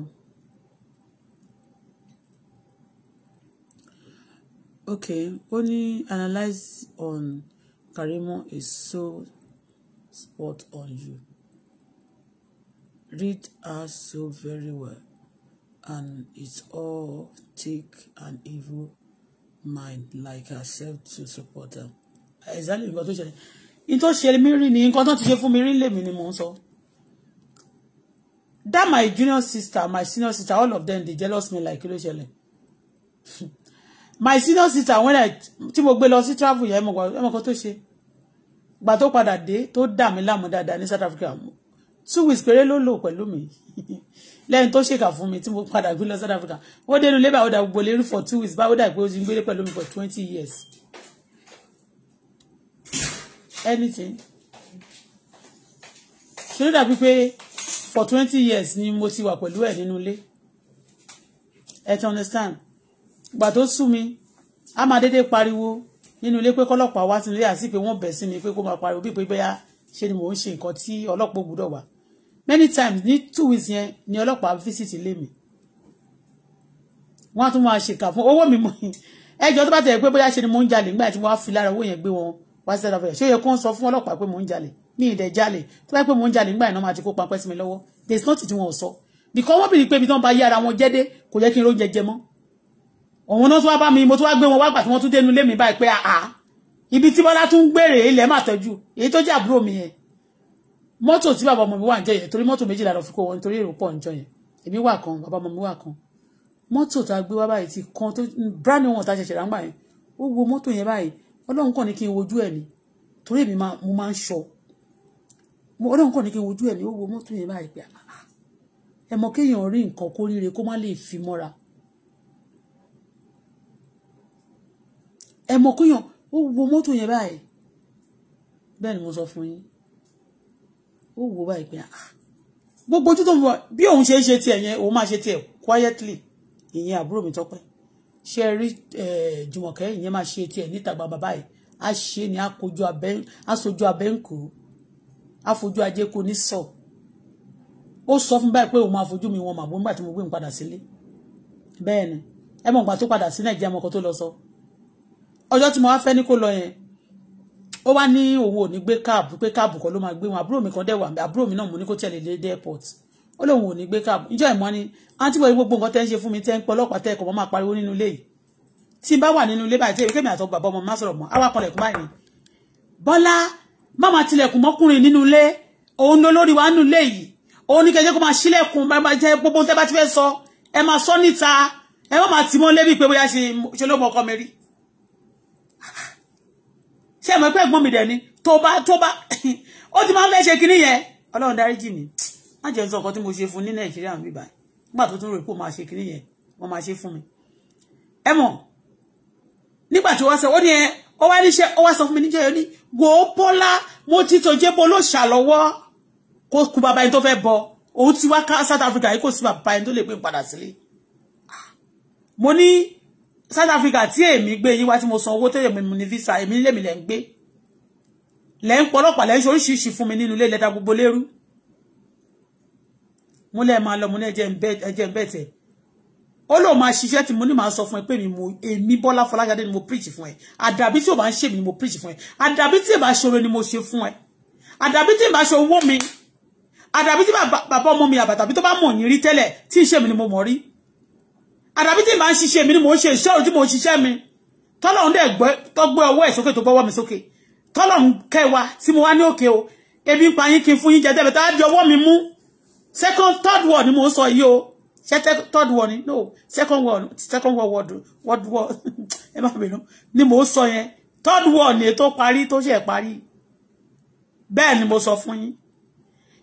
okay ó ní analyse on Karimo is so spot on you read us so very well and it's all thick and evil mind like herself to support her exactly nǹkan tó ṣẹlẹ̀ nǹkan tó ṣe mí rí ni nǹkan tó ti ṣe fún mi rí lèmi ni mò ń sọ that my junior sister my senior sister all of them dey jealous me like kí ló my senior sister when I tí mo gbé lọ sí travel yẹn ẹmọ kan tó ṣe gbà tó padà dé tó dà mí láàmú dáadáa ní South Africa two weeks péré ló lò pẹ̀lú mi lẹ́yìn tó ṣèkà fún mi tí mo padà gbé lọ South Africa ó dénú lébà ó dà gbogbo lérí for two weeks báwo dà pé ó ti ń gbélé pẹ̀lú mi for twenty years anything ṣe ló dàbí pé for twenty years ni mo ti wà pẹ̀lú ẹ̀ nínú ilé ẹ̀ ti understand ìgbà tó sú mi a máa dédé pariwo nínú ilé pé kọ́lọ́pàá wá sínú ilé àti pé wọ́n bẹ̀ sí mi pé kó máa pariwo bí pé bẹ́yà ṣe ni mò ń ṣe nǹkan tí ọlọ́pàá gbúdọ̀ wà many times ní two weeks yẹn ni ọlọ́pàá visit ilé mi wọ́n á tún máa ṣèkà fún owó mi mọ́ ẹjọ́ tó bá tẹ̀ pé bóyá ṣe ni mò ń jalè nígbà tí wọ́n á fi lára owó yẹn gbé wọn wá sí ẹ̀rọ ṣé ó yẹ kó ń sọ fún ọlọ́pàá pé mò ń jalè mi ì dẹ̀ jalè tó bá pé mò ń jalè nígbà iná máa ti kó pampẹ́ sí mi lọ́wọ́ there is nothing tí wọ́n sọ because wọ́n bìrì pé ibi tí wọ́n bá yí ara wọn jẹ́dé kò yẹ kí n ro oúnjẹ jẹ mọ́ òun náà tún wá bá mi mo tún wá gbé wọn wá gbà tí wọ́n tún dénú lé mi báyìí pé àá ibi tí bọ́lá tún gbèrè ilẹ̀ máa tọ́jú èyí tó jẹ́ àbúrò mi yẹn mọ́tò tí bàbá ọmọ mi wà ń jọ yẹn torí mọ́tò méjìlá lọ fi kó wọn nítorí èrò pọ̀ ń jọ yẹn èmi wà kan bàbá ọmọ mi wà kan mọ́tò tá a gbé wá báyìí ti kan tó brand new one tá a ṣẹ̀ṣẹ̀ ráńgbà yẹn ó wo mọ́tò yẹn báyìí ọlọ́run kàn ní kí n wojú ẹ̀ ni torí èmi mo máa ń sọ ọlọ́run kàn ní kí n wojú ẹ̀ ni ó wo mọ́tò yẹn báyìí pé ẹ kéèyàn rí nǹkan kó ríire kó má lè fi mọ́ra ẹ mọ̀ kéèyàn ó wo mọ́tò yẹn báyìí bẹ́ẹ̀ ni mo sọ fún yín ó wo báyìí pé ah, gbogbo ojú tó ń bọ̀ bí òun ṣe ń ṣe tiẹ̀ yẹn òun máa ṣe tiẹ̀ quietly ìyẹn àbúrò mi tọ́pẹ́ ṣe rí jùmọ̀kẹ́ ìyẹn máa ṣe tiẹ̀ níta gbàgbà báyìí a ṣe ni a sojú abẹ́ǹkó a fojú ajé kò ní sọ ó sọ fún báyìí pé òun máa fojú mi wọn màbó nígbà tí mo gbé mi padà sílé bẹ́ẹ̀ ni ẹ mọ̀ nígbà tó padà sí nàìjíríà mọ́kàn tó lọ sọ. So ọjọ́ tí mo wá fẹ́ ní kó lọ yẹn ó wá ní òun ò ní gbé káàbù pé káàbù kan ló máa gbé wọn àbúrò mi kan dẹ̀wà àbúrò mi náà mo ní kó tẹ̀lé lé airport ó lóun ò ní gbé káàbù níjọ́ ìmọ̀ ni àǹtí wọ̀nyí gbogbo nǹkan tẹ́ ń ṣe fún mi tẹ́ ń pọ̀ ọlọ́pàá tẹ́ ẹ̀kọ́ mọ́ máa pariwo nínú ilé yìí tí n bá wà nínú ilé báyìí tẹ́ kémi àtọ́ bàbá ọmọ má sọ̀rọ̀ mọ́ àwa kan lẹ̀kùn báyìí Bọ́lá má máa tilẹ̀kùn mọ́kùnrin ṣé ẹ mọ̀ pé ẹ̀gbọ́n mi dẹ̀ ni tó bá tó bá ó ti máa ń fẹ́ ṣe kinní yẹn ọlọ́run dáríjì mi má jẹ́ sọ ọkọ tí mo ṣe fún ní nàìjíríà mi báyìí nígbà tó tún rò pé ó máa ṣe kinní yẹn wọ́n máa ṣe fún mi ẹ mọ̀ nígbà tí o sọ ó ní ẹ ó wá níṣẹ́ ó wá sọ fún mi níjẹ́ yóò ní wò ó bọ́lá mo ti tó jẹ́ bọ́ ló ṣàlọ́wọ́ kó ku bàbá yẹn tó fẹ́ bọ òun ti wá ká South Africa e kò sí bàbá yẹn tó lè pín padà sílé ah. mo ní South Africa tí èmi gbé yín wá tí mo san owó tẹ́lẹ̀ mi ní visa èmi nílé mi lẹ́ ń gbé lẹ́ ń pọlọ́pàá lẹ́ ń ṣe oríṣiríṣi fún mi nínú ilé lẹ́ta gbogbo lérú mo lẹ́ máa lọ mo ní ẹjẹ́ ń bẹ̀ tẹ̀ ó lóun máa ṣiṣẹ́ tí mo ní máa sọ fún ẹ pé mi mo èmi Bọ́lá Fọláṣadé ni mo preach fún ẹ àdàbí tí ò bá ń ṣèmi ni mo preach fún ẹ àdàbí tí ì bá ṣòro ni mo ṣe fún ẹ àdàbí tí ì bá ṣe owó mi àdàbí tí bàbá ọmọ mi àbàtàbí tó bá mọ̀ yín rí tẹ́lẹ̀ tí ì ṣèmi ni mo mọ̀ rí àdàbí tí màá ń ṣiṣẹ́ mi ni mò ń ṣe iṣẹ́ ojú mò ń ṣiṣẹ́ mi tọ́lọ́run dẹ̀ gbọ́ tọ́gbọ́ ọwọ́ ẹ̀ sókè tó gbọ́wọ́ mi sókè tọ́lọ́run kẹwàá tí mo wá ní òkè o ebi ń pa yín kí n fún yín jẹ dẹ́bẹ̀ tá di ọwọ́ mi mú second third word ni mò ń sọ yìí o third word ni no second word second word word word word ẹ má bẹ̀rù ni mò ń sọ yẹn third word ni ètò parí tó ṣe parí bẹ́ẹ̀ ni mo sọ fún yín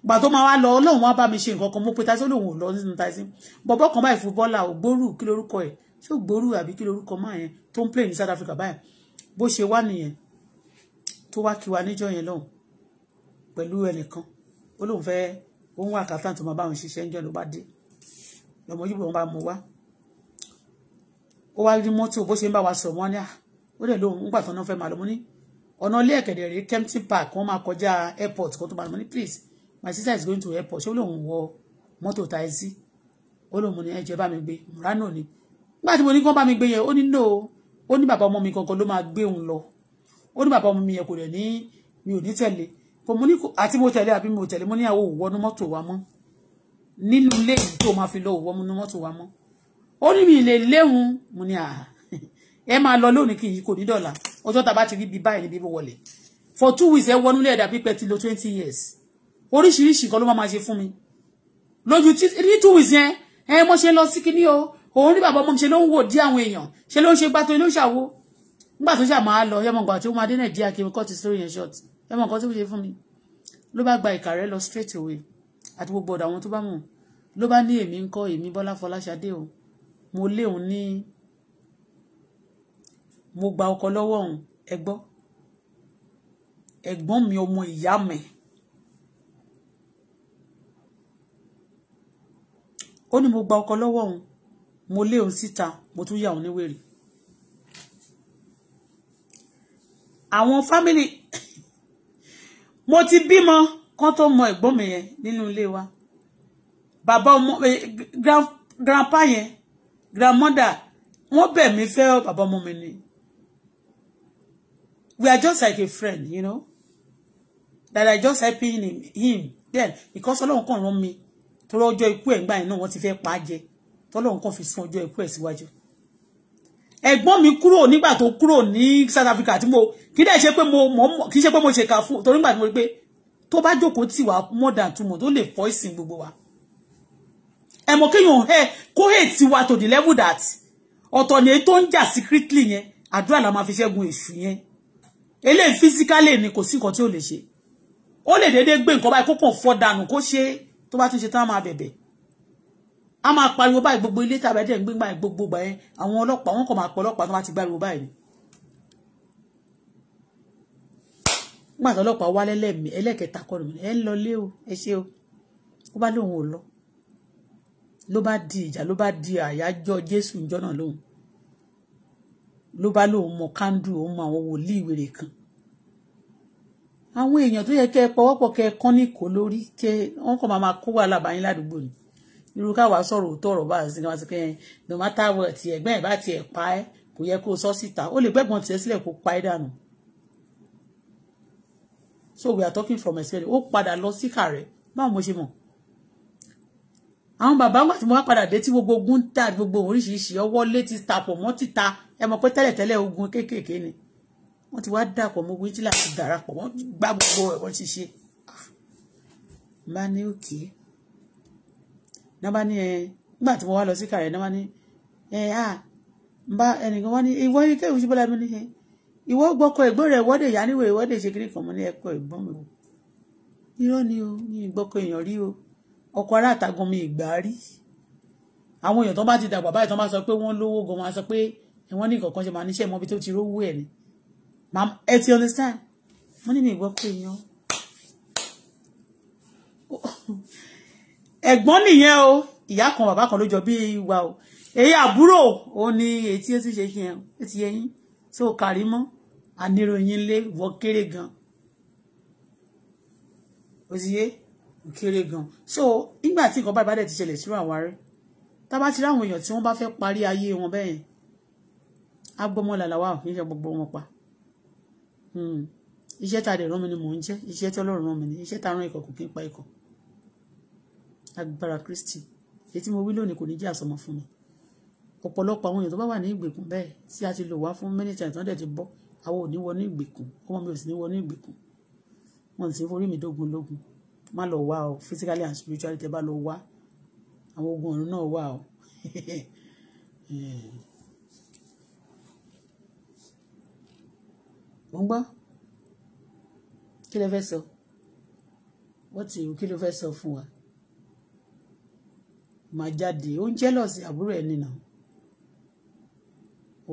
gbà tó máa wá lọ ọlọ́run wá bá mi ṣe nǹkan kan mo pe ta sí olóhùn ò lọ nínú ta sí bọ̀bọ̀ kan báyìí fúbọ́là ò gbóòrù kí lorúkọ ẹ̀ ṣé ò gbóòrù àbí kí lorúkọ máa yẹn tó ń play ní South Africa báyìí bó ṣe wá nìyẹn tó wá kí wa níjọ́ yẹn lọ́hùn pẹ̀lú ẹnìkan ó lóun fẹ́ òun wà kátà tó máa bá òun ṣiṣẹ́ ńjọ́ ló bá dé lọ́mọ yìí bọ̀ wọ́n bá mú wá ó wá rí mọ́tò bó ṣe ń bá wa sọ̀rọ̀ wọn ni ah! ó dẹ̀ lóun ń gbà tán náà fẹ́ máa lọ mọ́ ní ọ̀nà ilé ẹ̀kẹ̀dẹ̀ rèé Kempton Park wọ́n máa kọjá airport kó tó máa lọ mọ́ ní please my sister is going to airport ṣé ó lóun wọ mọ́tò taxi ó lóun ní ẹjọ́ bá mi gbé murano ni nígbà tí mo ní kí wọ́n bá mi gbé yẹn ó ní no ó ní bàbá ọmọ mi kankan ló máa gbé òun lọ ó ní bàbá ọmọ mi yẹn kò rẹ̀ ní mi ò ní tẹ̀lé kò mo ní àti mo tẹ̀lé àbí mi ò tẹ̀lé mo ní àwọn òwọ́nú mọ́tò wa mọ́ nínú ilé yìí tó máa fi lọ òwọ́nú mọ́tò wa mọ́ ó ní mi lè léhun mo ní à ah. ẹ máa lọ lónìí kì í kò ní dọ̀la ọjọ́ tá bá ti rí bí báyìí níbi wọlé for two weeks ẹ wọnú lẹ́ẹ̀dá pípẹ́ ti lo twenty years oríṣiríṣi nǹkan ló máa ṣe fún mi lójú tí little wiz yẹn ẹ mo ṣe lọ sí kinní o òun rí bàbá ọmọ mi ṣe ló ń wò dí àwọn èèyàn ṣe ló ń ṣe gbàtọ ló ṣàwo nígbà tó ṣà máa lọ yẹmọ gbà tí wọn máa dé nàìjíríà kí n kọ́ ti story yẹn short yẹmọ nǹkan tó ṣe fún mi ló bá gba ìkà rẹ lọ straight away àti gbogbo ọ̀dọ̀ àwọn tó bá mọ̀ ló bá ní èmi ń kọ́ èmi Bọ́lá Fọláṣadé o mo léun ní mo gba ọkọ lọ́wọ́ òun ẹ gbọ́ mi ọmọ ìyá mi ó ní mo gba ọkọ lọ́wọ́ òun mo lé òun síta mo tún yà òun níwèrè àwọn fámìlì mo ti bímọ kán tó mọ ẹ̀gbọ́n mi yẹn nínú ilé wa bàbá ọmọ eh, grandpa yẹn grandmother wọ́n bẹ̀ mí fẹ́ bàbá ọmọ mi ni we are just like a friend you know that I just helping him, then because Ọlọ́run kàn rán mi torí ọjọ́ ikú ẹ̀ gbà yẹn náà wọ́n ti fẹ́ pa á jẹ tọ́lọ́run kan fi sún ọjọ́ ikú ẹ̀ síwájú. ẹ̀gbọ́n mi kúrò nígbà tó kúrò ní South Africa tí mo kì í dẹ̀ ṣe pé mo kì í ṣe pé mo ṣèkà fún torí nígbà tí mo rí pé tó bá jókòó tì wá more than two months ó lè poison gbogbo wa. ẹ mọ̀ kéèyàn ẹ kó hate wa to the level that ọ̀tọ̀ ni èyí tó ń jà secretly yẹn àdúrà la máa fi ṣẹ́gun èṣù yẹn eléyìí physically ni kò sí nǹkan tí ò lè ṣe ó lè déédéé gbé nǹkan báyìí kó kàn fọ́ dànù kó ṣe é tó bá tún ṣe tán á máa bẹ̀bẹ̀ a máa pariwo báyìí gbogbo ilé tàbí ẹ̀dẹ̀ ń gbé báyìí gbogbo gbà yẹn àwọn ọlọ́pàá wọn kò máa pọ̀ ọlọ́pàá tó bá ti gbáriwo báyìí ni. nígbà tó ọlọ́pàá wá lẹ́lẹ́mí ẹlẹ́kẹta kọ́ ni ẹ ń lọ lé o ẹ ṣe o ó bá lóun ò lọ ló bá di ìjà ló bá di àyájọ́ Jésù ìjọ náà lóhùn ló bá lóun mọ kándù òun mọ àwọn wòlíì wèrè kan àwọn èèyàn tó yẹ kẹ́ ẹ pọwọ́pọ̀ kẹ́ ẹ kán ní kò lórí kẹ́ wọ́n kàn máa máa kó wàhálà báyìí ládùúgbò ni irú káwa sọ̀rọ̀ òótọ́ ọ̀rọ̀ bá àṣìṣe wọn ti pé no matter what ti ẹ̀gbẹ́ ẹ̀ bá ti ẹ̀ pa ẹ́ kò yẹ kó o sọ síta ó lè gbẹ́gbọ́n tiẹ̀ sílẹ̀ kó pa ẹ́ dànù so we are talking from experience ó padà lọ síkà rẹ̀ báwo mo ṣe mọ̀ àwọn bàbá ńgbà tí mo wá padà dé tí gbogbo ogun ń tà gbogbo oríṣiríṣi ọwọ́ létí tapọ̀ mọ́ títa ẹ mọ̀ pé tẹ́lẹ̀tẹ́lẹ̀ ogun kéékèèké ni wọ́n ti wá dàpọ̀ mọ́ ogun ìtìlá ti dàrapọ̀ wọ́n gbá gbogbo ẹ̀ wọ́n ti ṣe bá ní òkè náà bá ní ẹ eh, nígbà tí mo wá lọ sí kàrẹ́ náà bá ní ẹ à bá ẹnìkan wá ní ìwọ yìí kẹ́hìn sí bọ́lá mi ní ẹ ìwọ gbọ́kọ ẹ̀gbọ́n rẹ̀ ìwọ́de ìyá níwèé ìwọ́de ṣe kiri kan mọ́ ní ẹ̀kọ́ ẹ̀gbọ́n mi o irọ́ ni o ní ìgbọ́kọ èèyàn rí o ọkọ̀ ará àtàgùn mi ìgbà rí àwọn èèyàn tó bá ti dàgbà báyìí tó bá sọ pé wọ́n lówó gan máa sọ pé ẹ̀wọ́n ní nǹkan ṣe máa níṣẹ́ mọ́bi tó ti rówó ẹ̀ ni ẹ ti understand wọ́n ní mi gbọ́ pé yan ẹ̀gbọ́n nìyẹn o ìyá kan bàbá kan ló jọ bí ìwà o èyí àbúrò ó ní etí ó sì ṣe ṣe yẹn ó ti yẹ yín tó kárí mọ́ àníròyìn lé wọ́ kéré gan so nígbà tí nǹkan báyìí bá dẹ̀ ti ṣẹlẹ̀ sírò àwọn arẹ́ tá bá ti rí àwọn èèyàn tí wọ́n bá fẹ́ parí ayé wọn bẹ́ẹ̀ á gbọ́mọ́ làlàwà kì í gbogbo wọn pa Hmm. iṣẹ́ tá a dẹ̀ rán mi ni mò ń jẹ́ iṣẹ́ tí ọlọ́run rán mi ni iṣẹ́ tá rán ikọ̀ kò kí n pa ikọ̀ agbára Kristi èyí tí mo wí lónìí kò ní jẹ́ àsọmọ fún mi ọ̀pọ̀lọpọ̀ àwọn èèyàn tó bá wà ní ìgbèkùn bẹ́ẹ̀ tí a ti lò wá fún many times wọ́n dẹ̀ ti bọ́ àwọn ò ní wọ ní ìgbèkùn ọmọ mi ò sì ní wọ ní ìgbèkùn wọn sì ń forí mi dógun lógun má lọ wá o physically and spiritually tẹ bá lọ wá àwọn ogun ọ̀run náà wà o. Eh. mo ń gbọ́ kí ló fẹ́ sọ wọ́n ti kí ló fẹ́ sọ fún wa màá jáde ó ń jẹ́lọ̀sì àbúrò ẹ̀ nìyẹn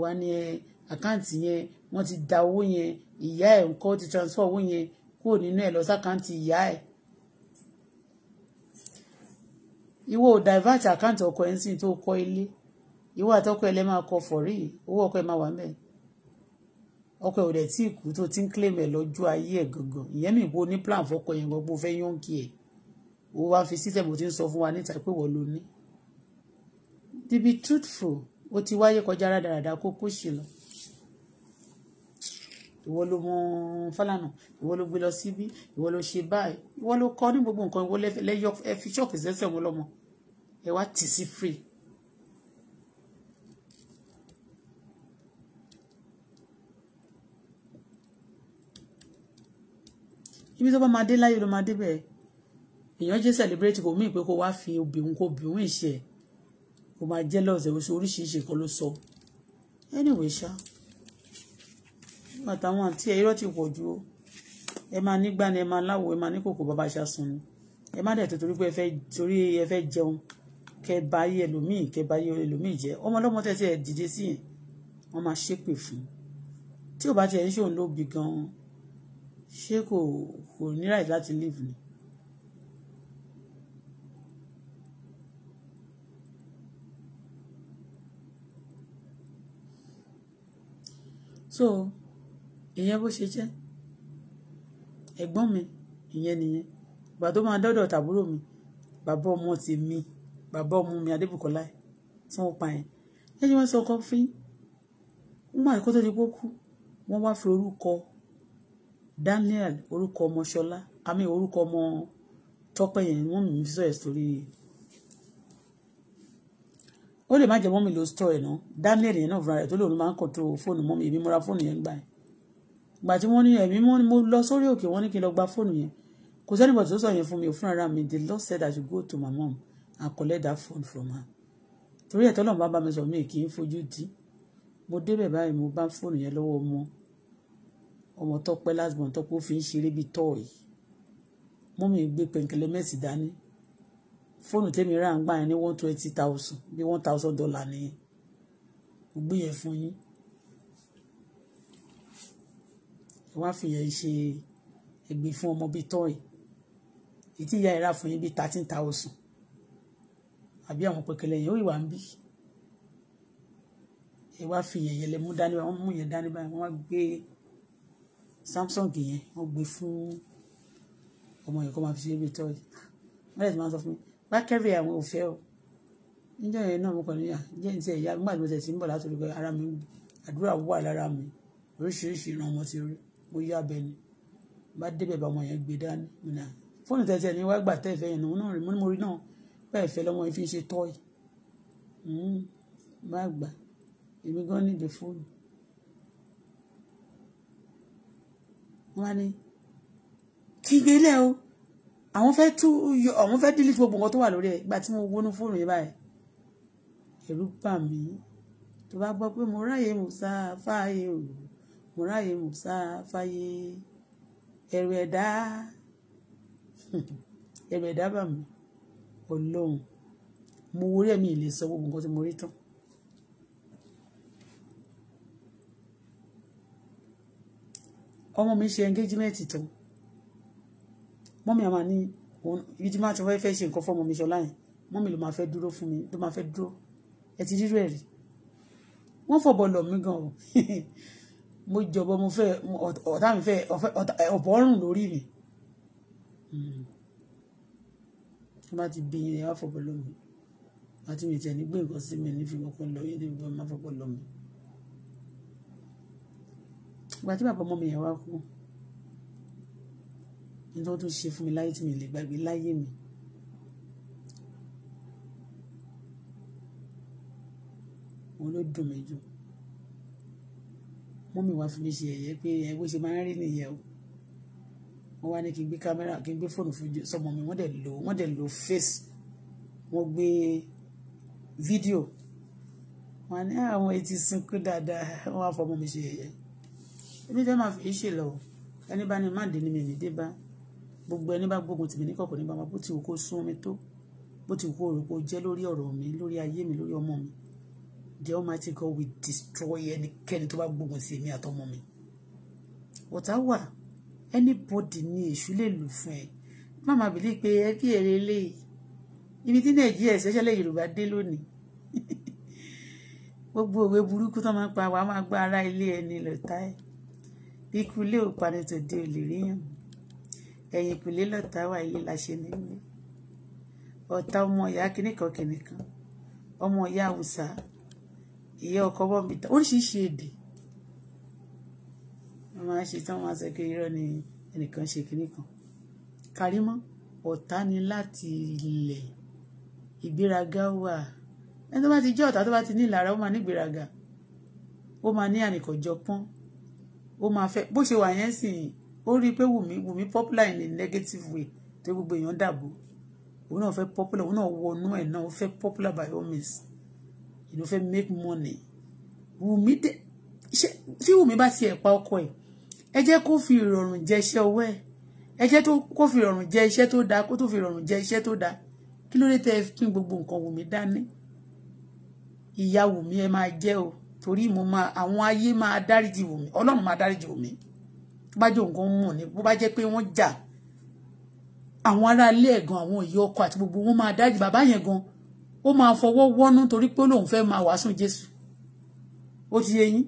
wà ní ẹ eh, àkáǹtì yẹn wọ́n ti da owó yẹn ìyá ẹ̀ ńkọ́ ti transfer owó yẹn kúrò nínú ẹ̀ lọ sákàǹtì ìyá ẹ̀ ìwọ ò divert àkáǹtì ọkọ ẹ̀ ń sìn tó kọ́ ilé ìwọ àtọ́kọ ẹ̀ lẹ́ máa kọ fọ̀rí owó ọkọ ẹ̀ máa wà mẹ́rin ọkọ ò dẹ̀ tí ì kú tó ti ń claim ẹ̀ lọ́jọ́ ayé ẹ̀ gangan ìyẹn mi bo ní plan fọkọ yẹn gbogbo fẹ́ yọ̀ǹkì ẹ̀ o wá fi system o ti ń sọ fún wa níta pé wọ́n ló ní. to truthful ó ti wáyé kọjá rádaràda kó kó ṣe lọ ìwọ ló mọ Fálànà ìwọ ló gbé lọ síbí ìwọ ló ṣe báyìí ìwọ ló kọ ní gbogbo nǹkan ìwọ lẹ́yọ ẹ fi ṣọ́ọ̀kì sẹ́sẹ̀ wọn lọ́mọ ẹ wá tì sí free ibi tó bá máa dé láyé ló máa dé bẹ́ẹ̀ èèyàn jẹ́ celebrate kò mí pé kó wá fi obìnrin kó obìnrin ìṣe ẹ̀ kó máa jealous ẹ̀ oṣù oríṣiríṣi kan ló sọ anyway ṣá nígbà táwọn àti ẹ̀ irọ́ ti pọ̀ ju o ẹ máa nígbà ni ẹ máa láwo ẹ máa ní kòkò bàbá aṣá sùn ni ẹ má dẹ̀ tó torí pé ẹ fẹ́ torí ẹ fẹ́ jẹun kẹ bá yé ẹlòmíì kẹ bá yé ẹlòmíì jẹ ọmọ ọlọ́mọ tẹ̀sí ẹ dìde sí yẹn wọ́n máa ṣépè fún tí ò bá tiẹ̀ ń ṣòun ló gan-an ṣé kò kò ní right láti leave ni. so ìyẹn bó ṣe jẹ́ ẹ̀gbọ́n mi ìyẹn nìyẹn ìgbà tó máa dọ́dọ̀ tàbúrò mi bàbá ọmọ ti mi bàbá ọmọ mi adébùkọ́lá tí wọ́n pa yẹn ẹni wọ́n sọ ọkọ fún un wọ́n máa kó tó di pé ó kú wọ́n wá fi orúkọ Daniel orúkọ ọmọ Ṣọlá àmì orúkọ ọmọ Tọ́pẹ́ yẹn wọ́n mi sọ ẹ̀ sórí ó lè má jẹ́ mọ́mì ló stọ̀ ẹ̀ náà Daniel yẹn náà fúnra rẹ̀ tó lòun máa ń kọ̀tò fóònù mọ́mì èmi múra fóònù yẹn gbà ẹ̀ gbà tí wọ́n ní ẹ̀mí mo lọ sórí òkè wọ́n ní kí n lọ gba fóònù yẹn kò sẹ́ni bọ̀ tó sọ yẹn fún mi fúnra ra mi the Lord said I should go to my mom and collect that phone from her torí ẹ̀ tọ́lọ́mù bá bá mi sọ mi kì í fojú dì í mo débẹ̀ báyìí mo bá fóònù yẹn lọ́wọ́ ọmọ ọmọ tọ́pẹ́ last born tọ́pẹ́ ó fi ń ṣeré bíi tọ́ọ̀yì mọ́mì gbé pẹ̀ǹkẹ̀lẹ̀ mẹ́sì dání fóònù tẹ́mi rà ń gbà yẹn ní one twenty thousand bí one thousand dollar ní gbé yẹn fún yín ẹ wá fìyẹn ṣe ẹgbẹ́ fún ọmọ bíi tọ́ọ̀yì ètí ìyá ìrà fún yín bíi thirteen thousand àbí àwọn pẹ̀kẹ̀lẹ̀ yẹn ó ìwà ń bí ẹ wá fìyẹn yẹlẹ mú dání báyìí mú yẹn dání báyìí wọ́n gbé. Samsung yẹn wọ́n gbé fún ọmọ yẹn kó máa fi ṣe eré tọ́jú wọ́n lẹ́sìn máa sọ fún mi bákẹ́rì àwọn ò fẹ́ o níjọ́ yẹn náà mo kàn níyà jẹ́ ní ti ẹ̀yà nígbà tí mo tẹ̀sí ń bọ̀ látòrí pé ara mi àdúrà wà lára mi oríṣiríṣi ìran ọmọ ti rí mo yá abẹ ni bá débẹ̀ bá ọmọ yẹn gbé dání mo nà fóònù tẹ̀sí ẹ̀ ní wá gbà tẹ́ẹ̀fẹ́ yẹn náà rí mo rí náà bẹ́ẹ̀ fẹ́ lọ́mọ yẹn fi ń ṣe tọ́ì hmm, má gbà èmi gan nídìí fóònù wọ́n á ní kígbe lẹ́ o àwọn fẹ́ tú yọ àwọn fẹ́ dílé gbogbo nǹkan tó wà lórí ẹ̀ ìgbà tí mo wọnú fóònù yẹn báyìí ẹ̀rù bà mí tó bá gbọ́ pé mo ráyè Musa fáyé o mo ráyè Musa fáyé ẹ̀rù ẹ̀dá ẹ̀rù ẹ̀dá bà mí ọlọ́run mo wúrẹ́ mi ì lè sọ gbogbo nǹkan tí mo rí tán ọmọ mi ṣe engagement tán mọ́mí àmà ní ibi tí máa ti fẹ́ fẹ́ ṣe nǹkan fọ́mọ mi ṣọlá yẹn mọ́mí ló máa fẹ́ dúró fún mi ló máa fẹ́ dúró ẹ ti rírú ẹ̀ rí wọ́n fọ̀bọ̀ lọ̀ mí gan o mo jọ̀bọ mo fẹ́ ọ̀tá mi fẹ́ ọ̀bọ̀ rùn lórí mi hmm. tí bá ti bí yẹn wá fọ̀bọ̀ lọ̀ mi àti mi tẹ̀ ní gbé nǹkan sí mi ní fi gbọ́kàn lọ yẹn ní gbọ́n má fọ̀bọ̀ lọ̀ mi ìgbà tí bàbá ọmọ mi yẹn wá kú nítorí tó ṣe fún mi láyé tí mi lè gbàgbé láyé mi. òun ló dùn mí jù mú mi wá fún mi ṣe ẹ̀yẹ pé ẹgbẹ́ ṣe máa ń rí nìyẹn o wọ́n wá ní kí n gbé kámẹ́rà kí n gbé fóònù fún sọmọ mi wọ́n dẹ̀ lò wọ́n dẹ̀ lò face wọ́n gbé fídíò wọ́n ní ah, àwọn etí sunkún dáadáa wọ́n á fọmọ mi ṣe ẹ̀yẹ èmi fẹ́ máa fi ṣe lọ ẹni bá ní má dé ní mi ní dé bá gbogbo ẹni bá gbógun tì mí ní kọ̀kọ̀ nígbà máa bó ti wù kó sún mi tó bó ti wù kó rò kó jẹ́ lórí ọ̀rọ̀ mi lórí ayé mi lórí ọmọ mi the almighty God will destroy ẹnikẹ́ni tó bá gbógun sí èmi àtọmọ mi ọ̀tá wà anybody ní èṣù lè lù fún ẹ má má bìlí pé ẹ kí èrè eléyìí ibi tí nàìjíríà especially yorùbá dé lónìí gbogbo òwe burúkú tó máa ń pa wàá máa gbá ara ilé ẹni lọ́tá ẹ̀ ikú ilé ò pani tòde ò lè ríyàn ẹ̀yìn ìpìlẹ̀ lọ́tà wà yìí la ṣe nílé ọ̀tá ọmọ ìyá kìnìkan kìnìkan ọmọ ìyá haúsá ìyá ọkọ bọ́m̀bì tán oríṣiríṣi èdè wọ́n máa ń ṣe tán wọ́n máa sọ pé irọ́ ni ẹnìkan ṣe kìnìkan Karimo ọ̀tá ni láti ilẹ̀ ìgbéraga wà ẹni tó bá ti jẹ́ ọ̀tá tó bá ti ní ìlara ó máa ní ìgbéraga ó máa ní ànìkànjọpọ́n ó máa fẹ́ bó ṣe wà yẹn sì ó rí i pé wùmí wùmí popular in a negative way tó gbogbo èèyàn dàbò òun náà fẹ́ popular òun náà wọnú ẹ̀ náà ó fẹ́ popular by all means you know fẹ́ make money wùmí dé ṣe tí wùmí bá tiẹ̀ pa ọkọ ẹ̀ ẹ jẹ́ kó fi ìrọ̀rùn jẹ iṣẹ́ ọwọ́ ẹ̀ ẹ jẹ́ kó fi ìrọ̀rùn jẹ iṣẹ́ tó dáa kó tó fi ìrọ̀rùn jẹ iṣẹ́ tó dáa kí ló dé tẹ́ fi gbogbo nǹkan wùmí dání ìyá wùmí ẹ máa jẹ́ o torí mo máa àwọn ayé máa dáríjì wò mí ọlọ́run máa dáríjì wò mí tó bá jẹ́ òǹkan mọ̀ ni bó bá jẹ́ pé wọ́n jà àwọn aráalé ẹ̀gan àwọn ìyá ọkọ àti gbogbo wọn máa dáríjì bàbá yẹn gan ó máa fọwọ́ wọ́nú torí pé lòun fẹ́ máa wàásù jésù ó ti yẹ yín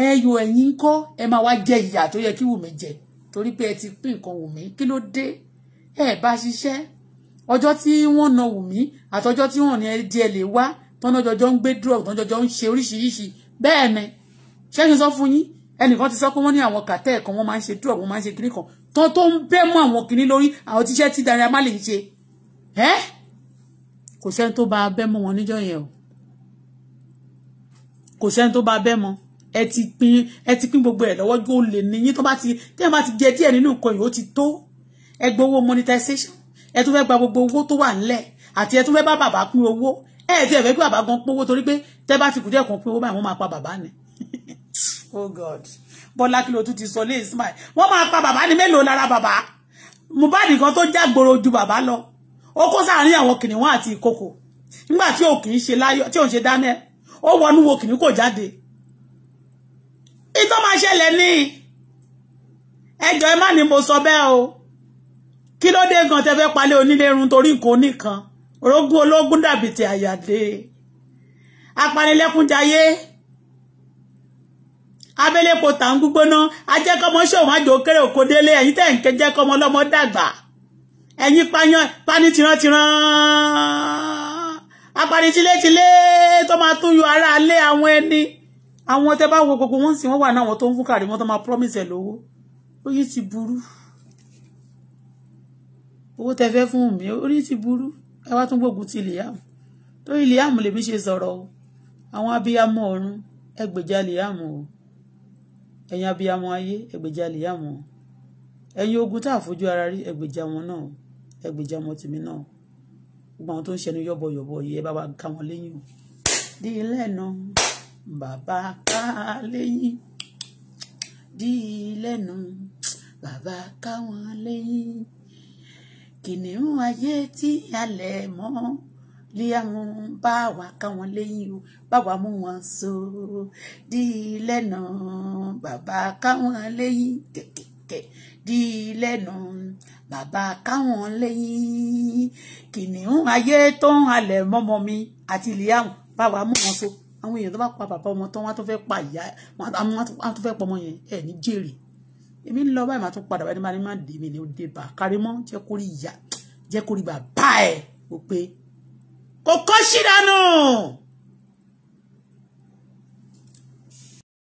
ẹ yọ ẹ̀yin kọ́ ẹ máa wá jẹ ìyà tó yẹ kí Wùmí jẹ torí pé ẹ ti pín nǹkan Wùmí kí ló dé ẹ bá ṣiṣẹ́ ọjọ́ tí wọ́n na Wùmí àtọjọ́ tí wọ́n ní ẹ díẹ̀ lè wá tọ́nà jọjọ́ ń gbé drug tọ́nà jọjọ́ ń ṣe oríṣiríṣi bẹ́ẹ̀ ni ṣé kí n sọ fún yín ẹnìkan ti sọ pé wọ́n ní àwọn kàtẹ́ ẹ̀kan wọ́n máa ń ṣe dúró wọ́n máa ń ṣe kinní kan tán tó ń bẹ́ mọ́ àwọn kinní lórí àwọn tíṣẹ́ tí Naira Marley ń ṣe ẹ́ kò sẹ́ni tó bá bẹ́ mọ́ wọn níjọ́ yẹn o kò sẹ́ni tó bá bẹ́ mọ́ ẹ ti pín ẹ ti pín gbogbo ẹ̀ lọ́wọ́ gbó lè níyín tó bá ti tí ẹ bá ti jẹ díẹ̀ nínú nǹkan yìí ó ti tó ẹ gbowó ẹ ti ẹ fẹ́ pé bàbá gan pówó torí pé tẹ́ bá fi kùdíẹ̀ kan pé owó báyìí wọ́n máa pa bàbá ni oh god Bọ́lá kí ló tún ti sọ lé ismail wọ́n máa pa bàbá ni mélòó lára bàbá Mohbad kan tó jágboro ju bàbá lọ ó kó sáàárín àwọn kìnìún àti ìkòkò nígbà tí ò kì í ṣe láyọ̀ tí ò ń ṣe dáná ó wọnú wo kìnìún kò jáde ìtọ́ máa ṣẹlẹ̀ ní ẹjọ́ ẹ má ní mo sọ bẹ́ẹ̀ o kí ló dé gan tẹ́ fẹ́ palẹ̀ onílé irun torí nǹkan oníkan orógún ológun dàbí ti àyàdé apanilẹ́kúnjayé abẹ́lẹ́po tà ń gbígbóná ajẹ́kọ́mọ ṣòwò àjò kéré òkò délé ẹ̀yìn tẹ̀ ń kẹjẹ́ kọ́mọ ọlọ́mọ dàgbà ẹ̀yìn pani tirantiran apanitilétilé tó máa tún yọ ara alé àwọn ẹni àwọn tẹ bá wo gbogbo wọn sì wọn wà náà wọn tó ń fún wọn tó máa promise ẹ lówó ó ti burú owó tẹ fẹ́ fún mi ó ti burú ká wá tún gbógun ti Liam torí Liam lèmi ṣe sọ̀rọ̀ o àwọn abiyamọ ọ̀run ẹgbèjà Liam o ẹ̀yin abiyamọ ayé ẹgbèjà Liam o ẹ̀yin ogun tá a fojú ara rí ẹgbèjà wọn náà ẹgbèjà ọmọ tèmi náà gbogbo àwọn tó ń ṣẹnu yọ̀bọ̀yọ̀bọ̀ yìí ẹ bá wa ká wọn lẹ́yìn o di lẹ́nu bàbá ká lẹ́yìn di lẹ́nu bàbá ká wọn lẹ́yìn kìnìún ayé tí alẹ̀ mọ́ líàmú bá wa ká wọn lẹ́yìn o bá wa mú wọn so di lẹ́nà bàbá ká wọn lẹ́yìn kẹ̀kẹ̀kẹ̀ di lẹ́nà bàbá ká wọn lẹ́yìn kìnìún ayé tó ń halẹ̀ mọ́mọ́ mi àti líàmú bá wa mú wọn so àwọn èèyàn tó bá pa bàbá ọmọ tán wọn á tún pa ìyá wọn á tún pọmọ yẹn ẹ̀ ní jèrè èmi ń lọ báyìí máa tún padà wá ní máa ní máa dè mí ní òde bà Karimo jẹ́ kó rí ìyá jẹ́ kó rí bàbá ẹ̀ ó pé kò kọ́ sí dànù.